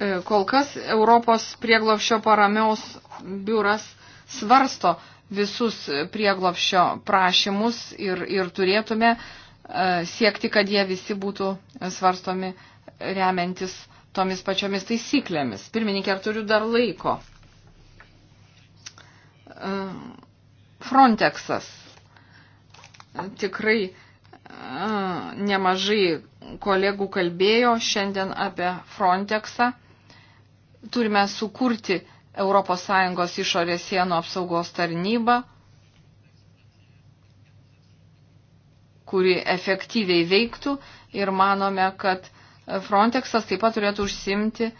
E, kol kas Europos prieglopščio paramiaus biuras svarsto visus prieglopščio prašymus ir, ir turėtume e, siekti, kad jie visi būtų svarstomi remiantis tomis pačiomis taisyklėmis. Pirmininkė, ar turiu dar laiko? Frontexas tikrai nemažai kolegų kalbėjo šiandien apie Frontexą. Turime sukurti ES išorės sienų apsaugos tarnybą, kuri efektyviai veiktų ir manome, kad Frontexas taip pat turėtų užsimti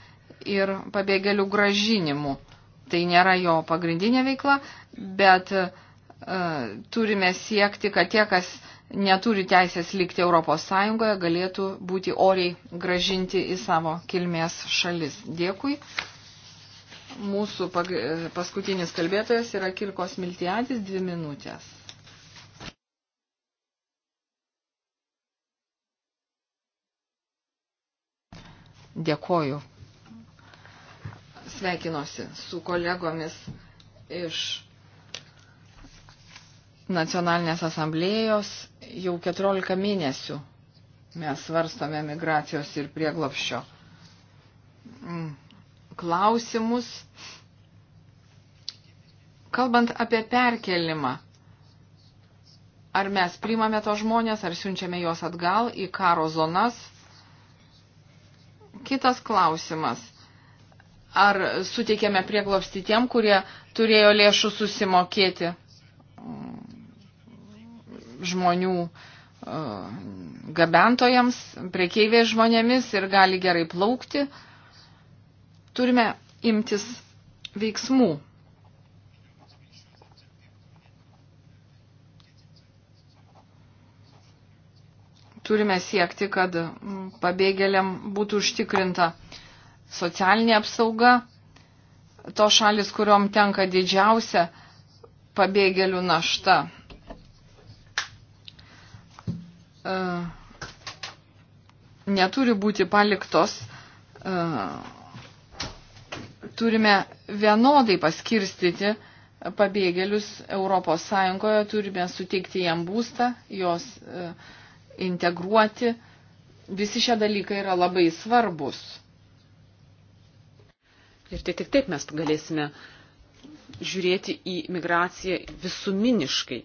ir pabėgėlių gražinimu tai nėra jo pagrindinė veikla, bet e, turime siekti, kad tie, kas neturi teisės likti Europos Sąjungoje, galėtų būti oriai gražinti į savo kilmės šalis. Dėkui. Mūsų paskutinis kalbėtojas yra Kirkos Miltiadis, dvi minutės. Dėkoju, Sveikinuosi su kolegomis iš Nacionalinės asamblėjos. Jau 14 mėnesių mes svarstome migracijos ir prieglopščio mm, klausimus. Kalbant apie perkelimą, ar mes primame tos žmonės, ar siunčiame juos atgal į karo zonas? Kitas klausimas ar suteikėme prieglobstį tiem, kurie turėjo lėšų susimokėti mm, žmonių e, gabentojams, priekeivės žmonėmis ir gali gerai plaukti. Turime imtis veiksmų. Turime siekti, kad mm, pabėgėliam būtų užtikrinta uh, socialinė apsauga, to šalis, kuriuom tenka didžiausia pabėgėlių našta. E, neturi būti paliktos, e, turime vienodai paskirstyti pabėgėlius Europos Sąjungoje, turime suteikti jam būstą, jos e, integruoti. Visi šie dalykai yra labai svarbus. Ir tai tik taip mes galėsime žiūrėti į migraciją visuminiškai.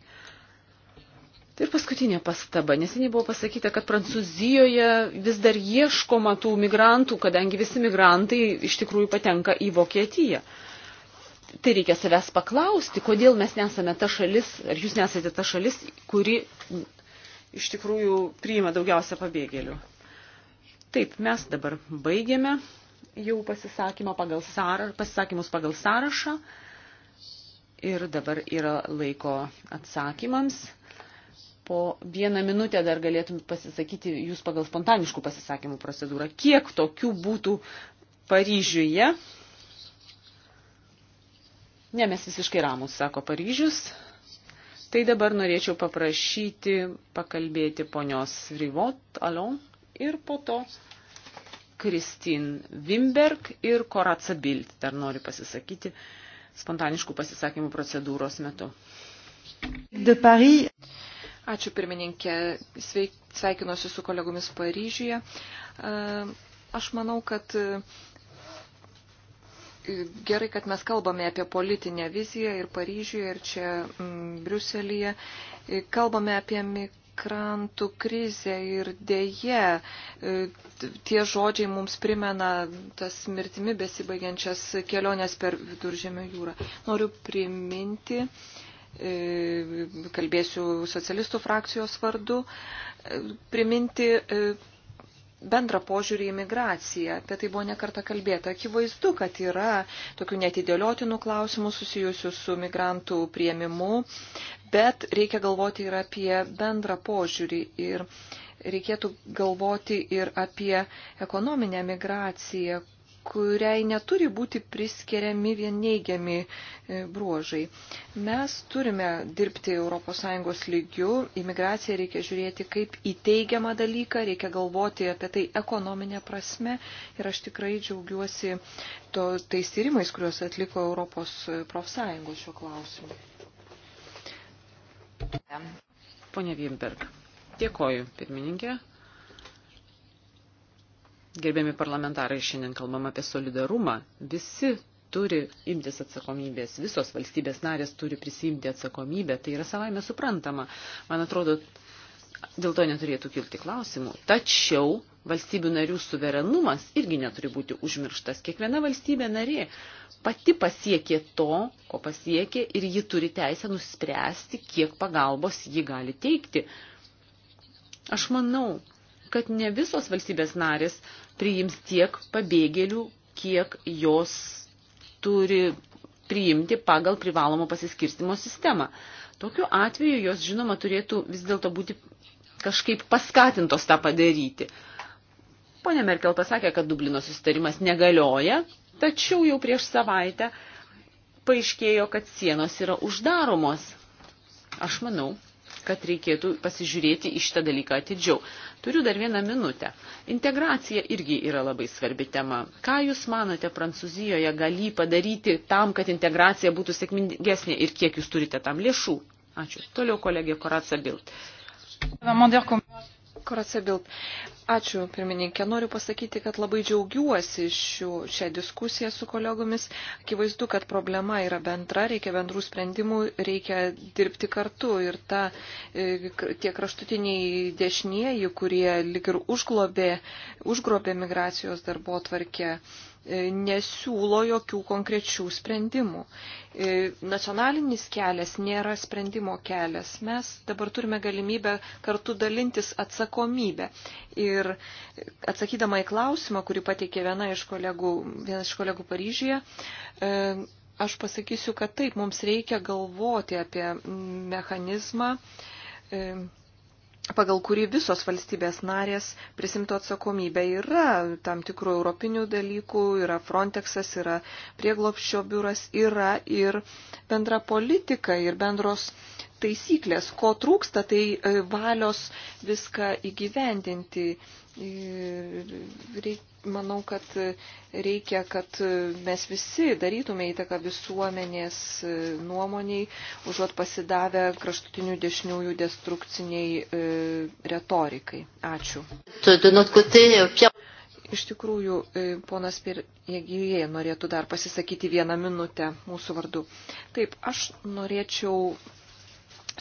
Tai ir paskutinė pastaba. Neseniai buvo pasakyta, kad Prancūzijoje vis dar ieškoma tų migrantų, kadangi visi migrantai iš tikrųjų patenka į Vokietiją. Tai reikia savęs paklausti, kodėl mes nesame ta šalis, ar jūs nesate ta šalis, kuri iš tikrųjų priima daugiausia pabėgėlių. Taip, mes dabar baigėme jau pasisakymą pagal sąrašą, pasisakymus pagal sąrašą ir dabar yra laiko atsakymams. Po vieną minutę dar galėtum pasisakyti jūs pagal spontaniškų pasisakymų procedūrą. Kiek tokių būtų Paryžiuje? Ne, mes visiškai ramus, sako Paryžius. Tai dabar norėčiau paprašyti pakalbėti ponios Rivot, Alon ir po to Kristin Wimberg ir Koraca Bild. Dar noriu pasisakyti spontaniškų pasisakymų procedūros metu. De Paris. Ačiū pirmininkė, Sveik, sveikinuosi su kolegomis Paryžiuje. Aš manau, kad e, gerai, kad mes kalbame apie politinę viziją ir Paryžiuje, ir čia m, Briuselėje. E, kalbame apie migrantus migrantų krizę ir dėje e, tie žodžiai mums primena tas mirtimi besibaigiančias keliones per viduržėmio jūrą. Noriu priminti, e, kalbėsiu socialistų frakcijos vardu, e, priminti bendrą požiūrį į migraciją. Apie tai buvo nekarta kalbėta. Akivaizdu, kad yra tokių netidėliotinų klausimų susijusių su migrantų prieimimu, bet reikia galvoti ir apie bendrą požiūrį ir reikėtų galvoti ir apie ekonominę migraciją, kuriai neturi būti priskiriami vien neigiami e, bruožai. Mes turime dirbti ES lygių, imigraciją reikia žiūrėti kaip į teigiamą dalyką, reikia galvoti apie tai ekonominę prasme ir aš tikrai džiaugiuosi to, tais tyrimais, kuriuos atliko Europos e, profsąjungos šiuo klausimu. Pone Vimberg, dėkoju, pirmininkė. Gerbiami parlamentarai, šiandien kalbam apie solidarumą. Visi turi imtis atsakomybės, visos valstybės narės turi prisimti atsakomybę, tai yra savaime suprantama. Man atrodo, dėl to neturėtų kilti klausimų. Tačiau valstybių narių suverenumas irgi neturi būti užmirštas. Kiekviena valstybė narė pati pasiekė to, ko pasiekė ir ji turi teisę nuspręsti, kiek pagalbos ji gali teikti. Aš manau, kad ne visos valstybės narės priims tiek pabėgėlių, kiek jos turi priimti pagal privalomo pasiskirstimo sistemą. Tokiu atveju jos, žinoma, turėtų vis dėlto būti kažkaip paskatintos tą padaryti. Pone Merkel pasakė, kad Dublino susitarimas negalioja, tačiau jau prieš savaitę paaiškėjo, kad sienos yra uždaromos. Aš manau, kad reikėtų pasižiūrėti į šitą dalyką atidžiau. Turiu dar vieną minutę. Integracija irgi yra labai svarbi tema. Ką Jūs manote Prancūzijoje gali padaryti tam, kad integracija būtų sėkmingesnė ir kiek Jūs turite tam lėšų? Ačiū. Toliau kolegė Koratsa Bild. Koracebilt. Ačiū, pirmininkė. Noriu pasakyti, kad labai džiaugiuosi šių, šią diskusiją su kolegomis. Akivaizdu, kad problema yra bendra, reikia bendrų sprendimų, reikia dirbti kartu. Ir ta, e, tie kraštutiniai dešinieji, kurie lik ir užglobė, užgrobė migracijos darbo tvarkę, E, nesiūlo jokių konkrečių sprendimų. E, nacionalinis kelias nėra sprendimo kelias. Mes dabar turime galimybę kartu dalintis atsakomybę. Ir atsakydama į klausimą, kurį pateikė viena iš kolegų, vienas iš kolegų Paryžyje, e, aš pasakysiu, kad taip, mums reikia galvoti apie mechanizmą pagal kurį visos valstybės narės prisimtų atsakomybę. Yra tam tikrų europinių dalykų, yra Frontexas, yra prieglopščio biuras, yra ir bendra politika ir bendros taisyklės. Ko trūksta, tai e, valios viską įgyvendinti. Reik, manau, kad reikia, kad mes visi darytume įtaką visuomenės e, nuomoniai, užuot pasidavę kraštutinių dešiniųjų destrukciniai e, retorikai. Ačiū. Euh, Iš tikrųjų, ponas Pirjegyje norėtų dar pasisakyti vieną minutę mūsų vardu. Taip, aš norėčiau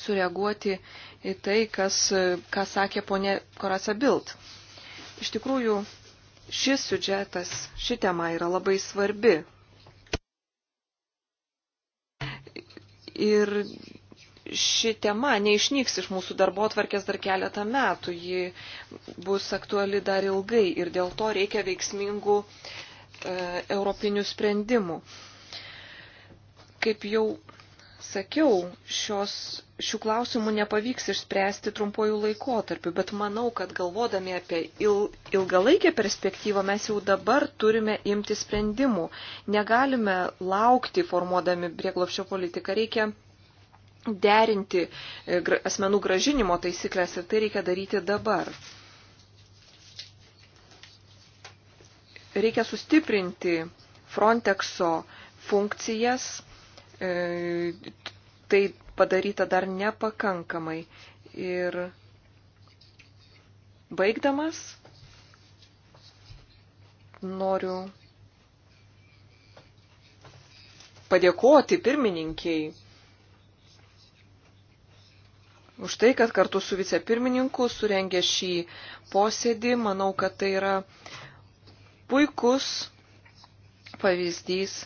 sureaguoti į tai, kas, ką sakė ponė Korasa Bild. Iš tikrųjų, šis siužetas, ši tema yra labai svarbi. Ir ši tema neišnyks iš mūsų darbo atvarkės dar keletą metų, ji bus aktuali dar ilgai ir dėl to reikia veiksmingų e, europinių sprendimų. Kaip jau sakiau, šios, šių klausimų nepavyks išspręsti trumpuoju laikotarpiu, bet manau, kad galvodami apie il, ilgalaikę perspektyvą mes jau dabar turime imti sprendimų. Negalime laukti formuodami prieglopščio politiką, reikia derinti e, asmenų gražinimo taisyklės ir tai reikia daryti dabar. Reikia sustiprinti Frontexo funkcijas E, tai padaryta dar nepakankamai. Ir baigdamas noriu padėkoti pirmininkiai už tai, kad kartu su vicepirmininku surengė šį posėdį. Manau, kad tai yra puikus pavyzdys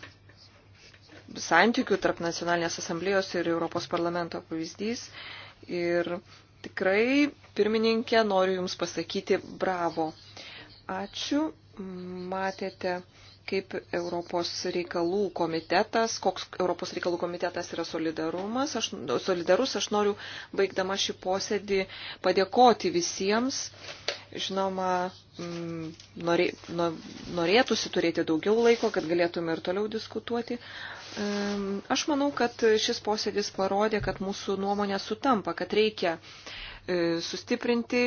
santykių tarp nacionalinės asamblėjos ir Europos parlamento pavyzdys. Ir tikrai, pirmininkė, noriu Jums pasakyti bravo. Ačiū. Matėte, kaip Europos reikalų komitetas, koks Europos reikalų komitetas yra solidarumas. Aš, solidarus, aš noriu, baigdama šį posėdį, padėkoti visiems. Žinoma, mm, norė, norėtųsi turėti daugiau laiko, kad galėtume ir toliau diskutuoti. Aš manau, kad šis posėdis parodė, kad mūsų nuomonė sutampa, kad reikia e, sustiprinti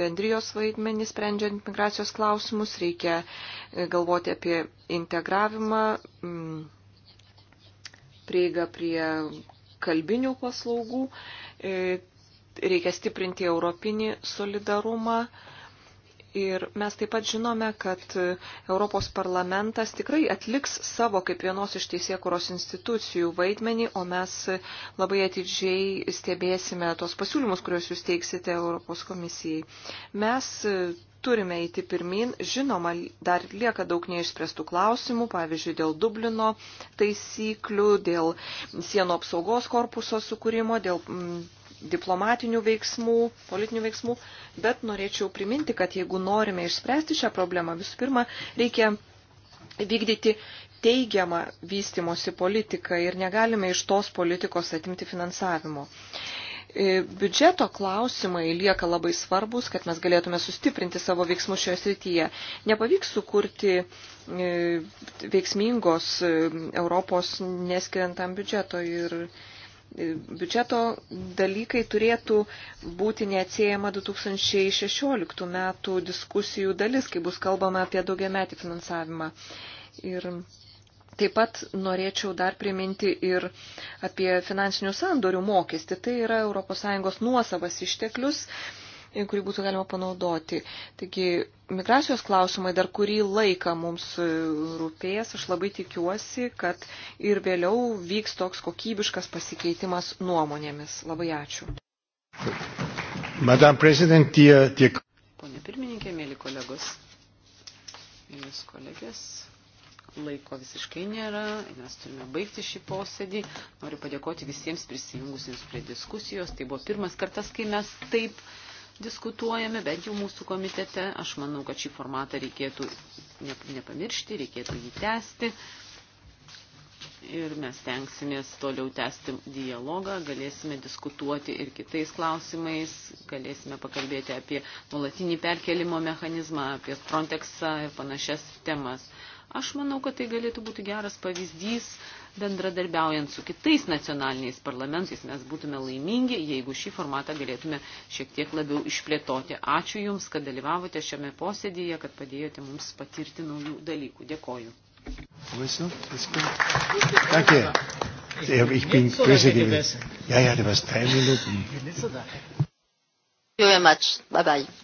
bendrijos vaidmenį sprendžiant migracijos klausimus, reikia e, galvoti apie integravimą, prieigą prie kalbinių paslaugų, e, reikia stiprinti europinį solidarumą, Ir mes taip pat žinome, kad Europos parlamentas tikrai atliks savo kaip vienos iš teisėkuros institucijų vaidmenį, o mes labai atidžiai stebėsime tos pasiūlymus, kuriuos jūs teiksite Europos komisijai. Mes turime eiti pirmin, žinoma, dar lieka daug neišspręstų klausimų, pavyzdžiui, dėl Dublino taisyklių, dėl sienų apsaugos korpuso sukūrimo, dėl. Mm, diplomatinių veiksmų, politinių veiksmų, bet norėčiau priminti, kad jeigu norime išspręsti šią problemą, visų pirma, reikia vykdyti teigiamą vystimosi politiką ir negalime iš tos politikos atimti finansavimo. E, biudžeto klausimai lieka labai svarbus, kad mes galėtume sustiprinti savo veiksmus šioje srityje. Nepavyks sukurti e, veiksmingos e, Europos neskiriantam biudžeto ir biudžeto dalykai turėtų būti neatsiejama 2016 metų diskusijų dalis, kai bus kalbama apie daugiametį finansavimą. Ir taip pat norėčiau dar priminti ir apie finansinių sandorių mokestį. Tai yra ES nuosavas išteklius, kurį būtų galima panaudoti. Taigi, migracijos klausimai dar kurį laiką mums e, rūpės. Aš labai tikiuosi, kad ir vėliau vyks toks kokybiškas pasikeitimas nuomonėmis. Labai ačiū. Madam President, tie tiek. Pone pirmininkė, mėly kolegos, mėlys kolegės, laiko visiškai nėra, mes turime baigti šį posėdį. Noriu padėkoti visiems prisijungusiems prie diskusijos. Tai buvo pirmas kartas, kai mes taip diskutuojame, bent jau mūsų komitete. Aš manau, kad šį formatą reikėtų nepamiršti, reikėtų jį tęsti. Ir mes tenksimės toliau tęsti dialogą, galėsime diskutuoti ir kitais klausimais, galėsime pakalbėti apie nuolatinį perkelimo mechanizmą, apie Frontexą ir panašias temas. Aš manau, kad tai galėtų būti geras pavyzdys bendradarbiaujant su kitais nacionaliniais parlamentais. Mes būtume laimingi, jeigu šį formatą galėtume šiek tiek labiau išplėtoti. Ačiū Jums, kad dalyvavote šiame posėdėje, kad padėjote mums patirti naujų dalykų. Dėkoju. Weißt du, das gut. Danke. Ich bin böse gewesen. Ja, ja, du warst drei Minuten. Thank you very much. Bye bye.